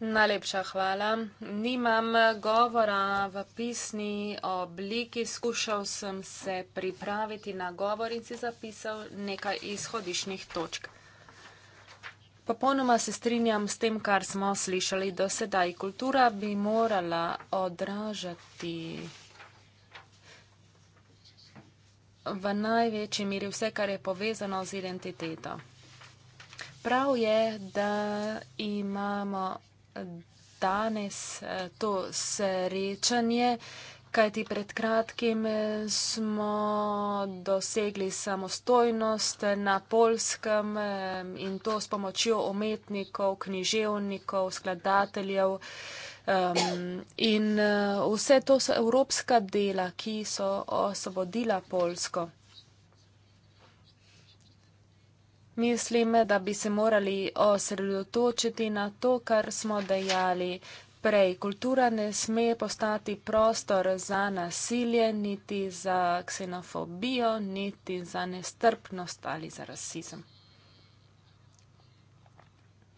Najlepša hvala. Nimam govora v pisni obliki, skušal sem se pripraviti na govor in si zapisal nekaj izhodišnjih točk. Popolnoma se strinjam s tem, kar smo slišali do sedaj. Kultura bi morala odražati v največji miri vse, kar je povezano z identiteto. Prav je, da imamo danes eh, to srečanje kajti pred kratkim eh, smo dosegli samostojnost na polskem eh, in to s pomočjo umetnikov, književnikov, skladateljev. Um, in uh, vse to so evropska dela, ki so osvobodila Polsko. Mislim, da bi se morali osredotočiti na to, kar smo dejali, prej. Kultura ne sme postati prostor za nasilje, niti za ksenofobijo, niti za nestrpnost ali za rasizem.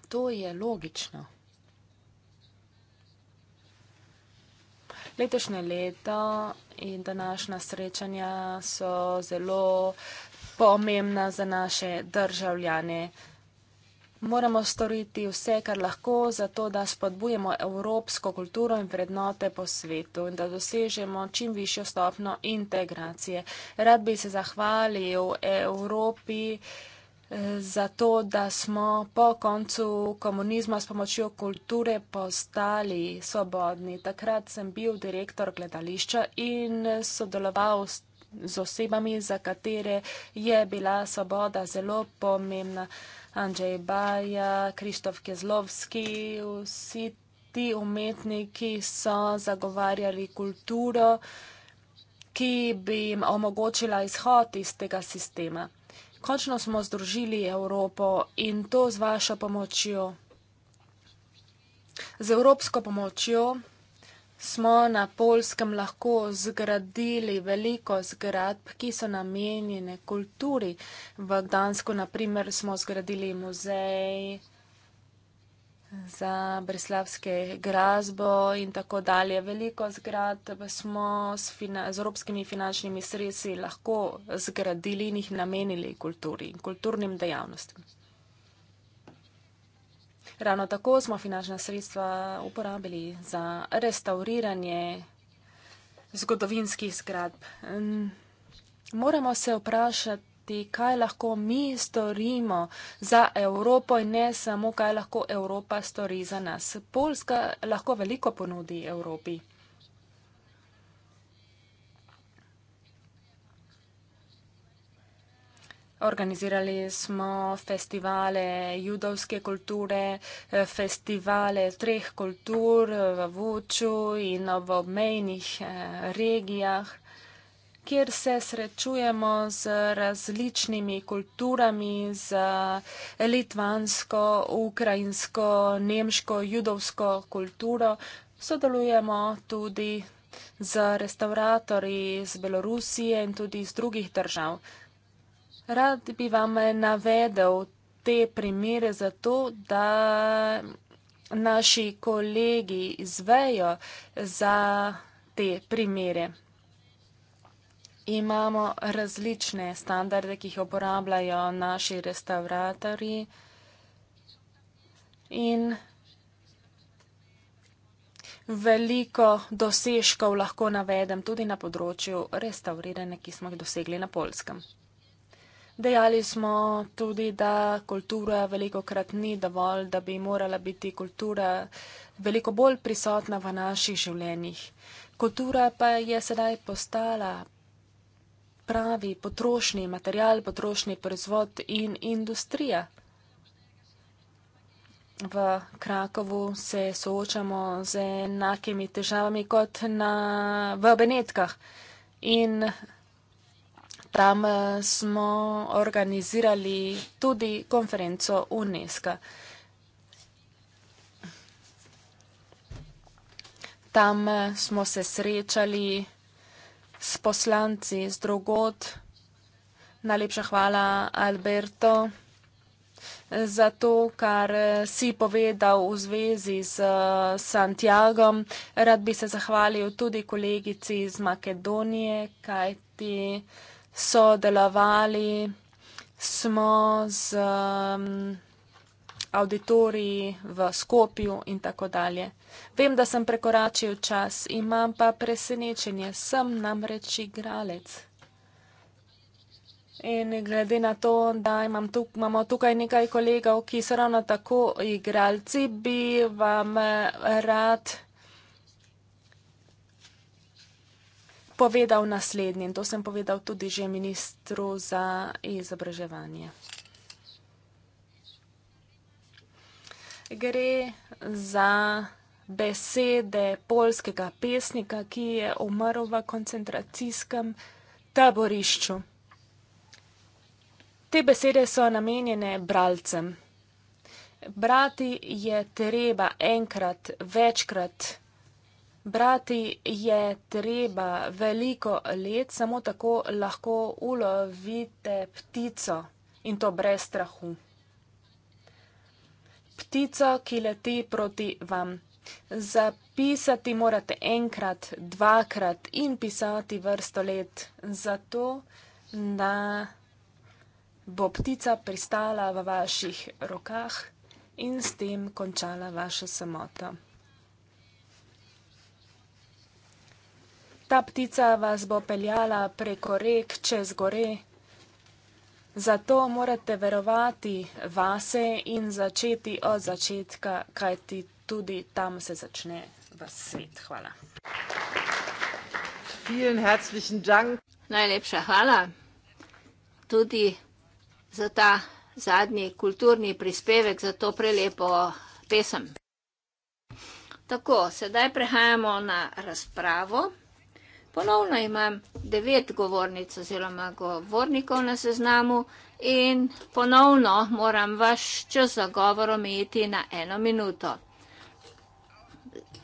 To je logično. Letošnje leto in današnja srečanja so zelo pomembna za naše državljane. Moramo storiti vse, kar lahko, zato da spodbujemo evropsko kulturo in vrednote po svetu in da dosežemo čim višjo stopno integracije. Rad bi se zahvalil Evropi eh, za to, da smo po koncu komunizma s pomočjo kulture postali svobodni. Takrat sem bil direktor gledališča in sodeloval s z osebami, za katere je bila svoboda zelo pomembna. Andrej Baja, Krištof Kezlovski, vsi ti umetniki so zagovarjali kulturo, ki bi jim omogočila izhod iz tega sistema. Končno smo združili Evropo in to z vašo pomočjo. Z evropsko pomočjo smo na polskem lahko zgradili veliko zgradb, ki so namenjene kulturi. V Gdansku, naprimer, smo zgradili muzej za breslavske grazbo in tako dalje. Veliko zgradb smo z, fina z evropskimi finančnimi sredstvi lahko zgradili in jih namenili kulturi in kulturnim dejavnostim. Ravno tako smo finančna sredstva uporabili za restauriranje zgodovinskih zgradb. Moramo se vprašati, kaj lahko mi storimo za Evropo in ne samo, kaj lahko Evropa stori za nas. Poljska lahko veliko ponudi Evropi. Organizirali smo festivale judovske kulture, eh, festivale treh kultur eh, v Vuču in v obmejnih eh, regijah, kjer se srečujemo z različnimi kulturami, z litvansko, ukrajinsko, nemško, judovsko kulturo. Sodelujemo tudi z restauratorji iz Belorusije in tudi iz drugih držav. Rad bi vam navedel te primere zato, da naši kolegi izvejo za te primere. Imamo različne standarde, ki jih uporabljajo naši restauratorji in veliko dosežkov lahko navedem tudi na področju restauriranja, ki smo jih dosegli na Polskem. Dejali smo tudi, da kultura veliko krat ni dovolj, da bi morala biti kultura veliko bolj prisotna v naših življenjih. Kultura pa je sedaj postala pravi potrošni material, potrošni proizvod in industrija. V Krakovu se soočamo z enakimi težavami kot na, v Benetkah. In Tam eh, smo organizirali tudi konferenco UNESCO. Tam eh, smo se srečali s poslanci z drugod. Najlepša hvala, Alberto, za to, kar eh, si povedal v zvezi z Santiago. Rad bi se zahvalil tudi kolegici iz Makedonije, kajti sodelovali smo z um, auditoriji v Skopju in tako dalje. Vem, da sem prekoračil čas, imam pa presenečenje, sem namreč igralec. In glede na to, da imam tu, imamo tukaj nekaj kolegov, ki so ravno tako igralci, bi vam eh, rad. povedal naslednje, in to sem povedal tudi že ministru za izobraževanje. Gre za besede polskega pesnika, ki je umrl v koncentracijskem taborišču. Te besede so namenjene bralcem. Brati je treba enkrat, večkrat. Brati je treba veliko let, samo tako lahko ulovite ptico in to brez strahu. Ptico, ki leti proti vam. Zapisati morate enkrat, dvakrat in pisati vrsto let, zato da bo ptica pristala v vaših rokah in s tem končala vašo samoto. Ta ptica vas bo peljala preko rek, čez gore. Zato morate verovati vase in začeti od začetka, kajti tudi tam se začne vas svet. Hvala. Najlepša hvala tudi za ta zadnji kulturni prispevek, za to prelepo pesem. Tako, sedaj prehajamo na razpravo. Ponovno imam devet govornic oziroma govornikov na seznamu in ponovno moram vaš čas za govor omejiti na eno minuto.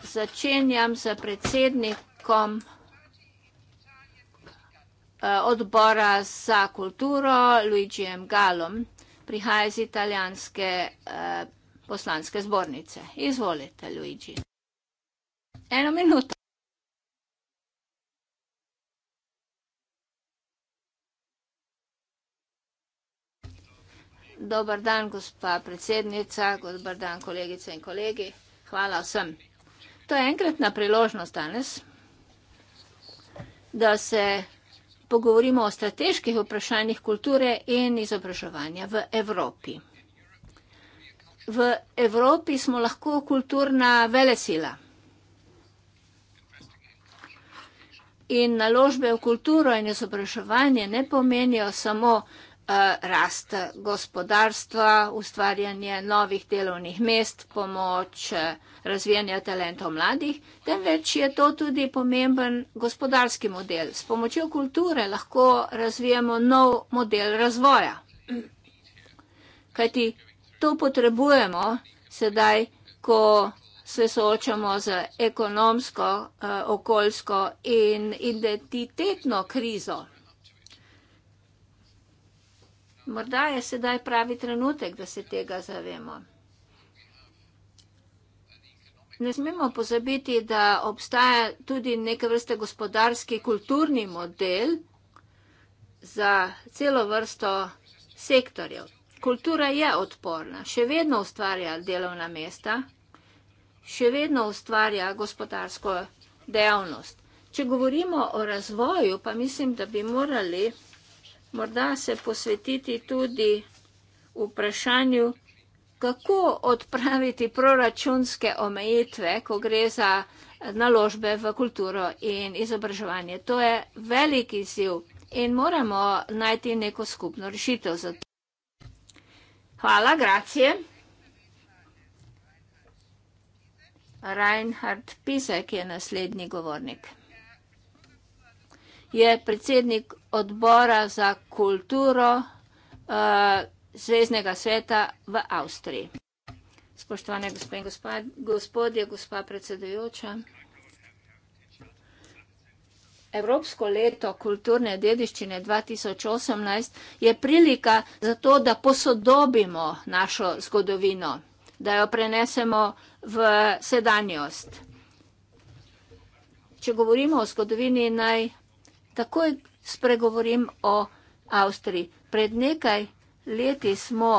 Začenjam s predsednikom eh, odbora za kulturo Luigijem Galom. Prihaja iz italijanske eh, poslanske zbornice. Izvolite, Luigi. Eno minuto. Dobar dan, gospa predsednica, dobar dan, kolegice in kolegi. Hvala vsem. To je enkratna priložnost danes, da se pogovorimo o strateških vprašanjih kulture in izobraževanja v Evropi. V Evropi smo lahko kulturna velesila. In naložbe v kulturo in izobraževanje ne pomenijo samo Eh, rast gospodarstva, ustvarjanje novih delovnih mest, pomoč eh, razvijanja talentov mladih, temveč je to tudi pomemben gospodarski model. S pomočjo kulture lahko razvijamo nov model razvoja. Kajti to potrebujemo sedaj, ko se soočamo z ekonomsko, eh, okoljsko in identitetno krizo. Morda je sedaj pravi trenutek, da se tega zavemo. Ne smemo pozabiti, da obstaja tudi neka vrste gospodarski kulturni model za celo vrsto sektorjev. Kultura je odporna, še vedno ustvarja delovna mesta, še vedno ustvarja gospodarsko dejavnost. Če govorimo o razvoju, pa mislim, da bi morali morda se posvetiti tudi vprašanju, kako odpraviti proračunske omejitve, ko gre za naložbe v kulturo in izobraževanje. To je velik izziv in moramo najti neko skupno rešitev za to. Hvala, gracije. Reinhard Pisek je naslednji govornik je predsednik odbora za kulturo uh, eh, Zvezdnega sveta v Avstriji. Spoštovane gospe in gospodje, gospa predsedujoča. Evropsko leto kulturne dediščine 2018 je prilika za to, da posodobimo našo zgodovino, da jo prenesemo v sedanjost. Če govorimo o zgodovini, naj Takoj spregovorim o Avstriji. Pred nekaj leti smo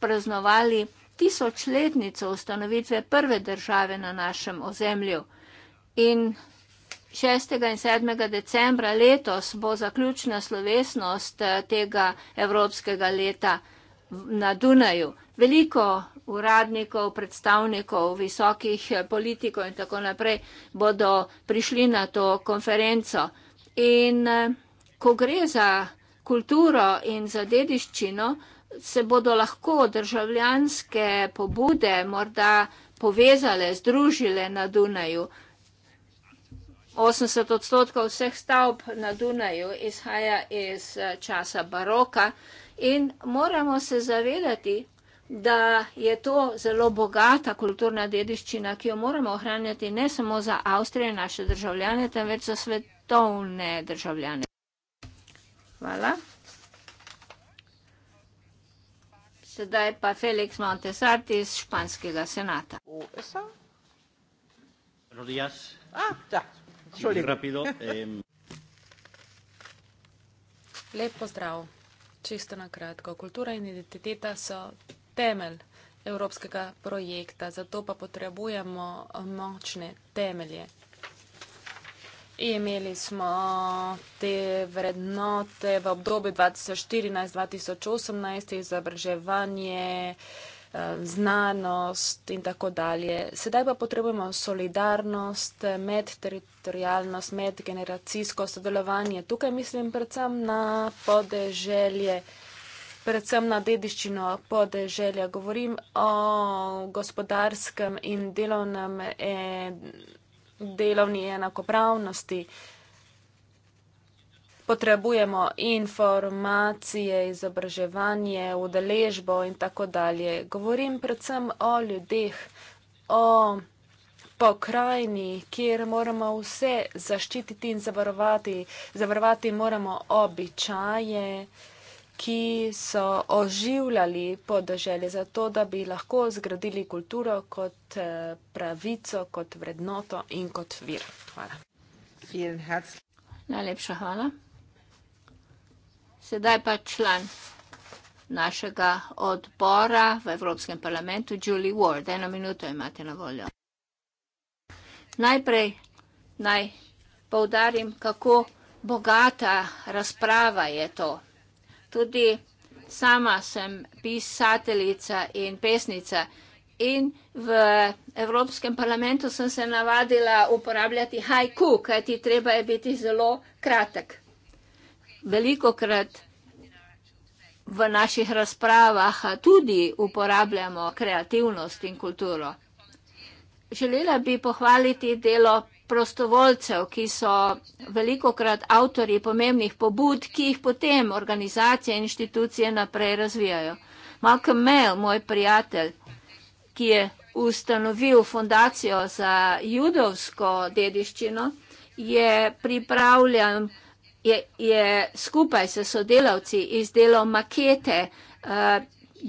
praznovali tisočletnico ustanovitve prve države na našem ozemlju. In 6. in 7. decembra letos bo zaključna slovesnost eh, tega evropskega leta na Dunaju. Veliko uradnikov, predstavnikov, visokih eh, politikov in tako naprej bodo prišli na to konferenco. In eh, ko gre za kulturo in za dediščino, se bodo lahko državljanske pobude morda povezale, združile na Dunaju. 80 odstotkov vseh stavb na Dunaju izhaja iz eh, časa baroka in moramo se zavedati, da je to zelo bogata kulturna dediščina, ki jo moramo ohranjati ne samo za Avstrijo in naše državljane, temveč za svet, svetovne državljane. Hvala. Sedaj pa Felix Montesarti iz Španskega senata. USA. Buenos días. Ah, ya. rápido. Eh. Lepo zdrav. Čisto na kratko. Kultura in identiteta so temelj evropskega projekta, zato pa potrebujemo močne temelje. Imeli smo te vrednote v obdobju 2014-2018, izobraževanje, eh, znanost in tako dalje. Sedaj pa potrebujemo solidarnost, medteritorijalnost, medgeneracijsko sodelovanje. Tukaj mislim predvsem na podeželje, predvsem na dediščino podeželja. Govorim o gospodarskem in delovnem. Eh, delovni enakopravnosti. Potrebujemo informacije, izobraževanje, udeležbo in tako dalje. Govorim predvsem o ljudeh, o pokrajini, kjer moramo vse zaščititi in zavarovati. Zavarovati moramo običaje, običaje ki so oživljali podeželje za to, da bi lahko zgradili kulturo kot eh, pravico, kot vrednoto in kot vir. Hvala. Najlepša hvala. Sedaj pa član našega odbora v Evropskem parlamentu, Julie Ward. Eno minuto imate na voljo. Najprej naj poudarim, kako bogata razprava je to tudi sama sem pisateljica in pesnica. In v Evropskem parlamentu sem se navadila uporabljati hajku, kajti treba je biti zelo kratek. Veliko krat v naših razpravah tudi uporabljamo kreativnost in kulturo. Želela bi pohvaliti delo prostovoljcev, ki so veliko krat avtori pomembnih pobud, ki jih potem organizacije in inštitucije naprej razvijajo. Malcolm Mell, moj prijatelj, ki je ustanovil fondacijo za judovsko dediščino, je pripravljen, je, je skupaj se sodelavci izdelal makete uh,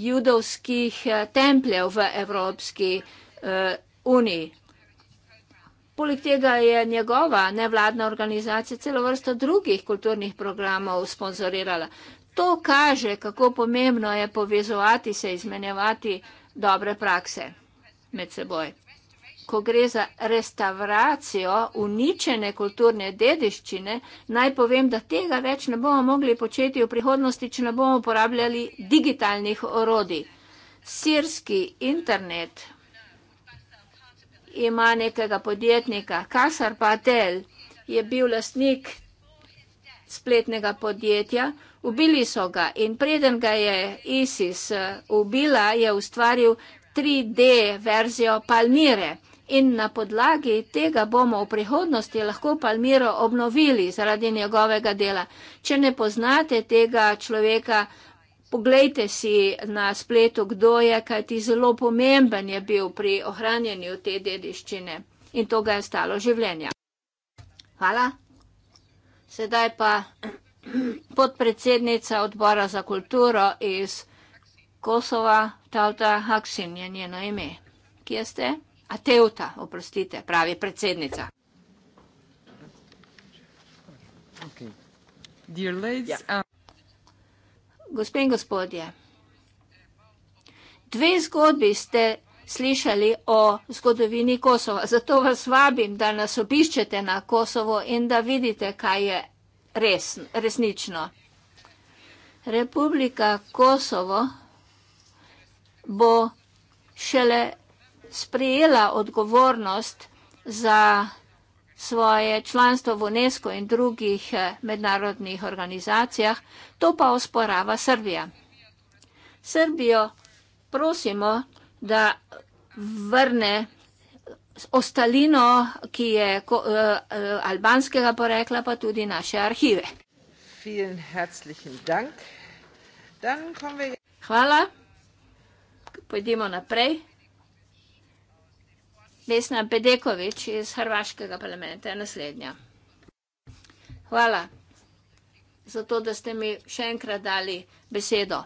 judovskih eh, templjev v Evropski uh, uniji. Poleg tega je njegova nevladna organizacija celo vrsto drugih kulturnih programov sponsorirala. To kaže, kako pomembno je povezovati se, izmenjevati dobre prakse med seboj. Ko gre za restauracijo uničene kulturne dediščine, naj povem, da tega več ne bomo mogli početi v prihodnosti, če ne bomo uporabljali digitalnih orodij. Sirski internet ima nekega podjetnika. Kasar Patel je bil lastnik spletnega podjetja. Ubili so ga in preden ga je ISIS eh, ubila, je ustvaril 3D verzijo Palmire. In na podlagi tega bomo v prihodnosti lahko Palmiro obnovili zaradi njegovega dela. Če ne poznate tega človeka, Poglejte si na spletu, kdo je, kaj ti zelo pomemben je bil pri ohranjanju te dediščine in to ga je stalo življenja. Hvala. Sedaj pa podpredsednica odbora za kulturo iz Kosova, Tauta Haksin je njeno ime. Kje ste? Ateuta, oprostite, pravi predsednica. Okay. Dear ladies, yeah. Ja. um... Gospe in gospodje, dve zgodbi ste slišali o zgodovini Kosova, zato vas vabim, da nas obiščete na Kosovo in da vidite, kaj je res, resnično. Republika Kosovo bo šele sprejela odgovornost za svoje članstvo v UNESCO in drugih eh, mednarodnih organizacijah, to pa osporava Srbija. Srbijo prosimo, da vrne ostalino, ki je eh, eh, albanskega porekla, pa tudi naše arhive. Hvala. Pojdimo naprej. Vesna Bedeković iz Hrvaškega parlamenta je naslednja. Hvala za to, da ste mi še enkrat dali besedo.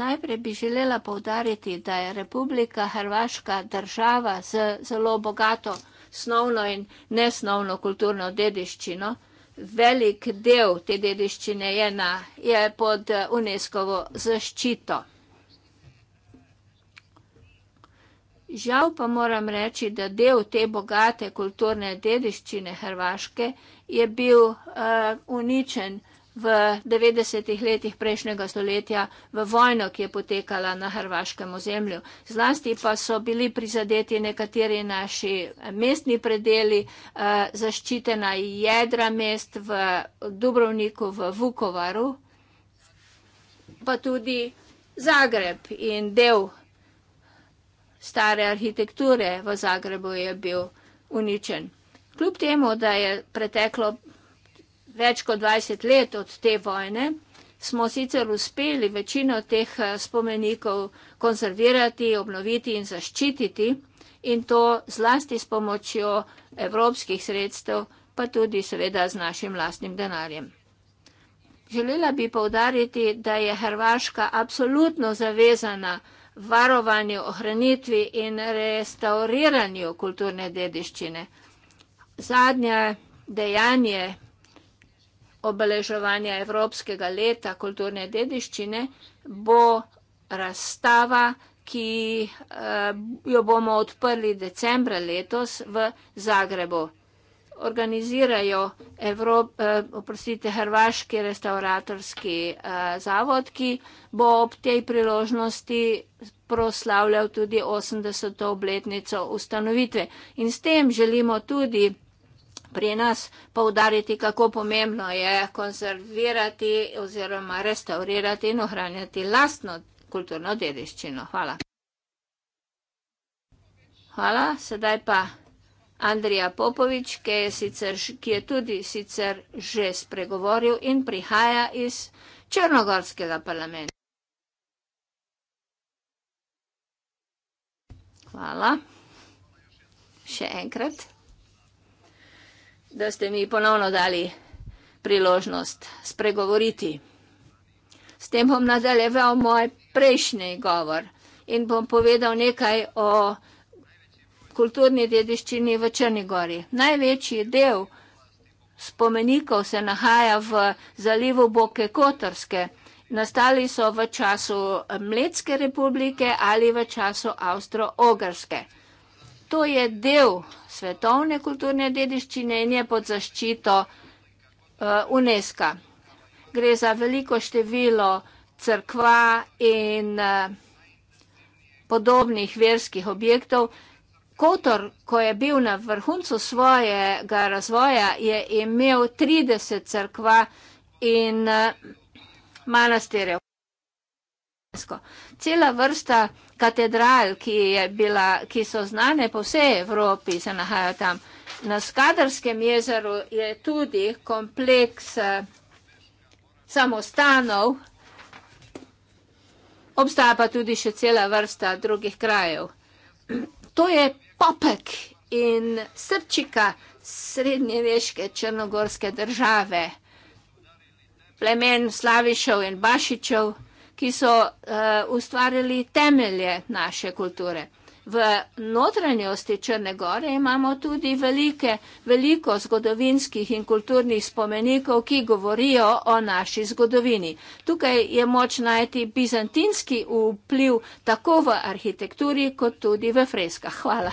Najprej bi želela povdariti, da je Republika Hrvaška država z zelo bogato snovno in nesnovno kulturno dediščino. Velik del te dediščine je, na, je pod UNESCO-vo zaščito. Žal pa moram reči, da del te bogate kulturne dediščine Hrvaške je bil uh, uničen v 90-ih letih prejšnjega stoletja v vojno, ki je potekala na hrvaškem ozemlju. Zlasti pa so bili prizadeti nekateri naši mestni predeli, uh, zaščitena jedra mest v Dubrovniku, v Vukovaru, pa tudi Zagreb in del stare arhitekture v Zagrebu je bil uničen. Kljub temu, da je preteklo več kot 20 let od te vojne, smo sicer uspeli večino teh eh, spomenikov konzervirati, obnoviti in zaščititi in to zlasti s pomočjo evropskih sredstev, pa tudi seveda z našim lastnim denarjem. Želela bi povdariti, da je Hrvaška absolutno zavezana varovanju, ohranitvi in restauriranju kulturne dediščine. Zadnje dejanje obeleževanja Evropskega leta kulturne dediščine bo razstava, ki eh, jo bomo odprli decembra letos v Zagrebu organizirajo Evrop, eh, oprostite, Hrvaški restauratorski eh, zavod, ki bo ob tej priložnosti proslavljal tudi 80. obletnico ustanovitve. In s tem želimo tudi pri nas povdariti, kako pomembno je konzervirati oziroma restaurirati in ohranjati lastno kulturno dediščino. Hvala. Hvala, sedaj pa. Andrija Popovič, ki je, sicer, ki je tudi sicer že spregovoril in prihaja iz Črnogorskega parlamenta. Hvala. Še enkrat, da ste mi ponovno dali priložnost spregovoriti. S tem bom nadaljeval moj prejšnji govor in bom povedal nekaj o kulturni dediščini v Črni gori. Največji del spomenikov se nahaja v zalivu Boke Kotorske. Nastali so v času eh, Mletske republike ali v času Avstro-Ogrske. To je del svetovne kulturne dediščine in je pod zaščito eh, UNESCO. Gre za veliko število crkva in eh, podobnih verskih objektov, Kotor, ko je bil na vrhuncu svojega razvoja, je imel 30 crkva in eh, manastirjev. Cela vrsta katedral, ki, bila, ki so znane po vsej Evropi, se nahaja tam. Na Skadarskem jezeru je tudi kompleks eh, samostanov, obstaja pa tudi še cela vrsta drugih krajev. To je popek in srčika srednjeveške črnogorske države, plemen Slavišev in Bašičev, ki so uh, ustvarili temelje naše kulture. V notranjosti Črne gore imamo tudi velike, veliko zgodovinskih in kulturnih spomenikov, ki govorijo o naši zgodovini. Tukaj je moč najti bizantinski vpliv tako v arhitekturi kot tudi v freskah. Hvala.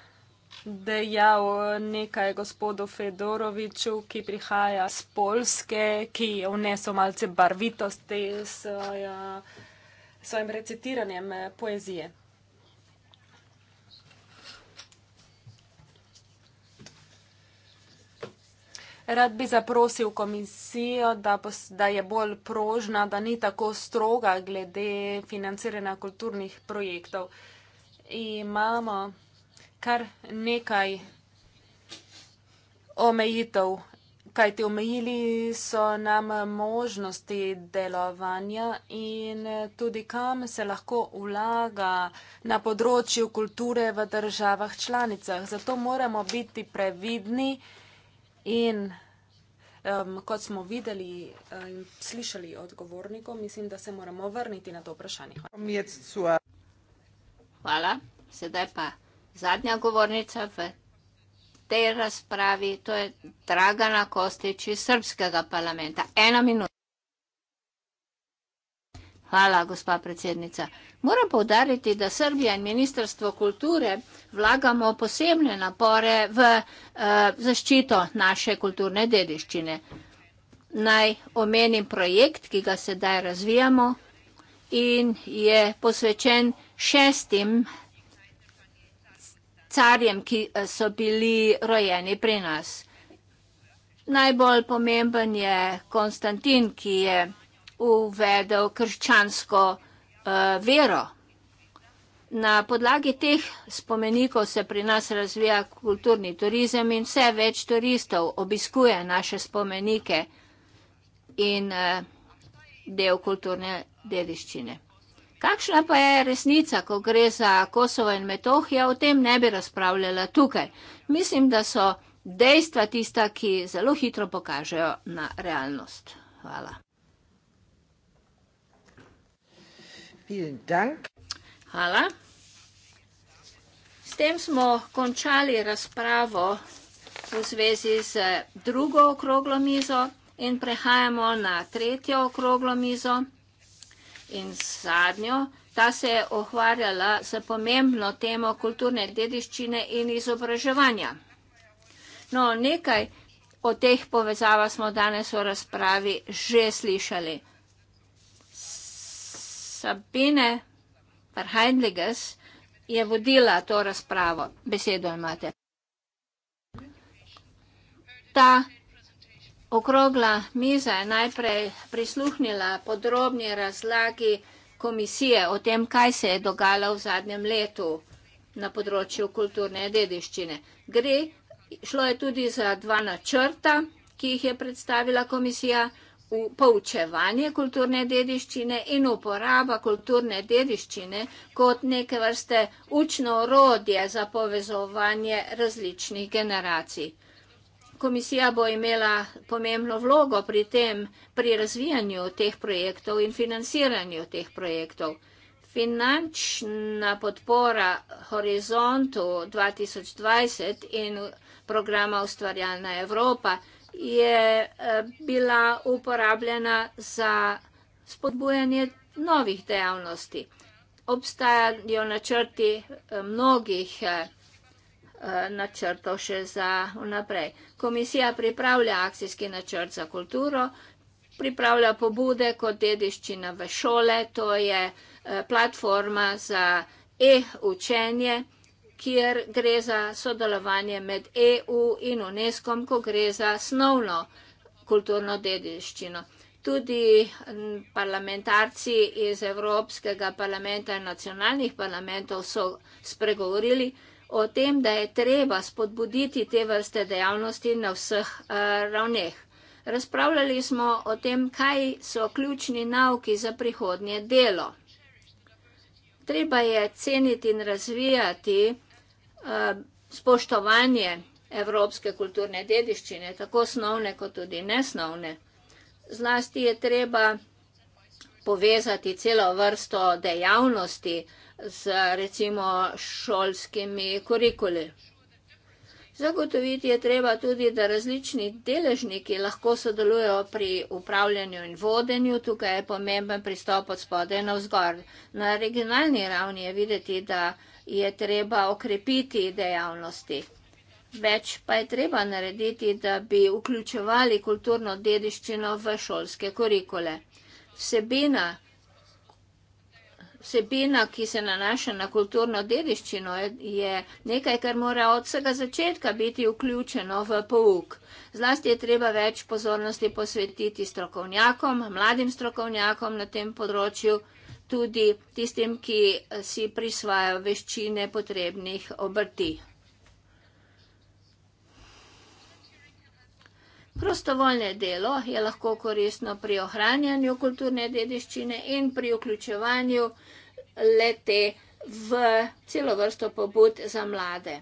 dejal nekaj gospodu Fedoroviču, ki prihaja z Polske, ki je vnesel malce barvitosti s eh, svojim recitiranjem eh, poezije. Rad bi zaprosil komisijo, da, pos, da je bolj prožna, da ni tako stroga glede financiranja kulturnih projektov. Imamo kar nekaj omejitev, kajti omejili so nam možnosti delovanja in tudi kam se lahko vlaga na področju kulture v državah članicah. Zato moramo biti previdni in Um, kot smo videli in um, slišali odgovornikov, mislim, da se moramo vrniti na to vprašanje. Hvala. Hvala. Sedaj pa zadnja govornica v tej razpravi, to je Dragana Kostič iz Srpskega parlamenta. Ena minuta. Hvala, gospa predsednica. Moram povdariti, da Srbija in Ministrstvo kulture vlagamo posebne napore v uh, zaščito naše kulturne dediščine. Naj omenim projekt, ki ga sedaj razvijamo in je posvečen šestim carjem, ki eh, so bili rojeni pri nas. Najbolj pomemben je Konstantin, ki je uvedel krščansko uh, vero. Na podlagi teh spomenikov se pri nas razvija kulturni turizem in vse več turistov obiskuje naše spomenike in uh, del kulturne dediščine. Kakšna pa je resnica, ko gre za Kosovo in Metohijo, o tem ne bi razpravljala tukaj. Mislim, da so dejstva tista, ki zelo hitro pokažejo na realnost. Hvala. Hvala. S tem smo končali razpravo v zvezi z drugo okroglo mizo in prehajamo na tretjo okroglo mizo in zadnjo. Ta se je ohvarjala z pomembno temo kulturne dediščine in izobraževanja. No, nekaj o teh povezavah smo danes v razpravi že slišali. Sabine Verheindliges je vodila to razpravo. Besedo imate. Ta okrogla miza je najprej prisluhnila podrobni razlagi komisije o tem, kaj se je dogajalo v zadnjem letu na področju kulturne dediščine. Gre, šlo je tudi za dva načrta, ki jih je predstavila komisija, v poučevanje kulturne dediščine in uporaba kulturne dediščine kot neke vrste učno orodje za povezovanje različnih generacij komisija bo imela pomembno vlogo pri tem, pri razvijanju teh projektov in financiranju teh projektov. Finančna podpora Horizontu 2020 in programa Ustvarjalna Evropa je eh, bila uporabljena za spodbujanje novih dejavnosti. Obstajajo načrti eh, mnogih eh, Eh, načrtov še za vnaprej. Komisija pripravlja akcijski načrt za kulturo, pripravlja pobude kot dediščina v šole, to je eh, platforma za e-učenje, kjer gre za sodelovanje med EU in UNESCO, ko gre za snovno kulturno dediščino. Tudi parlamentarci iz Evropskega parlamenta in nacionalnih parlamentov so spregovorili, o tem, da je treba spodbuditi te vrste dejavnosti na vseh uh, ravneh. Razpravljali smo o tem, kaj so ključni nauki za prihodnje delo. Treba je ceniti in razvijati uh, spoštovanje evropske kulturne dediščine, tako snovne kot tudi nesnovne. Zlasti je treba povezati celo vrsto dejavnosti z recimo šolskimi kurikuli. Zagotoviti je treba tudi, da različni deležniki lahko sodelujo pri upravljanju in vodenju. Tukaj je pomemben pristop od spode na vzgor. Na regionalni ravni je videti, da je treba okrepiti dejavnosti. Več pa je treba narediti, da bi vključevali kulturno dediščino v šolske kurikule vsebina, vsebina, ki se nanaša na kulturno dediščino, je nekaj, kar mora od vsega začetka biti vključeno v pouk. Zlasti je treba več pozornosti posvetiti strokovnjakom, mladim strokovnjakom na tem področju, tudi tistim, ki si prisvajajo veščine potrebnih obrti. Prostovoljne delo je lahko koristno pri ohranjanju kulturne dediščine in pri vključevanju lete v celo vrsto pobud za mlade.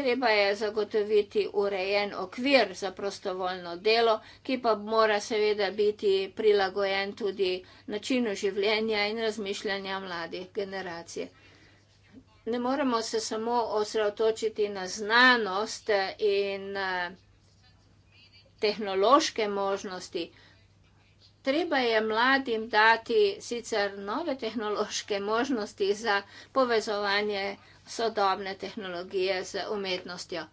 Treba je zagotoviti urejen okvir za prostovoljno delo, ki pa mora seveda biti prilagojen tudi načinu življenja in razmišljanja mladih generacij. Ne moremo se samo osredotočiti na znanost in eh, tehnološke možnosti. Treba je mladim dati sicer nove tehnološke možnosti za povezovanje sodobne tehnologije z umetnostjo.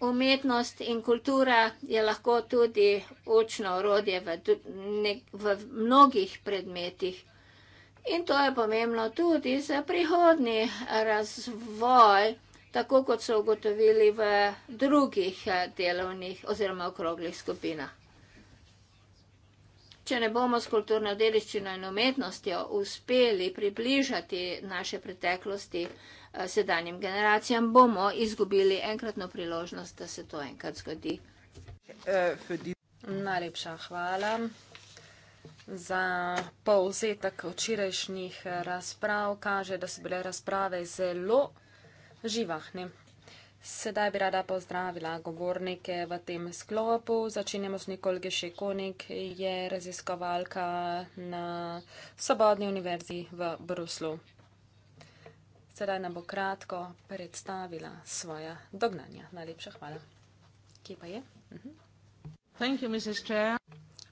Umetnost in kultura je lahko tudi učno orodje v, v mnogih predmetih. In to je pomembno tudi za prihodni razvoj tako kot so ugotovili v drugih eh, delovnih oziroma okroglih skupinah. Če ne bomo s kulturno dediščino in umetnostjo uspeli približati naše preteklosti eh, sedanjim generacijam, bomo izgubili enkratno priložnost, da se to enkrat zgodi. Najlepša hvala za povzetek včerajšnjih eh, razprav. Kaže, da so bile razprave zelo živahni. Sedaj bi rada pozdravila govornike v tem sklopu. Začenjamo s Nikol Gešekonik, je raziskovalka na Svobodni univerzi v Bruslu. Sedaj nam bo kratko predstavila svoja dognanja. Najlepša hvala. Kje pa je? Uh mhm. -huh. Thank you, Mrs. Chair.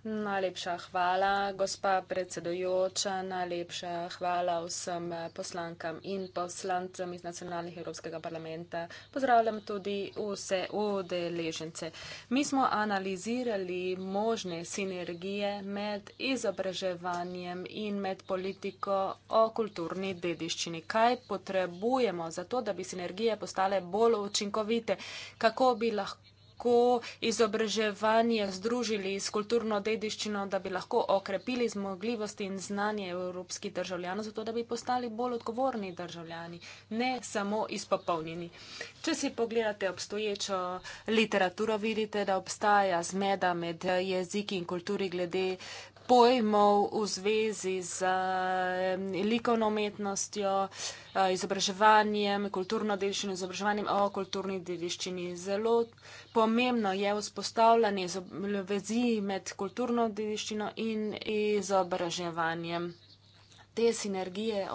Najlepša hvala, gospa predsedojoča, najlepša hvala vsem poslankam in poslancem iz nacionalnih Evropskega parlamenta. Pozdravljam tudi vse udeležence. Mi smo analizirali možne sinergije med izobraževanjem in med politiko o kulturni dediščini. Kaj potrebujemo za to, da bi sinergije postale bolj učinkovite? Kako bi lahko kako izobraževanje združili s kulturno dediščino, da bi lahko okrepili zmogljivosti in znanje evropskih državljanov, zato da bi postali bolj odgovorni državljani, ne samo izpopolnjeni. Če si pogledate obstoječo literaturo, vidite, da obstaja zmeda med jeziki in kulturi glede uh, pojmov v zvezi z likovno umetnostjo, eh, izobraževanjem, kulturno dediščino, izobraževanjem o kulturni dediščini. Zelo pomembno je vzpostavljanje vezi med kulturno dediščino in izobraževanjem te sinergije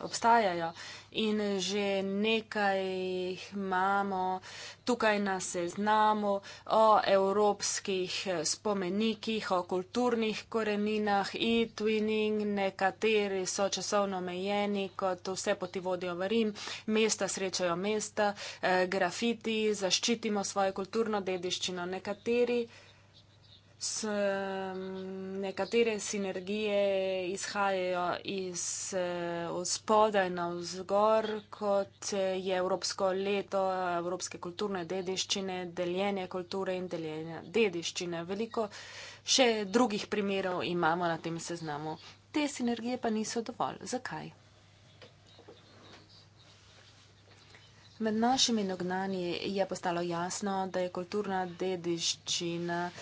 obstajajo in že nekaj jih imamo tukaj na seznamu o evropskih spomenikih, o kulturnih koreninah, e-twinning, nekateri so časovno omejeni, kot vse poti vodijo v Rim, mesta srečajo mesta, eh, grafiti, zaščitimo svojo kulturno dediščino, nekateri s, um, nekatere sinergije izhajajo iz uh, spodaj na vzgor, kot eh, je Evropsko leto Evropske kulturne dediščine, deljenje kulture in deljenje dediščine. Veliko še drugih primerov imamo na tem seznamu. Te sinergije pa niso dovolj. Zakaj? Med našimi nognani je postalo jasno, da je kulturna dediščina eh,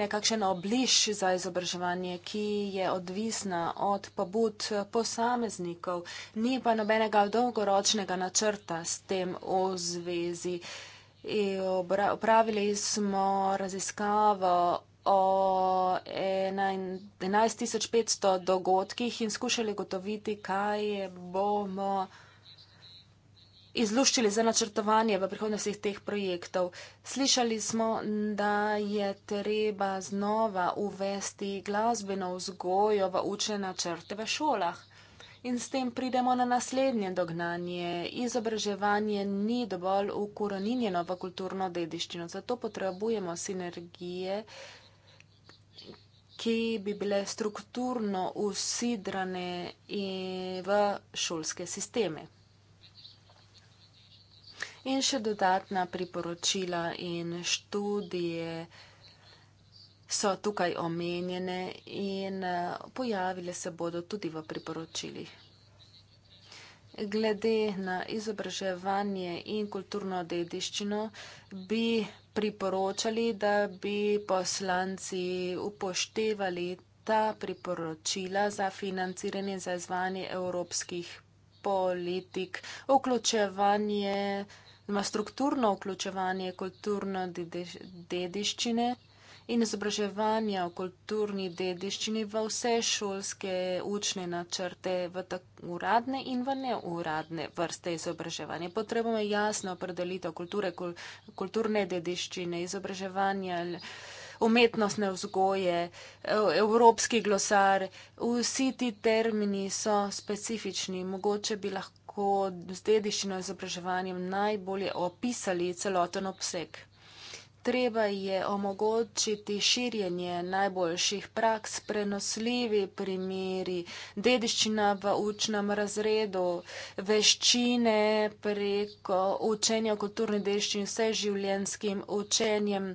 nekakšen obliž za izobraževanje, ki je odvisna od pobud posameznikov. Ni pa nobenega dolgoročnega načrta s tem v zvezi. Upravili smo raziskavo o 11.500 dogodkih in skušali gotoviti, kaj bomo izluščili za načrtovanje v prihodnosti teh projektov. Slišali smo, da je treba znova uvesti glasbeno vzgojo v učne načrte v šolah. In s tem pridemo na naslednje dognanje. Izobraževanje ni dovolj ukoroninjeno v kulturno dediščino, zato potrebujemo sinergije, ki bi bile strukturno usidrane v šolske sisteme in še dodatna priporočila in študije so tukaj omenjene in eh, pojavile se bodo tudi v priporočilih. Glede na izobraževanje in kulturno dediščino bi priporočali, da bi poslanci upoštevali ta priporočila za financiranje in za izvanje evropskih politik, vključevanje ima strukturno vključevanje kulturne dediščine in izobraževanja o kulturni dediščini v vse šolske učne načrte, v uradne in v neuradne vrste izobraževanja. Potrebujemo jasno opredelitev kulture, kul kulturne dediščine, izobraževanja, umetnostne vzgoje, e-, evropski glosar. Vsi ti termini so specifični, mogoče bi lahko lahko z dediščino izobraževanjem najbolje opisali celoten obseg. Treba je omogočiti širjenje najboljših praks, prenosljivi primeri, dediščina v učnem razredu, veščine preko učenja o kulturni dediščini, vseživljenjskim učenjem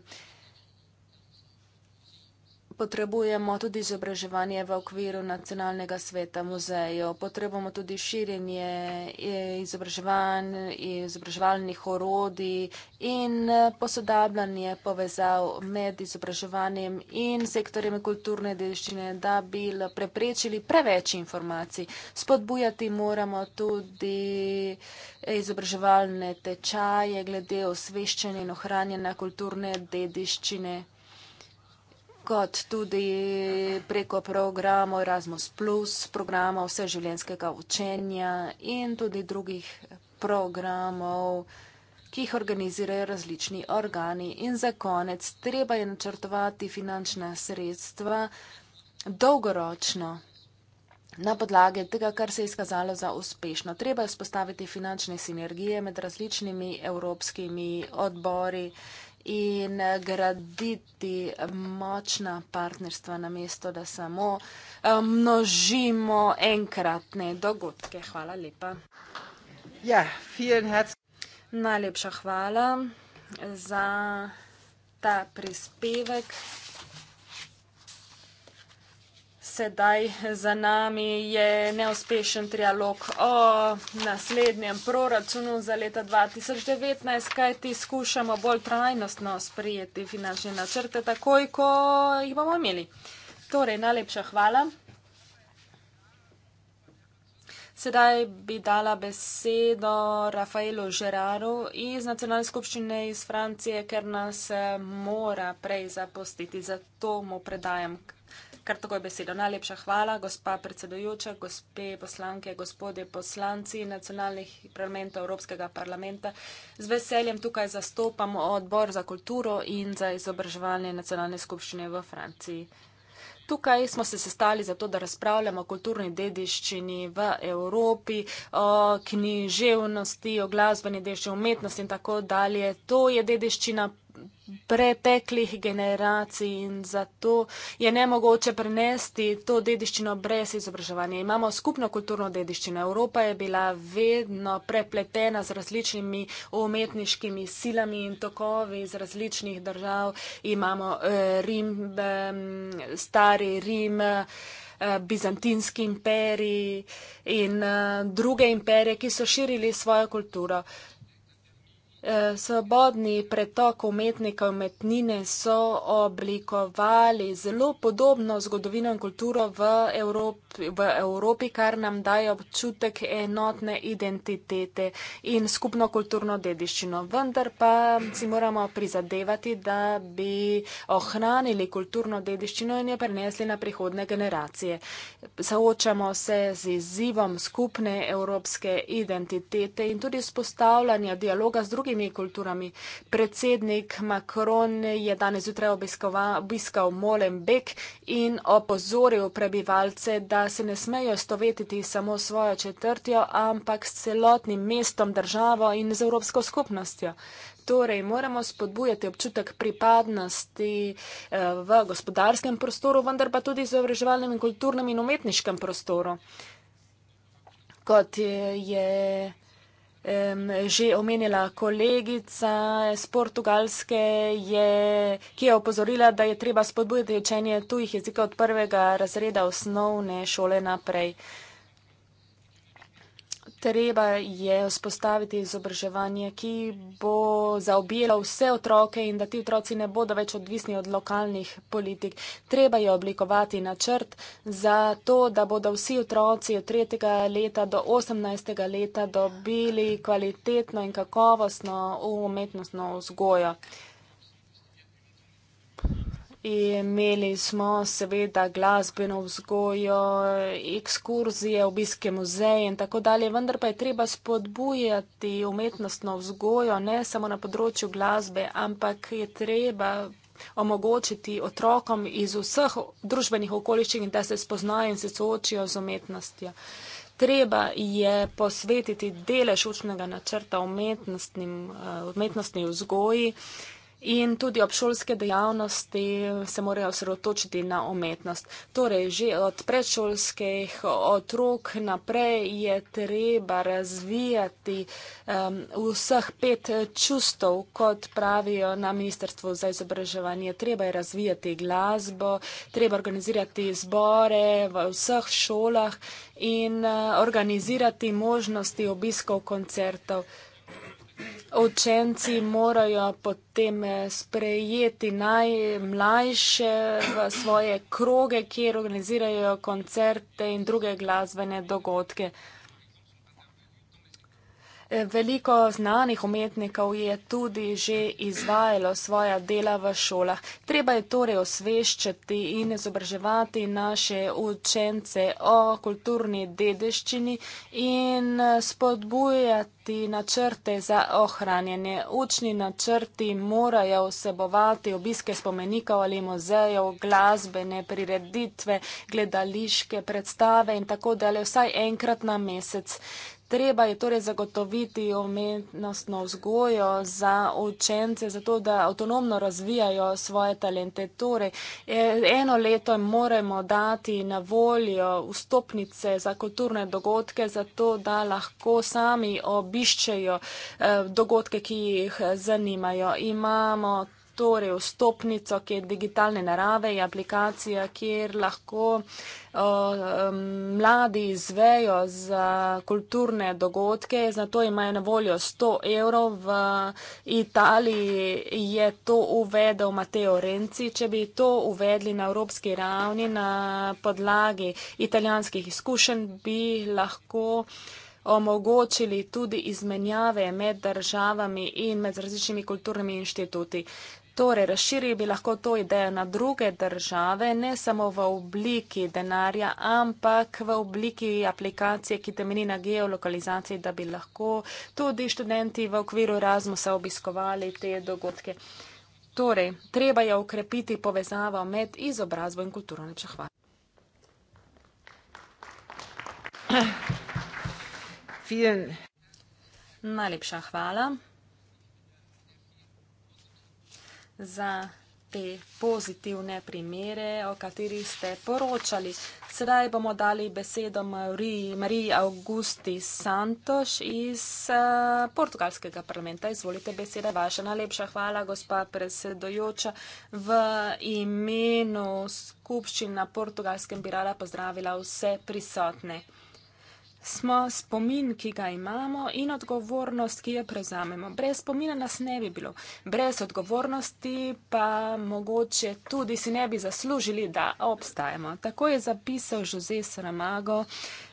potrebujemo tudi izobraževanje v okviru nacionalnega sveta muzeja, potrebujemo tudi širjenje e, izobraževanj, izobraževalnih orodij in e, posodabljanje povezav med izobraževanjem in sektorjem kulturne dediščine, da bi preprečili preveč informacij. Spodbujati moramo tudi e, izobraževalne tečaje glede osveščanja in ohranjanja kulturne dediščine kot tudi preko programov Erasmus, programov vseživljenskega učenja in tudi drugih programov, ki jih organizirajo različni organi. In za konec, treba je načrtovati finančna sredstva dolgoročno. Na podlage tega, kar se je izkazalo za uspešno, treba je vzpostaviti finančne sinergije med različnimi evropskimi odbori, in eh, graditi močna partnerstva, namesto da samo eh, množimo enkratne dogodke. Hvala lepa. Ja, Najlepša hvala za ta prispevek sedaj za nami je neuspešen trialog o naslednjem proračunu za leta 2019, kaj ti skušamo bolj trajnostno sprijeti finančne načrte takoj, ko jih bomo imeli. Torej, najlepša hvala. Sedaj bi dala besedo Rafaelu Žeraru iz Nacionalne skupščine iz Francije, ker nas mora prej zapustiti, zato mu predajam kratko kar takoj besedo. Najlepša hvala, gospa predsedujoča, gospe poslanke, gospode poslanci nacionalnih parlamentov Evropskega parlamenta. Z veseljem tukaj zastopam odbor za kulturo in za izobraževanje nacionalne skupščine v Franciji. Tukaj smo se sestali zato, da razpravljamo o kulturni dediščini v Evropi, o književnosti, o glasbeni dediščini, umetnosti in tako dalje. To je dediščina preteklih generacij in zato je ne mogoče prenesti to dediščino brez izobraževanja. Imamo skupno kulturno dediščino. Evropa je bila vedno prepletena z različnimi umetniškimi silami in tokovi iz različnih držav. Imamo eh, Rim, eh, stari Rim, eh, bizantinski imperij in eh, druge imperije, ki so širili svojo kulturo. Eh, Eh, svobodni pretok umetnikov umetnine so oblikovali zelo podobno zgodovino in kulturo v Evropi, v Evropi, kar nam daje občutek enotne identitete in skupno kulturno dediščino. Vendar pa si moramo prizadevati, da bi ohranili kulturno dediščino in jo prenesli na prihodne generacije. Soočamo se z izzivom skupne evropske identitete in tudi spostavljanja dialoga z drugimi mnogimi kulturami. Predsednik Macron je danes zjutraj obiskal Molenbeek in opozoril prebivalce, da se ne smejo stovetiti samo svojo četrtjo, ampak s celotnim mestom, državo in z Evropsko skupnostjo. Torej, moramo spodbujati občutek pripadnosti eh, v gospodarskem prostoru, vendar pa tudi z obreževalnim in kulturnim in umetniškem prostoru. Kot je, je že omenila kolegica iz Portugalske, je, ki je opozorila, da je treba spodbujati učenje tujih jezikov od prvega razreda osnovne šole naprej. Treba je vzpostaviti izobraževanje, ki bo zaobjelo vse otroke in da ti otroci ne bodo več odvisni od lokalnih politik. Treba je oblikovati načrt za to, da bodo vsi otroci od 3. leta do 18. leta dobili kvalitetno in kakovostno umetnostno vzgojo. Imeli smo seveda glasbeno vzgojo, ekskurzije, obiske muzeja in tako dalje, vendar pa je treba spodbujati umetnostno vzgojo, ne samo na področju glasbe, ampak je treba omogočiti otrokom iz vseh družbenih okoliščin, da se spoznajo in se soočijo z umetnostjo. Treba je posvetiti delež učnega načrta eh, umetnostni vzgoji. Uh, in tudi ob šolske dejavnosti se morajo osredotočiti na umetnost. Torej, že od predšolskih otrok naprej je treba razvijati um, vseh pet čustov, kot pravijo na Ministrstvu za izobraževanje. Treba je razvijati glasbo, treba organizirati zbore v vseh šolah in uh, organizirati možnosti obiskov koncertov učenci morajo potem eh, sprejeti najmlajše v svoje kroge, kjer organizirajo koncerte in druge glasbene dogodke. Veliko znanih umetnikov je tudi že izvajalo svoja dela v šolah. Treba je torej osveščati in izobraževati naše učence o kulturni dediščini in spodbujati načrte za ohranjanje. Učni načrti morajo vsebovati obiske spomenikov ali muzejev, glasbene prireditve, gledališke predstave in tako dalje vsaj enkrat na mesec. Treba je torej zagotoviti umetnostno vzgojo za učence, zato da avtonomno razvijajo svoje talente. Torej, e, eno leto jim moramo dati na voljo vstopnice za kulturne dogodke, zato da lahko sami obiščejo e, dogodke, ki jih zanimajo. Imamo torej vstopnico, ki je digitalne narave, je aplikacija, kjer lahko o, eh, mladi izvejo za kulturne dogodke, zato imajo na voljo 100 evrov. V Italiji je to uvedel Mateo Renci. Če bi to uvedli na evropski ravni na podlagi italijanskih izkušenj, bi lahko omogočili tudi izmenjave med državami in med različnimi kulturnimi inštituti. Torej, razširili bi lahko to idejo na druge države, ne samo v obliki denarja, ampak v obliki aplikacije, ki temeni na geolokalizaciji, da bi lahko tudi študenti v okviru Erasmusa obiskovali te dogodke. Torej, treba je ukrepiti povezavo med izobrazbo in kulturo. Najlepša hvala. Najlepša hvala. za te pozitivne primere, o katerih ste poročali. Sedaj bomo dali besedo Mariji, Mariji Augusti Santoš iz uh, portugalskega parlamenta. Izvolite besede, vaša najlepša hvala, gospa predsedojoča. V imenu skupščina portugalskem bi rada pozdravila vse prisotne smo spomin, ki ga imamo in odgovornost, ki jo prevzamemo. Brez spomina nas ne bi bilo, brez odgovornosti pa mogoče tudi si ne bi zaslužili, da obstajamo. Tako je zapisal Jose Saramago,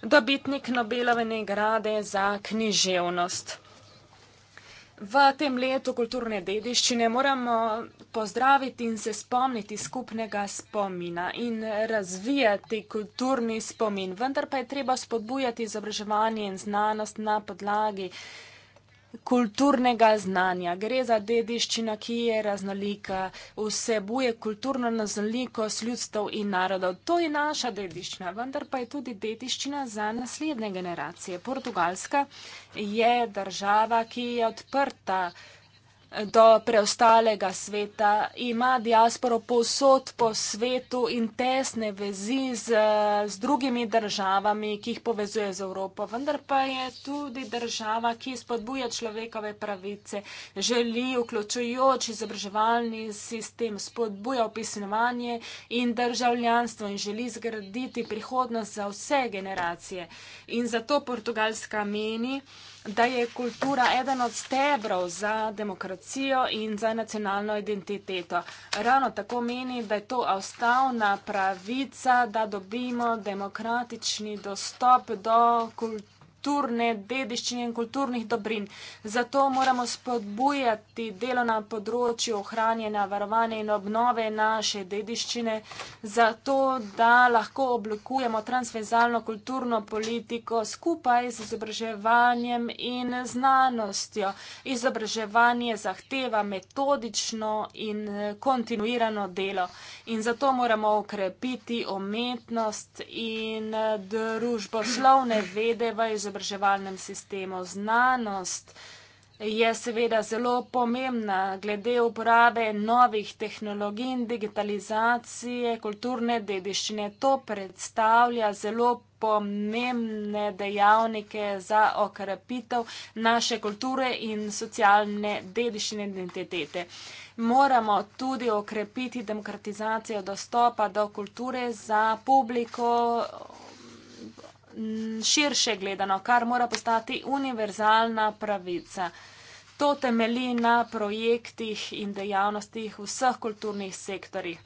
dobitnik Nobelove nagrade za književnost. V tem letu kulturne dediščine moramo pozdraviti in se spomniti skupnega spomina in razvijati kulturni spomin. Vendar pa je treba spodbujati izobraževanje in znanost na podlagi kulturnega znanja. Gre za dediščina, ki je raznolika, vsebuje kulturno raznolikost ljudstev in narodov. To je naša dediščina, vendar pa je tudi dediščina za naslednje generacije. Portugalska je država, ki je odprta uh, do preostalega sveta, ima diasporo posod po svetu in tesne vezi z, z drugimi državami, ki jih povezuje z Evropo. Vendar pa je tudi država, ki spodbuja človekove pravice, želi vključujoč izobraževalni sistem, spodbuja opisnovanje in državljanstvo in želi zgraditi prihodnost za vse generacije. In zato Portugalska meni, da je kultura eden od stebrov za demokracijo in za nacionalno identiteto. Ravno tako meni, da je to ostavna pravica, da dobimo demokratični dostop do kulture kulturne dediščine in kulturnih dobrin. Zato moramo spodbujati delo na področju ohranjena, varovanja in obnove naše dediščine, zato da lahko oblikujemo transvezalno kulturno politiko skupaj z izobraževanjem in znanostjo. Izobraževanje zahteva metodično in eh, kontinuirano delo in zato moramo okrepiti umetnost in eh, družboslovne vede v izobraževanju izobraževalnem sistemu. Znanost je seveda zelo pomembna glede uporabe novih tehnologij in digitalizacije kulturne dediščine. To predstavlja zelo pomembne dejavnike za okrepitev naše kulture in socialne dediščine identitete. Moramo tudi okrepiti demokratizacijo dostopa do kulture za publiko širše gledano, kar mora postati univerzalna pravica. To temelji na projektih in dejavnostih v vseh kulturnih sektorjih.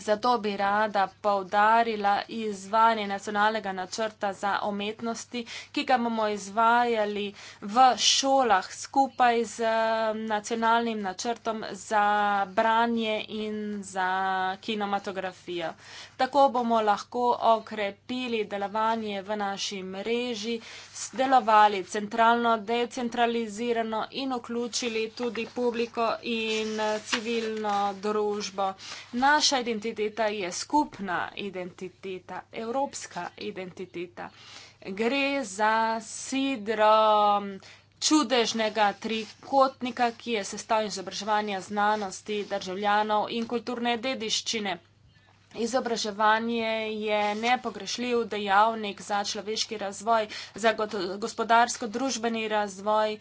Zato bi rada povdarila izvajanje nacionalnega načrta za umetnosti, ki ga bomo izvajali v šolah skupaj z eh, nacionalnim načrtom za branje in za kinematografijo. Tako bomo lahko okrepili delovanje v naši mreži, delovali centralno, decentralizirano in vključili tudi publiko in eh, civilno družbo. Naša identiteta identiteta je skupna identiteta, evropska identiteta. Gre za sidro čudežnega trikotnika, ki je sestav izobraževanja znanosti, državljanov in kulturne dediščine. Izobraževanje je nepogrešljiv dejavnik za človeški razvoj, za gospodarsko-družbeni razvoj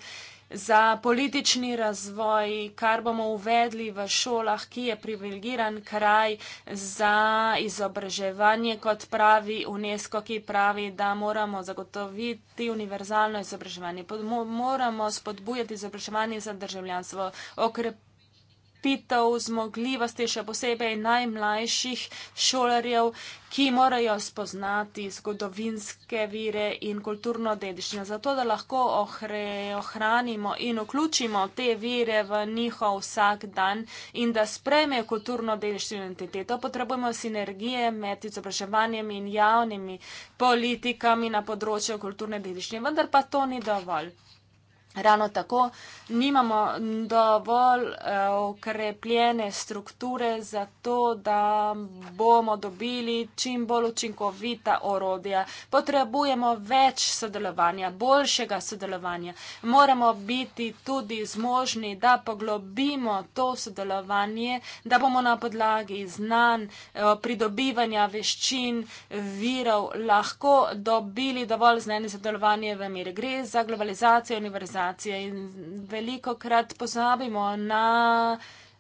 za politični razvoj, kar bomo uvedli v šolah, ki je privilegiran kraj za izobraževanje, kot pravi UNESCO, ki pravi, da moramo zagotoviti univerzalno izobraževanje, moramo spodbujati izobraževanje za državljanstvo, okrepiti izpitov, zmogljivosti, še posebej najmlajših šolarjev, ki morajo spoznati zgodovinske vire in kulturno dediščino, zato da lahko ohre, ohranimo in vključimo te vire v njihov vsak dan in da spremejo kulturno dediščino identiteto, potrebujemo sinergije med izobraževanjem in javnimi politikami na področju kulturne dediščine, vendar pa to ni dovolj. Ravno tako nimamo dovolj ukrepljene eh, strukture za to, da bomo dobili čim bolj učinkovita orodja. Potrebujemo več sodelovanja, boljšega sodelovanja. Moramo biti tudi zmožni, da poglobimo to sodelovanje, da bomo na podlagi znanj, eh, pridobivanja veščin, virov lahko dobili dovolj znanje sodelovanje v miru. Gre za globalizacijo univerzalnosti organizacije in veliko krat pozabimo na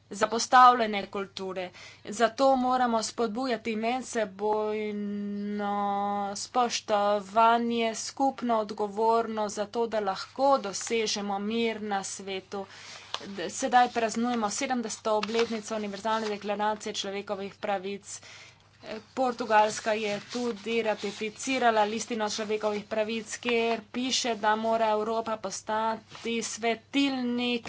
zapostavljene kulture. Zato moramo spodbujati medsebojno spoštovanje, skupno odgovorno za to, da lahko dosežemo mir na svetu. Sedaj praznujemo 70. obletnico Univerzalne deklaracije človekovih pravic. Portugalska je tudi ratificirala listino človekovih pravic, kjer piše, da mora Evropa postati svetilnik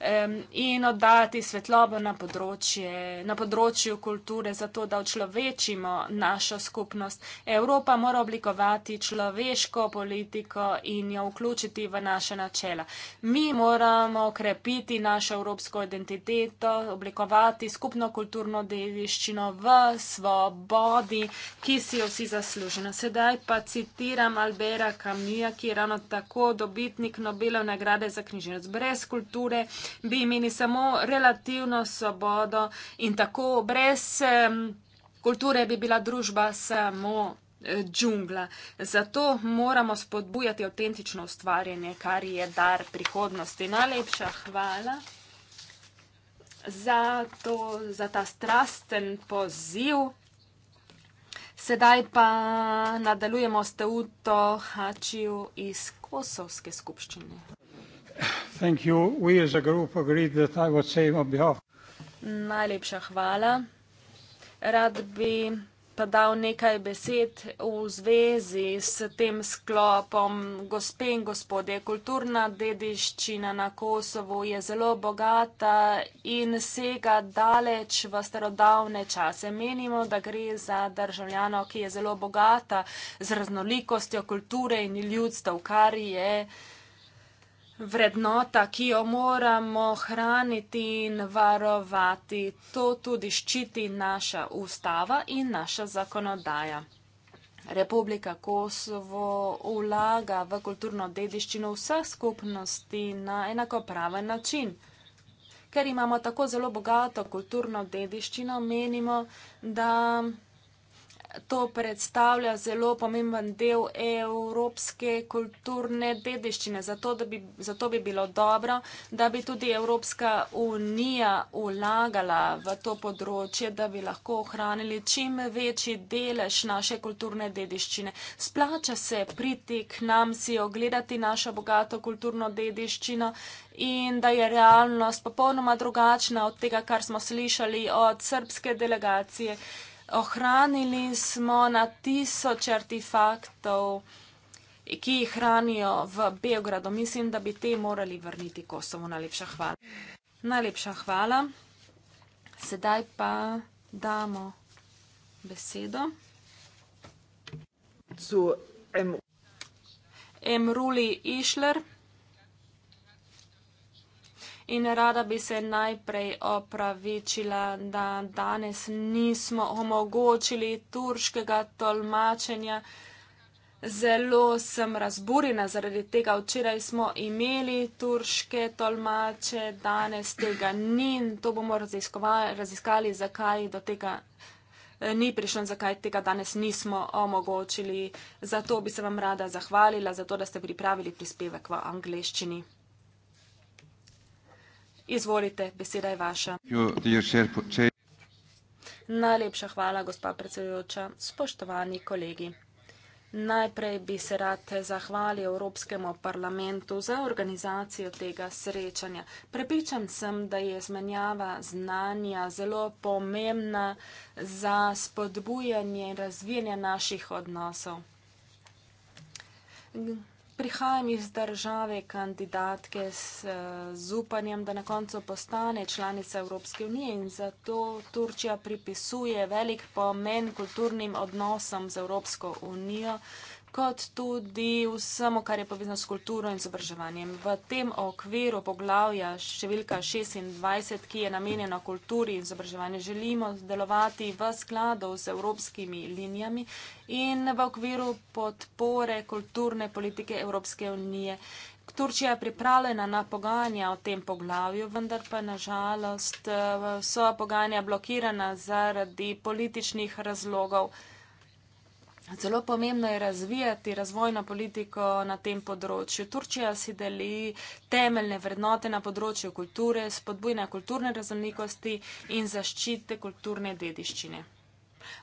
um, in oddati svetlobo na, področje, na področju kulture, zato da očlovečimo našo skupnost. Evropa mora oblikovati človeško politiko in jo vključiti v naše načela. Mi moramo krepiti našo evropsko identiteto, oblikovati skupno kulturno dediščino v svobodo svobodi, ki si jo vsi zaslužimo. Sedaj pa citiram Albera Kamija, ki je ravno tako dobitnik Nobelove nagrade za knjižnost. Brez kulture bi imeli samo relativno svobodo in tako brez um, kulture bi bila družba samo. E, džungla. Zato moramo spodbujati avtentično ustvarjanje, kar je dar prihodnosti. Najlepša hvala za, to, za ta strasten poziv. Sedaj pa nadaljujemo s Teuto Hačiju iz Kosovske skupščine. Najlepša hvala. Rad bi ta dal nekaj besed v zvezi s tem sklopom. Gospe in gospode, kulturna dediščina na Kosovu je zelo bogata in sega daleč v starodavne čase. Menimo, da gre za državljano, ki je zelo bogata z raznolikostjo kulture in ljudstev, kar je vrednota, ki jo moramo hraniti in varovati. To tudi ščiti naša ustava in naša zakonodaja. Republika Kosovo vlaga v kulturno dediščino vseh skupnosti na enakopraven način. Ker imamo tako zelo bogato kulturno dediščino, menimo, da to predstavlja zelo pomemben del evropske kulturne dediščine. Zato, bi, zato bi bilo dobro, da bi tudi Evropska unija ulagala v to področje, da bi lahko ohranili čim večji delež naše kulturne dediščine. Splača se priti k nam si ogledati našo bogato kulturno dediščino in da je realnost popolnoma drugačna od tega, kar smo slišali od srpske delegacije ohranili smo na tisoč artefaktov, ki jih hranijo v Beogradu. Mislim, da bi te morali vrniti Kosovo. Najlepša hvala. Najlepša hvala. Sedaj pa damo besedo. Emruli Išler in rada bi se najprej opravičila, da danes nismo omogočili turškega tolmačenja. Zelo sem razburjena zaradi tega. Včeraj smo imeli turške tolmače, danes tega ni in to bomo raziskali, zakaj do tega ni prišlo in zakaj tega danes nismo omogočili. Zato bi se vam rada zahvalila, zato da ste pripravili prispevek v angleščini. Izvolite, beseda je vaša. Najlepša hvala, gospa predsedujoča, spoštovani kolegi. Najprej bi se rad zahvalil Evropskemu parlamentu za organizacijo tega srečanja. Prepričan sem, da je zmenjava znanja zelo pomembna za spodbujanje in razvijanje naših odnosov prihajam iz države kandidatke s, eh, z upanjem, da na koncu postane članica Evropske unije in zato Turčija pripisuje velik pomen kulturnim odnosom z Evropsko unijo kot tudi vsemu, kar je povezano s kulturo in izobraževanjem. V tem okviru poglavja številka 26, ki je namenjena kulturi in izobraževanju, želimo delovati v skladu z evropskimi linijami in v okviru podpore kulturne politike Evropske unije. Turčija je pripravljena na pogajanja o tem poglavju, vendar pa nažalost eh, so pogajanja blokirana zaradi političnih razlogov. Zelo pomembno je razvijati razvojno politiko na tem področju. Turčija si deli temeljne vrednote na področju kulture, spodbujne kulturne razumnikosti in zaščite kulturne dediščine.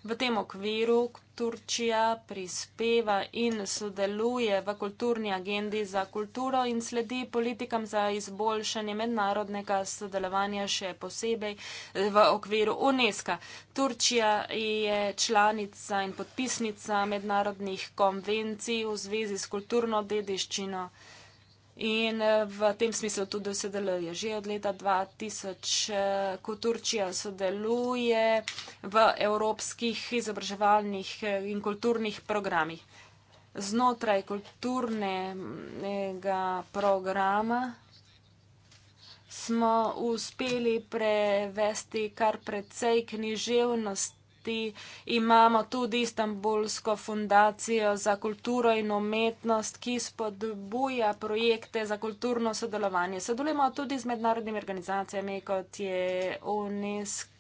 V tem okviru Turčija prispeva in sodeluje v kulturni agendi za kulturo in sledi politikam za izboljšanje mednarodnega sodelovanja še posebej eh, v okviru UNESCO. Turčija je članica in podpisnica mednarodnih konvencij v zvezi s kulturno dediščino. In eh, v tem smislu tudi sodeluje. Že od leta 2000, eh, ko Turčija sodeluje v evropskih izobraževalnih eh, in kulturnih programih. Znotraj kulturnega programa smo uspeli prevesti kar precej književnosti umetnosti. Imamo tudi Istanbulsko fundacijo za kulturo in umetnost, ki spodbuja projekte za kulturno sodelovanje. Sodelujemo tudi z mednarodnimi organizacijami, kot je UNESCO.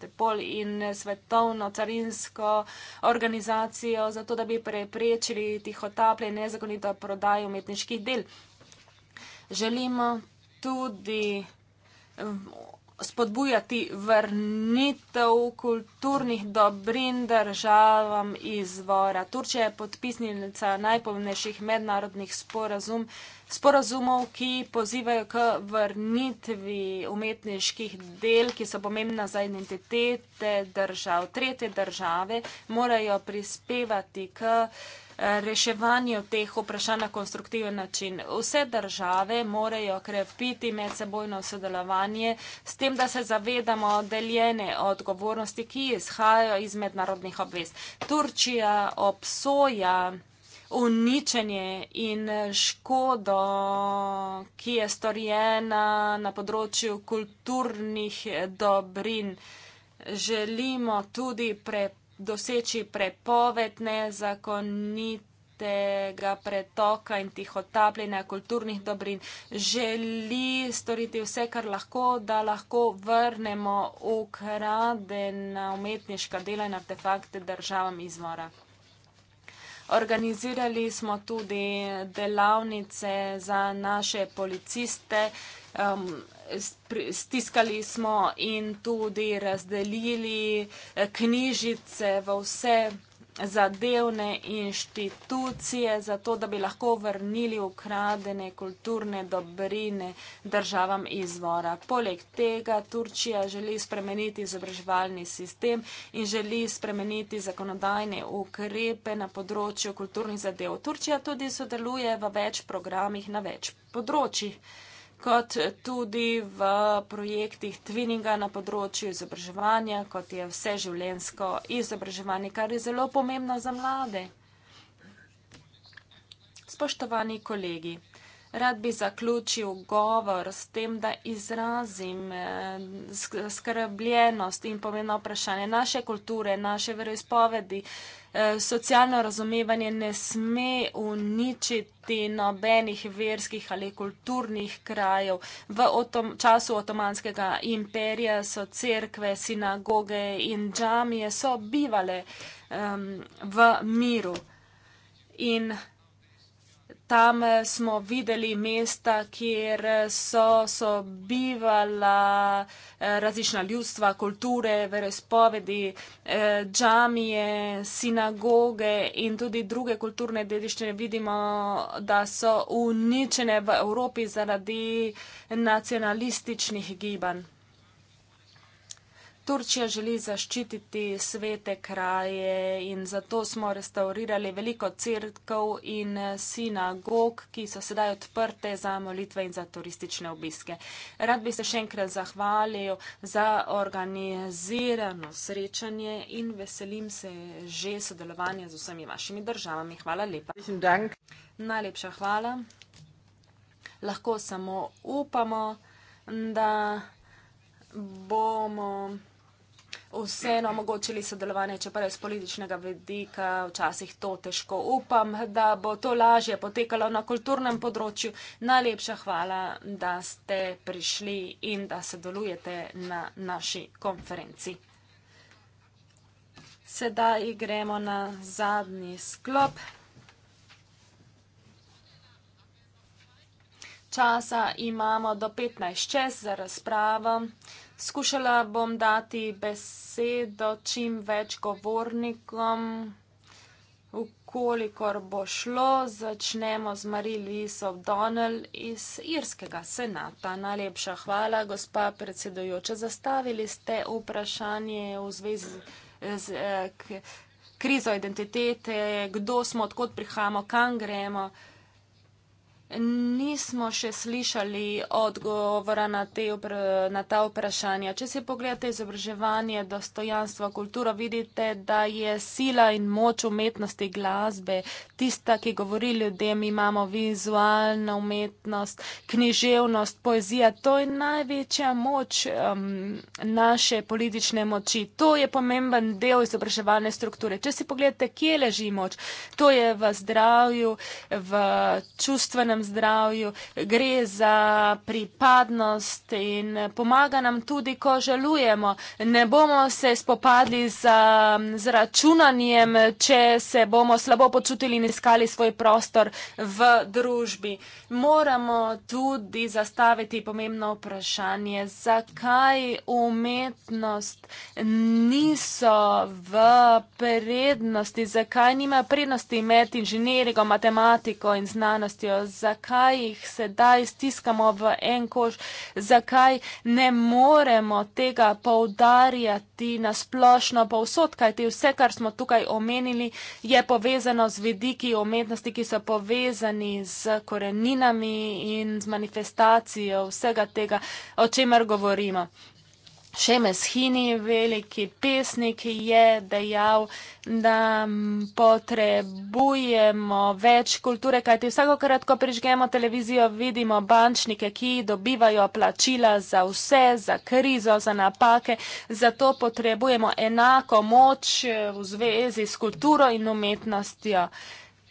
Tepol in svetovno carinsko organizacijo, zato da bi preprečili tihotaplje in nezakonito prodajo umetniških del. Želimo tudi spodbujati vrnitev kulturnih dobrin državam izvora. Turčija je podpisnica najpomembnejših mednarodnih sporazum, sporazumov, ki pozivajo k vrnitvi umetniških del, ki so pomembna za identitete držav. Tretje države morajo prispevati k reševanju teh vprašanj na konstruktiven način. Vse države morajo krepiti medsebojno sodelovanje s tem, da se zavedamo deljene odgovornosti, ki izhajajo iz mednarodnih obvez. Turčija obsoja uničenje in škodo, ki je storjena na področju kulturnih dobrin. Želimo tudi preprosti doseči prepoved nezakonitega pretoka in tihotapljenja kulturnih dobrin, želi storiti vse, kar lahko, da lahko vrnemo ukradena umetniška dela in artefakte državam izvora. Organizirali smo tudi delavnice za naše policiste. Um, stiskali smo in tudi razdelili eh, knjižice v vse zadevne inštitucije, zato da bi lahko vrnili ukradene kulturne dobrine državam izvora. Poleg tega Turčija želi spremeniti izobraževalni sistem in želi spremeniti zakonodajne ukrepe na področju kulturnih zadev. Turčija tudi sodeluje v več programih na več področjih kot tudi v projektih tvininga na področju izobraževanja, kot je vseživljensko izobraževanje, kar je zelo pomembno za mlade. Spoštovani kolegi, Rad bi zaključil govor s tem, da izrazim eh, skrbljenost in pomembno vprašanje naše kulture, naše veroizpovedi. Eh, socialno razumevanje ne sme uničiti nobenih verskih ali kulturnih krajev. V otom, času Otomanskega imperija so cerkve, sinagoge in džamije sobivale um, v miru. In tam eh, smo videli mesta, kjer eh, so, so bivala eh, različna ljudstva, kulture, verespovedi, džamije, sinagoge in tudi druge kulturne dediščine. Vidimo, da so uničene v Evropi zaradi nacionalističnih gibanj. Turčija želi zaščititi svete kraje in zato smo restaurirali veliko crkv in sinagog, ki so sedaj odprte za molitve in za turistične obiske. Rad bi se še enkrat zahvalil za organizirano srečanje in veselim se že sodelovanja z vsemi vašimi državami. Hvala lepa. Najlepša hvala. Lahko samo upamo, da bomo vseeno omogočili sodelovanje, čeprav iz političnega vedika včasih to težko upam, da bo to lažje potekalo na kulturnem področju. Najlepša hvala, da ste prišli in da sodelujete na naši konferenci. Sedaj gremo na zadnji sklop. Časa imamo do 15 čez za razpravo. Skušala bom dati besedo čim več govornikom. Kolikor bo šlo, začnemo z Marie-Louise O'Donnell iz Irskega senata. Najlepša hvala, gospa predsedujoča. Zastavili ste vprašanje v zvezi z eh, krizo identitete, kdo smo, odkot prihajamo, kam gremo. Nismo še slišali odgovora na, te, na ta vprašanja. Če si pogledate izobraževanje, dostojanstvo, kulturo, vidite, da je sila in moč umetnosti glasbe tista, ki govori ljudem. Imamo vizualno umetnost, književnost, poezija. To je največja moč um, naše politične moči. To je pomemben del izobraževalne strukture. Če si pogledate, kje leži moč, to je v zdravju, v čustvenem duševnem zdravju, gre za pripadnost in pomaga nam tudi, ko želujemo. Ne bomo se spopadli z, z računanjem, če se bomo slabo počutili in iskali svoj prostor v družbi. Moramo tudi zastaviti pomembno vprašanje, zakaj umetnost niso v prednosti, zakaj nima prednosti med inženirigo, matematiko in znanostjo. Z zakaj jih sedaj stiskamo v en koš, zakaj ne moremo tega poudarjati na splošno povsod, kajti vse, kar smo tukaj omenili, je povezano z vidiki umetnosti, ki so povezani z koreninami in z manifestacijo vsega tega, o čemer govorimo. Šemes Hini, veliki pesnik, je dejal, da potrebujemo več kulture, kajti vsakokrat, ko prižgemo televizijo, vidimo bančnike, ki dobivajo plačila za vse, za krizo, za napake. Zato potrebujemo enako moč v zvezi s kulturo in umetnostjo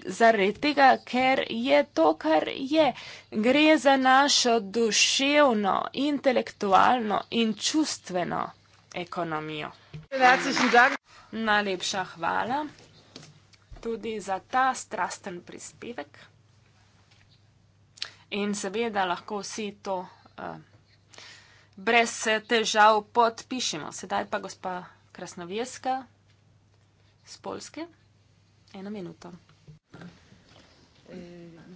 zaradi tega, ker je to, kar je. Gre za našo duševno, intelektualno in čustveno ekonomijo. Najlepša hvala tudi za ta strasten prispevek. In seveda lahko vsi to uh, brez težav podpišemo. Sedaj pa gospa Krasnovjeska. Z Polske, eno minuto.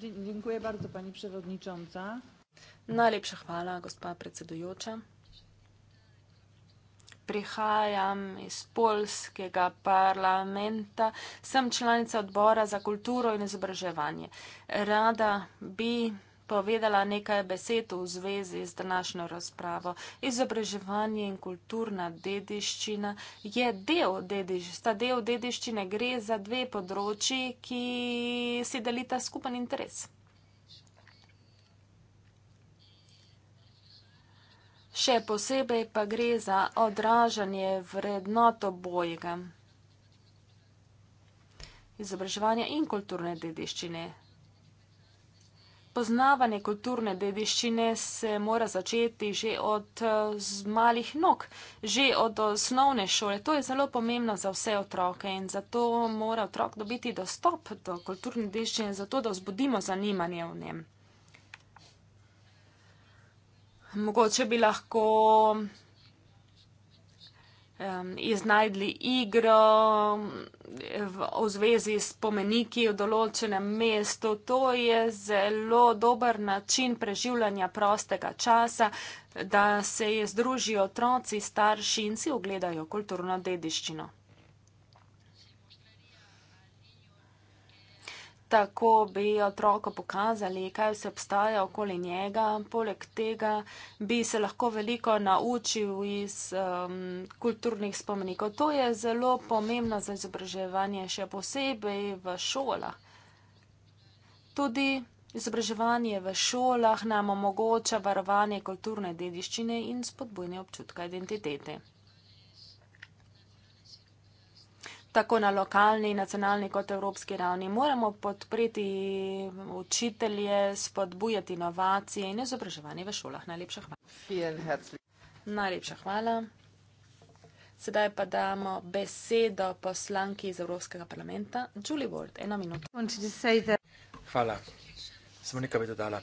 Dziękuję bardzo pani przewodnicząca. Najlepša hvala, gospa predsedujoča. Prihajam iz polskega parlamenta, sem članica odbora za kulturo in izobraževanje. Rada bi povedala nekaj besed v zvezi z današnjo razpravo. Izobraževanje in kulturna dediščina je del dediščine. Ta del dediščine gre za dve področji, ki si delita skupen interes. Še posebej pa gre za odražanje vrednot obojega. Izobraževanje in kulturne dediščine. Spoznavanje kulturne dediščine se mora začeti že od eh, malih nog, že od osnovne šole. To je zelo pomembno za vse otroke in zato mora otrok dobiti dostop do kulturne dediščine, zato da vzbudimo zanimanje v njem. Mogoče bi lahko um, iznajdli igro, v zvezi s pomeniki v določenem mestu. To je zelo dober način preživljanja prostega časa, da se je združijo otroci, starši in si ogledajo kulturno dediščino. tako bi otroka pokazali, kaj vse obstaja okoli njega. Poleg tega bi se lahko veliko naučil iz um, kulturnih spomenikov. To je zelo pomembno za izobraževanje, še posebej v šolah. Tudi izobraževanje v šolah nam omogoča varovanje kulturne dediščine in spodbujanje občutka identitete. tako na lokalni, nacionalni kot evropski ravni. Moramo podpreti učitelje, spodbujati inovacije in izobraževanje v šolah. Najlepša hvala. Najlepša hvala. Sedaj pa damo besedo poslanki iz Evropskega parlamenta. Julie Ward, eno minuto. Hvala. Samo nekaj bi dodala.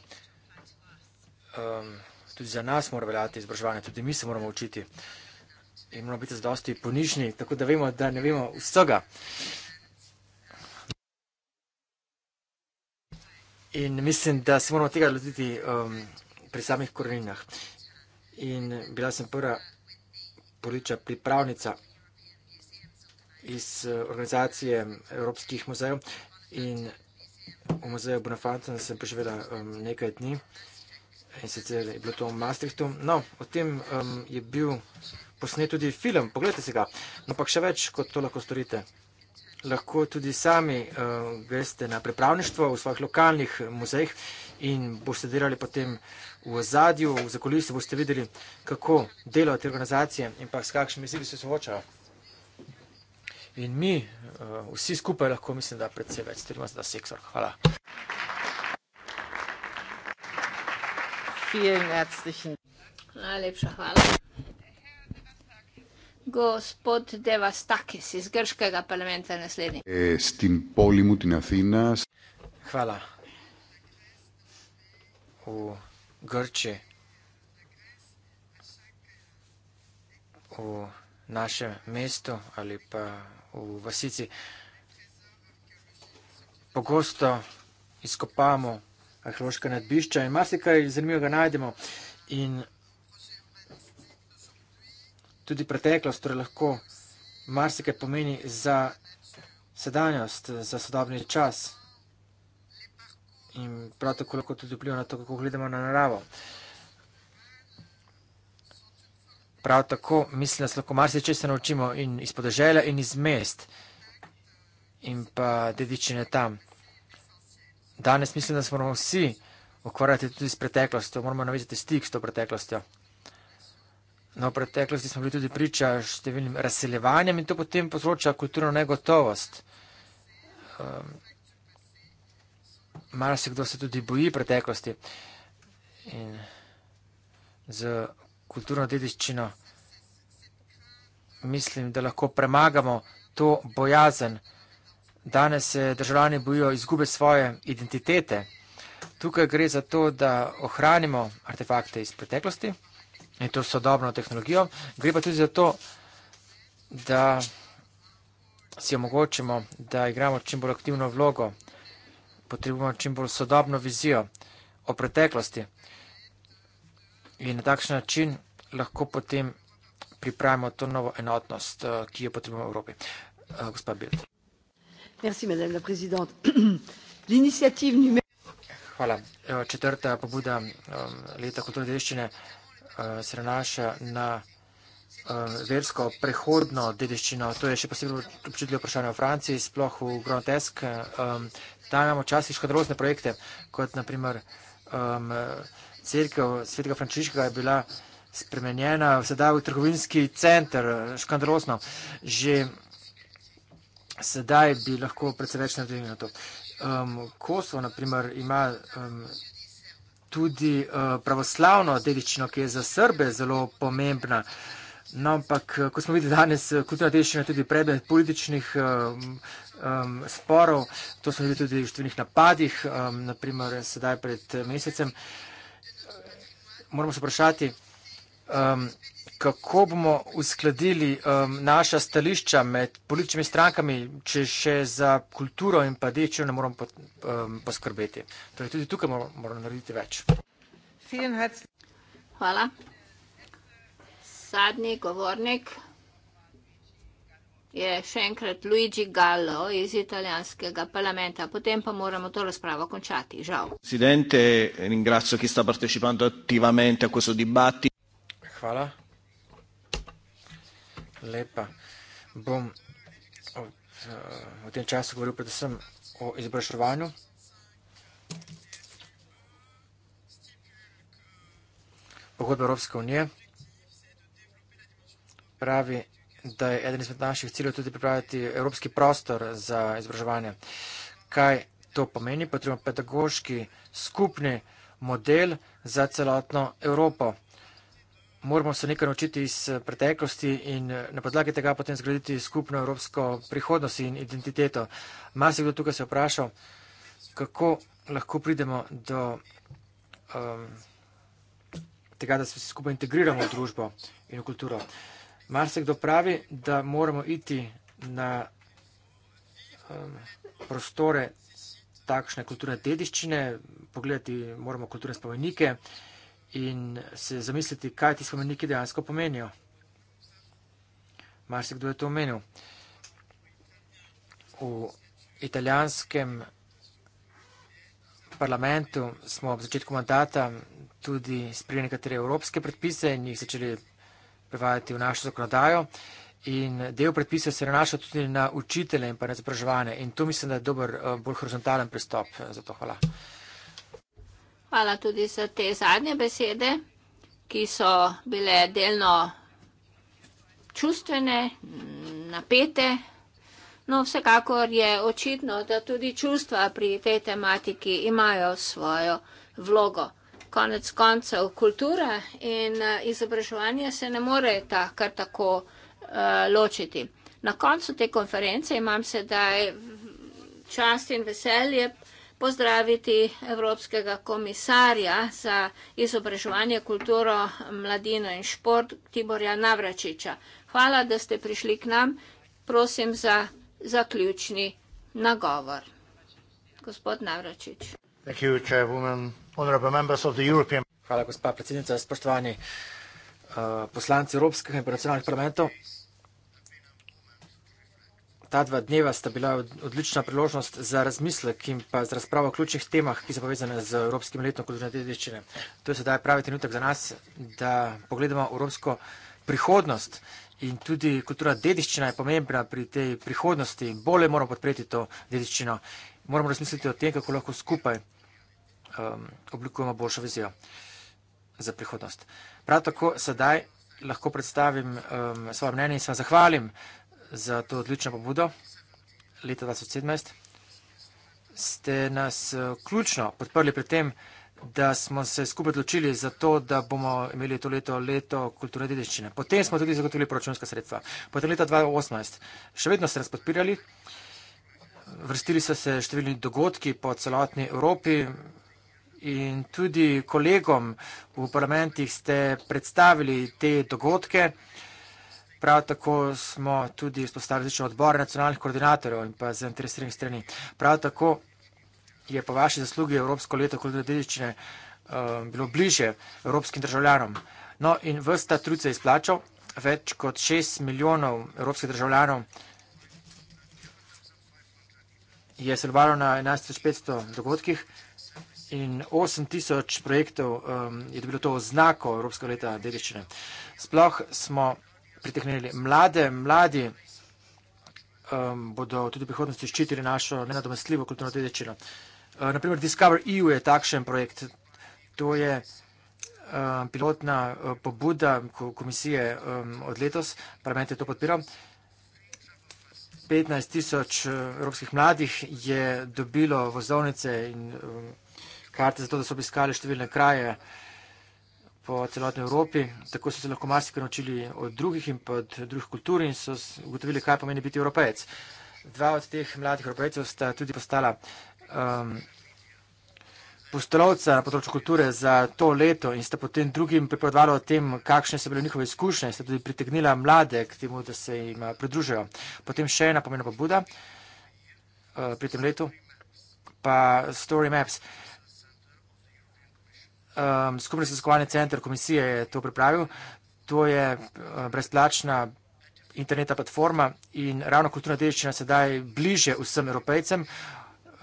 Um, tudi za nas mora veljati izobraževanje, tudi mi se moramo učiti. Uh, in moramo biti zdosti ponišni, tako da vemo, da ne vemo vsega. In mislim, da se moramo tega loditi um, pri samih koreninah. In bila sem prva poliča pripravnica iz uh, organizacije Evropskih muzejev in v muzeju Bonafanta sem preživela um, nekaj dni in sicer je bilo to v Maastrichtu. No, o tem um, je bil posnet tudi film, pogledajte si ga. Ampak še več kot to lahko storite. Lahko tudi sami uh, eh, veste na pripravništvo v svojih lokalnih muzejih in boste delali potem v zadju, v zakolisi boste videli, kako delajo te organizacije in pa s kakšnimi zili se soočajo. In mi uh, vsi skupaj lahko mislim, da predvsej več strima za seksor. Hvala. Najlepša hvala. Γκοσπότ Δεβαστάκης, εις Γκέρσκαγα Παλαιμέντα Νεσλένη. Στην πόλη μου, την Αθήνα. Χαλά. Ο Γκέρτσε. Ο Νάσε Μέστο, αλήπα, ο Βασίτσι. Погосто ископамо археološka nadbišča in marsikaj zanimivega najdemo. In tudi preteklost, torej lahko marsikaj pomeni za sedanjost, za sodobni čas in prav tako lahko tudi vpliva na to, kako gledamo na naravo. Prav tako mislim, da se lahko marsikaj se naučimo in iz podeželja in iz mest in pa dedičine tam. Danes mislim, da se moramo vsi ukvarjati tudi s preteklostjo, moramo navizati stik s to preteklostjo. No, v preteklosti smo bili tudi priča številnim razseljevanjem in to potem povzroča kulturno negotovost. Um, ehm, Malo se kdo se tudi boji preteklosti in z kulturno dediščino mislim, da lahko premagamo to bojazen. Danes se državljani bojijo izgube svoje identitete. Tukaj gre za to, da ohranimo artefakte iz preteklosti in to sodobno tehnologijo. Gre pa tudi za to, da si omogočimo, da igramo čim bolj aktivno vlogo, potrebujemo čim bolj sodobno vizijo o preteklosti in na takšen način lahko potem pripravimo to novo enotnost, eh, ki jo potrebujemo v Evropi. Eh, gospa Bild. Merci, madame la présidente. L'initiative numéro. Voilà, euh, pobuda euh, l'état culturel de l'échine. Eh, se nanaša na eh, versko prehodno dediščino. To je še posebej občutljivo vprašanje v Franciji, sploh v grotesk. Tam imamo včasih škodrozne projekte, kot naprimer crkva svetega Frančiška je bila spremenjena sedaj v trgovinski center, škandalozno. Že sedaj bi lahko predvsej več naredili na to. Um, Kosovo, naprimer, ima um, tudi eh, pravoslavno dedičino, ki je za Srbe zelo pomembna. No, ampak, eh, ko smo videli danes, eh, kulturna dediščina je tudi predmet političnih um, um, sporov, to smo videli tudi v številnih napadih, um, naprimer sedaj pred mesecem. Moramo se vprašati, um, kako bomo uskladili um, naša stališča med političnimi strankami, če še za kulturo in pa dečjo ne moramo po, um, poskrbeti. Torej, tudi tukaj moramo, moramo narediti več. Hvala. Zadnji govornik je še enkrat Luigi Gallo iz italijanskega parlamenta. Potem pa moramo to razpravo končati. Žal. Presidente, ringrazio chi sta partecipando attivamente a questo dibattito. Hvala lepa. Bom eh, v tem času govoril predvsem o izobraževanju. Pogodba Evropske unije pravi, da je eden izmed naših ciljev tudi pripraviti evropski prostor za izobraževanje. Kaj to pomeni? Potrebno pedagoški skupni model za celotno Evropo moramo se nekaj naučiti iz eh, preteklosti in eh, na podlagi tega potem zgraditi skupno evropsko prihodnost in identiteto. Masi kdo tukaj se vprašal, kako lahko pridemo do um, tega, da se skupaj integriramo v družbo in v kulturo. Marsik kdo pravi, da moramo iti na um, prostore takšne kulturne dediščine, pogledati moramo kulturne spomenike. Uh, in se zamisliti, kaj ti spomeniki dejansko pomenijo. Mar se kdo je to omenil? V italijanskem parlamentu smo ob začetku mandata tudi sprejeli nekatere evropske predpise in jih začeli prevajati v našo zakonodajo. In del predpisa se nanaša tudi na učitele in pa na izobraževanje. In tu mislim, da je dober, eh, bolj horizontalen pristop. Eh, Zato hvala. Hvala tudi za te zadnje besede, ki so bile delno čustvene, napete. No, vsekakor je očitno, da tudi čustva pri tej tematiki imajo svojo vlogo. Konec koncev, kultura in izobraževanje se ne more ta kar tako uh, ločiti. Na koncu te konference imam sedaj čast in veselje pozdraviti evropskega komisarja za izobraževanje, kulturo, mladino in šport Tiborja Navračiča. Hvala, da ste prišli k nam. Prosim za zaključni nagovor. Gospod Navračič. Hvala, gospa predsednica, spoštovani uh, poslanci Evropskih in predstavnih parlamentov. Ta dva dneva sta bila odlična priložnost za razmislek in pa za razpravo o ključnih temah, ki so povezane z Evropskim letom kulturne dediščine. To je sedaj pravi trenutek za nas, da pogledamo evropsko prihodnost in tudi kulturna dediščina je pomembna pri tej prihodnosti. Bole moramo podpreti to dediščino. Moramo razmisliti o tem, kako lahko skupaj um, oblikujemo boljšo vizijo za prihodnost. Prav tako sedaj lahko predstavim um, svoje mnenje in se vam zahvalim za to odlično pobudo leta 2017. Ste nas eh, ključno podprli pri tem, da smo se skupaj odločili za to, da bomo imeli to leto leto kulturne dediščine. Potem smo tudi zagotovili proračunska sredstva. Potem leta 2018. Še vedno ste nas podpirali. Vrstili so se številni dogodki po celotni Evropi in tudi kolegom v parlamentih ste predstavili te dogodke. Uh, Prav tako smo tudi vzpostavili odbor nacionalnih koordinatorjev in pa zainteresiranih strani. Prav tako je po vaši zaslugi Evropsko leto kulturne dediščine um, bilo bliže evropskim državljanom. No in vsta truce izplačal več kot 6 milijonov evropskih državljanov je sodelovalo na 11500 dogodkih in 8000 projektov um, je dobilo to oznako Evropskega leta dediščine. Sploh smo pritehnili. Mlade, mladi um, bodo tudi v prihodnosti ščitili našo nenadomestljivo kulturno dedičino. Uh, naprimer, Discover EU je takšen projekt. To je um, pilotna uh, pobuda komisije um, od letos. Parlament je to podpiral. 15 tisoč uh, evropskih mladih je dobilo vozovnice in um, karte za to, da so obiskali številne kraje uh, po celotni Evropi, tako so se lahko marsikaj naučili od drugih in od drugih kultur in so ugotovili, kaj pomeni biti evropejec. Dva od teh mladih evropejcev sta tudi postala um, postolovca na področju kulture za to leto in sta potem drugim pripovedovala o tem, kakšne so bile njihove izkušnje in sta tudi pritegnila mlade k temu, da se jim uh, pridružijo. Potem še ena pomena pobuda uh, pri tem letu, pa Story Maps. Uh, um, skupni raziskovalni center komisije je to pripravil. To je uh, brezplačna interneta platforma in ravno kulturna dediščina se daje bliže vsem evropejcem.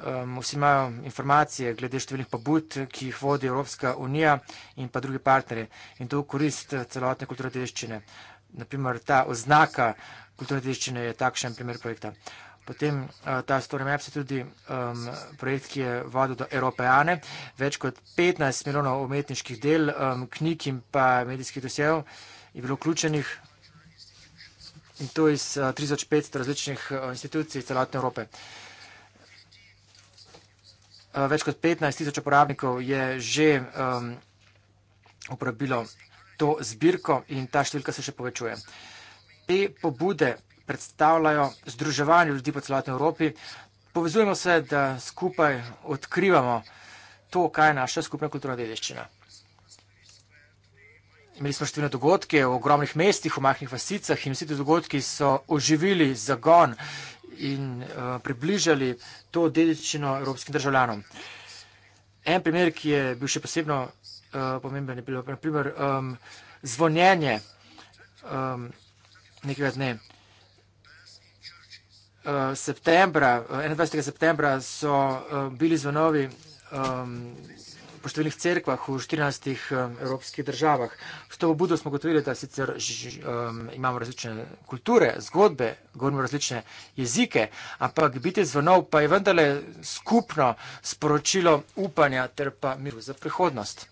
Um, vsi imajo informacije glede številnih pobud, ki jih vodi Evropska unija in pa drugi partnerje. In to korist uh, celotne kulturne dediščine. Naprimer, ta oznaka kulturne dediščine je takšen primer projekta. Uh, Potem eh, ta StoryMaps je tudi um, projekt, ki je vodil do Europeane. Več kot 15 milijonov umetniških del, um, knjig in pa medijskih dosev je bilo vključenih in to iz uh, eh, 3500 različnih uh, institucij celotne Evrope. Uh, več kot 15 tisoč uporabnikov je že um, uporabilo to zbirko in ta številka se še povečuje. Te pobude predstavljajo združevanje ljudi po celotni Evropi. Povezujemo se, da skupaj odkrivamo to, kaj je naša skupna kulturna dediščina. Imeli smo številne dogodke v ogromnih mestih, v majhnih vasicah in vsi ti dogodki so oživili zagon in uh, približali to dediščino evropskim državljanom. En primer, ki je bil še posebno uh, pomemben, je bilo naprimer um, zvonjenje um, nekega dne. Eh, septembra, 21. Eh, septembra so eh, bili zvonovi um, ehm, po številnih cerkvah v 14 ehm, evropskih državah. S to obudo smo gotovili, da sicer ž, ž, um, imamo različne kulture, zgodbe, govorimo različne jezike, ampak biti zvonov pa je vendarle skupno sporočilo upanja ter pa miru za prihodnost.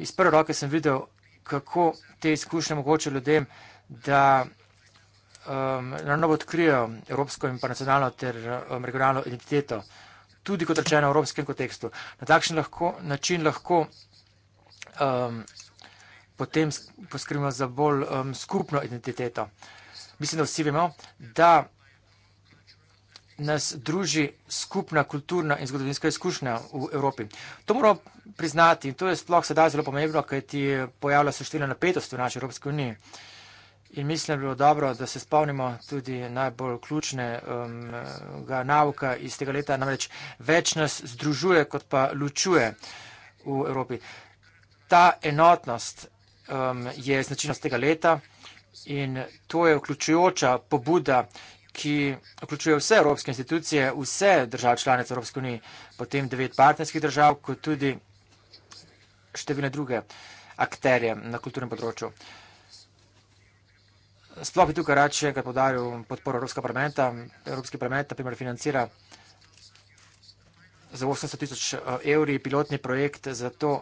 Iz prve roke sem videl, kako te izkušnje mogoče ljudem, da um, na novo odkrijo evropsko in pa nacionalno ter um, regionalno identiteto, tudi kot rečeno v evropskem kontekstu. Na takšen lahko, način lahko um, potem poskrbimo za bolj um, skupno identiteto. Mislim, da vsi vemo, da nas druži skupna kulturna in zgodovinska izkušnja v Evropi. To moramo priznati in to je sploh sedaj zelo pomembno, kajti pojavlja se številna napetost v naši Evropski uniji. Uh, In mislim, da bi bilo dobro, da se spomnimo tudi najbolj ključnega um, nauka iz tega leta, namreč več nas združuje, kot pa ločuje v Evropi. Ta enotnost um, je značilnost tega leta in to je vključujoča pobuda, ki vključuje vse evropske institucije, vse države članice Evropske unije, potem devet partnerskih držav, kot tudi številne druge akterje na kulturnem področju. Sploh bi tukaj rad še enkrat podaril podporo Evropskega parlamenta. Evropski parlament na primer financira za 800 tisoč eh, evri pilotni projekt za to,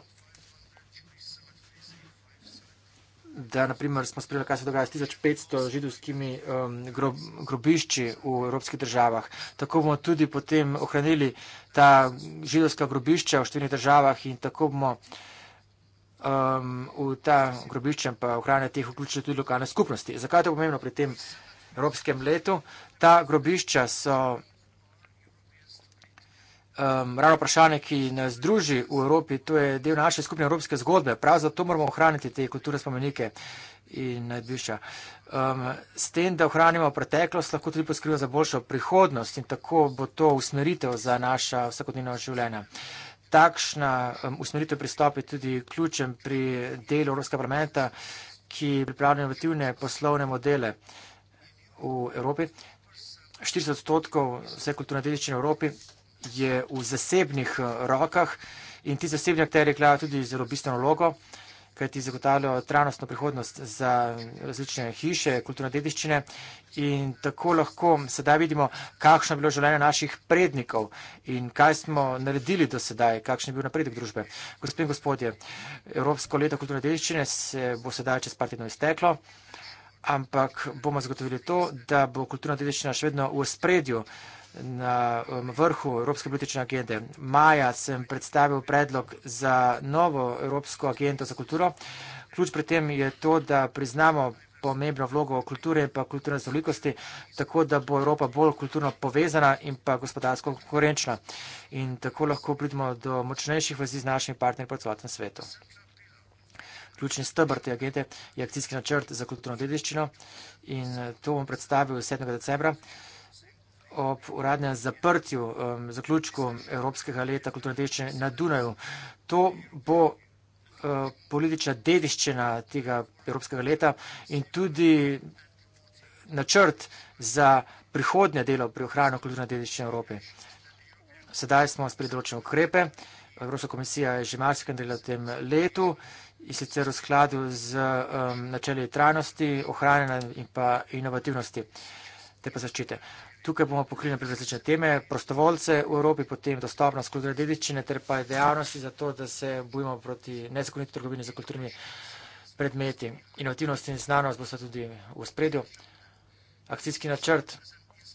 da naprimer smo spremljali, kaj se dogaja s 1500 židovskimi um, grob, grobišči v evropskih državah. Tako bomo tudi potem ohranili ta židovska grobišča v številnih državah in tako bomo uh, um, v ta grobišče, pa ohranja teh vključene tudi lokalne skupnosti. Zakaj je to pomembno pri tem evropskem letu? Ta grobišča so um, ravno vprašanje, ki nas druži v Evropi, to je del naše skupne evropske zgodbe, prav zato moramo ohraniti te kulturne spomenike in najbližja. Um, s tem, da ohranimo preteklost, lahko tudi poskrbimo za boljšo prihodnost in tako bo to usmeritev za naša vsakodnevna življenja. Uh, takšna usmeritev pristopi tudi ključem pri delu Evropskega parlamenta, ki pripravlja inovativne poslovne modele v Evropi. 40 odstotkov vse kulturne dediščine v Evropi je v zasebnih eh, rokah in ti zasebni akteri igrajo tudi zelo bistveno vlogo kajti zagotavljajo trajnostno prihodnost za različne hiše, kulturne dediščine in tako lahko sedaj vidimo, kakšno je bilo življenje naših prednikov in kaj smo naredili do sedaj, kakšen je bil napredek družbe. Gospod in gospodje, Evropsko leto kulturne dediščine se bo sedaj čez par tednov izteklo, ampak bomo zagotovili to, da bo kulturna dediščina še vedno v spredju na um, vrhu Evropske politične agende. Maja sem predstavil predlog za novo Evropsko agendo za kulturo. Ključ pri tem je to, da priznamo pomembno vlogo kulture in pa kulturne zlikosti, tako da bo Evropa bolj kulturno povezana in pa gospodarsko konkurenčna. In tako lahko pridemo do močnejših vezi z našimi partnerji po celotnem svetu. Ključni stebr te agende je akcijski načrt za kulturno dediščino in to bom predstavil 7. decembra. Uh, ob uradnem zaprtju, um, zaključku Evropskega leta kulturne dediščine na Dunaju. To bo uh, politična dediščina tega Evropskega leta in tudi načrt za prihodnje delo pri ohranju kulturne dediščine Evrope. Sedaj smo sprejeli določene ukrepe. Evropska komisija je že marsikaj naredila v tem letu in sicer v skladu z um, načeli trajnosti, ohranjanja in pa inovativnosti te pa zaščite. Tukaj bomo pokrili na različne teme, prostovoljce v Evropi, potem dostopnost kulturne dediščine, ter pa dejavnosti za to, da se bojimo proti nezakoniti trgovini za kulturnimi predmeti. Inovativnost in znanost bo sta tudi v spredju. Akcijski načrt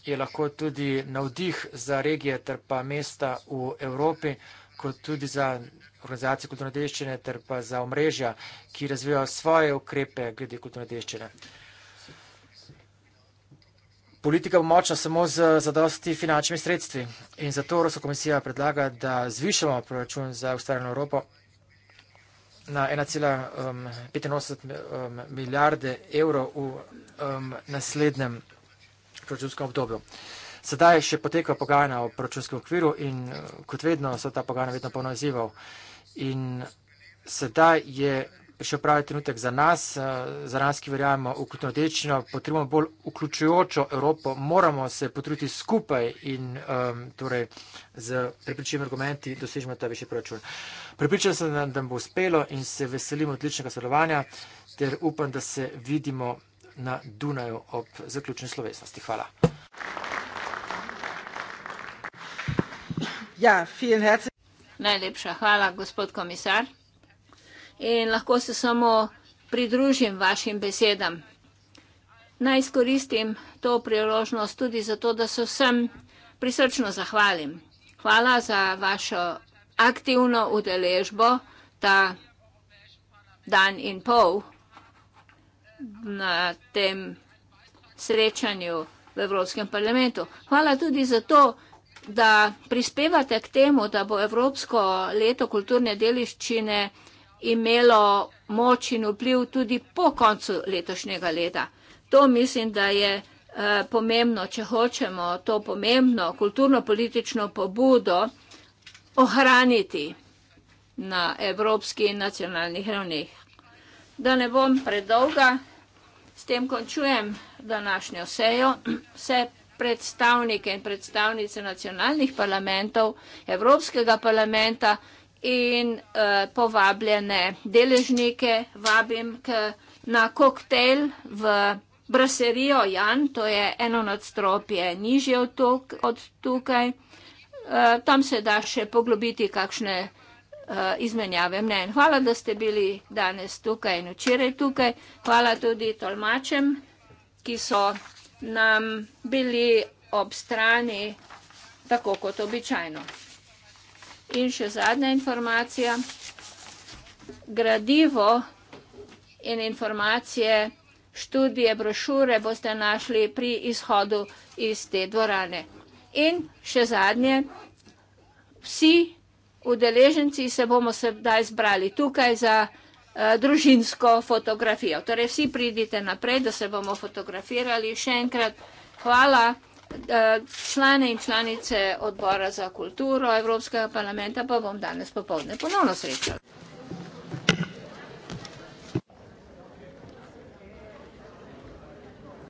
je lahko tudi navdih za regije ter pa mesta v Evropi, kot tudi za organizacije kulturne dediščine ter pa za omrežja, ki razvijajo svoje ukrepe glede kulturne dediščine. Politika bo močna samo z zadosti finančnimi sredstvi. In zato Evropska komisija predlaga, da zvišamo proračun za ustvarjeno Evropo na 1,85 um, um, milijarde evrov v um, naslednjem proračunskem obdobju. Sedaj še poteka pogajanja v proračunskem okviru in uh, kot vedno so ta pogajanja vedno polno izzivov. In sedaj je še pravi trenutek za nas, eh, za nas, ki verjamemo v kulturno dedičino, potrebujemo bolj vključujočo Evropo, moramo se potruditi skupaj in um, torej z prepričljivimi argumenti dosežemo ta višji proračun. Pripričan sem, da nam bo uspelo in se veselim odličnega sodelovanja ter upam, da se vidimo na Dunaju ob zaključni slovesnosti. Hvala. Ja, Najlepša hvala, gospod komisar in lahko se samo pridružim vašim besedam. Naj izkoristim to priložnost tudi zato, da se vsem prisrčno zahvalim. Hvala za vašo aktivno udeležbo ta dan in pol na tem srečanju v Evropskem parlamentu. Hvala tudi za to, da prispevate k temu, da bo Evropsko leto kulturne deliščine imelo moč in vpliv tudi po koncu letošnjega leta. To mislim, da je eh, pomembno, če hočemo to pomembno kulturno-politično pobudo ohraniti na evropski in nacionalnih ravneh. Da ne bom predolga, s tem končujem današnjo sejo. Vse predstavnike in predstavnice nacionalnih parlamentov, Evropskega parlamenta, in uh, povabljene deležnike vabim k, na koktejl v braserijo Jan, to je eno nadstropje nižje od, tuk, od tukaj. Uh, tam se da še poglobiti kakšne uh, izmenjave mnen. Hvala, da ste bili danes tukaj in včeraj tukaj. Hvala tudi tolmačem, ki so nam bili ob strani tako kot običajno. In še zadnja informacija. Gradivo in informacije, študije, brošure boste našli pri izhodu iz te dvorane. In še zadnje, vsi udeleženci se bomo sedaj zbrali tukaj za uh, družinsko fotografijo. Torej, vsi pridite naprej, da se bomo fotografirali. Še enkrat hvala. Eh, člane in članice odbora za kulturo Evropskega parlamenta pa bom danes popovdne ponovno srečala.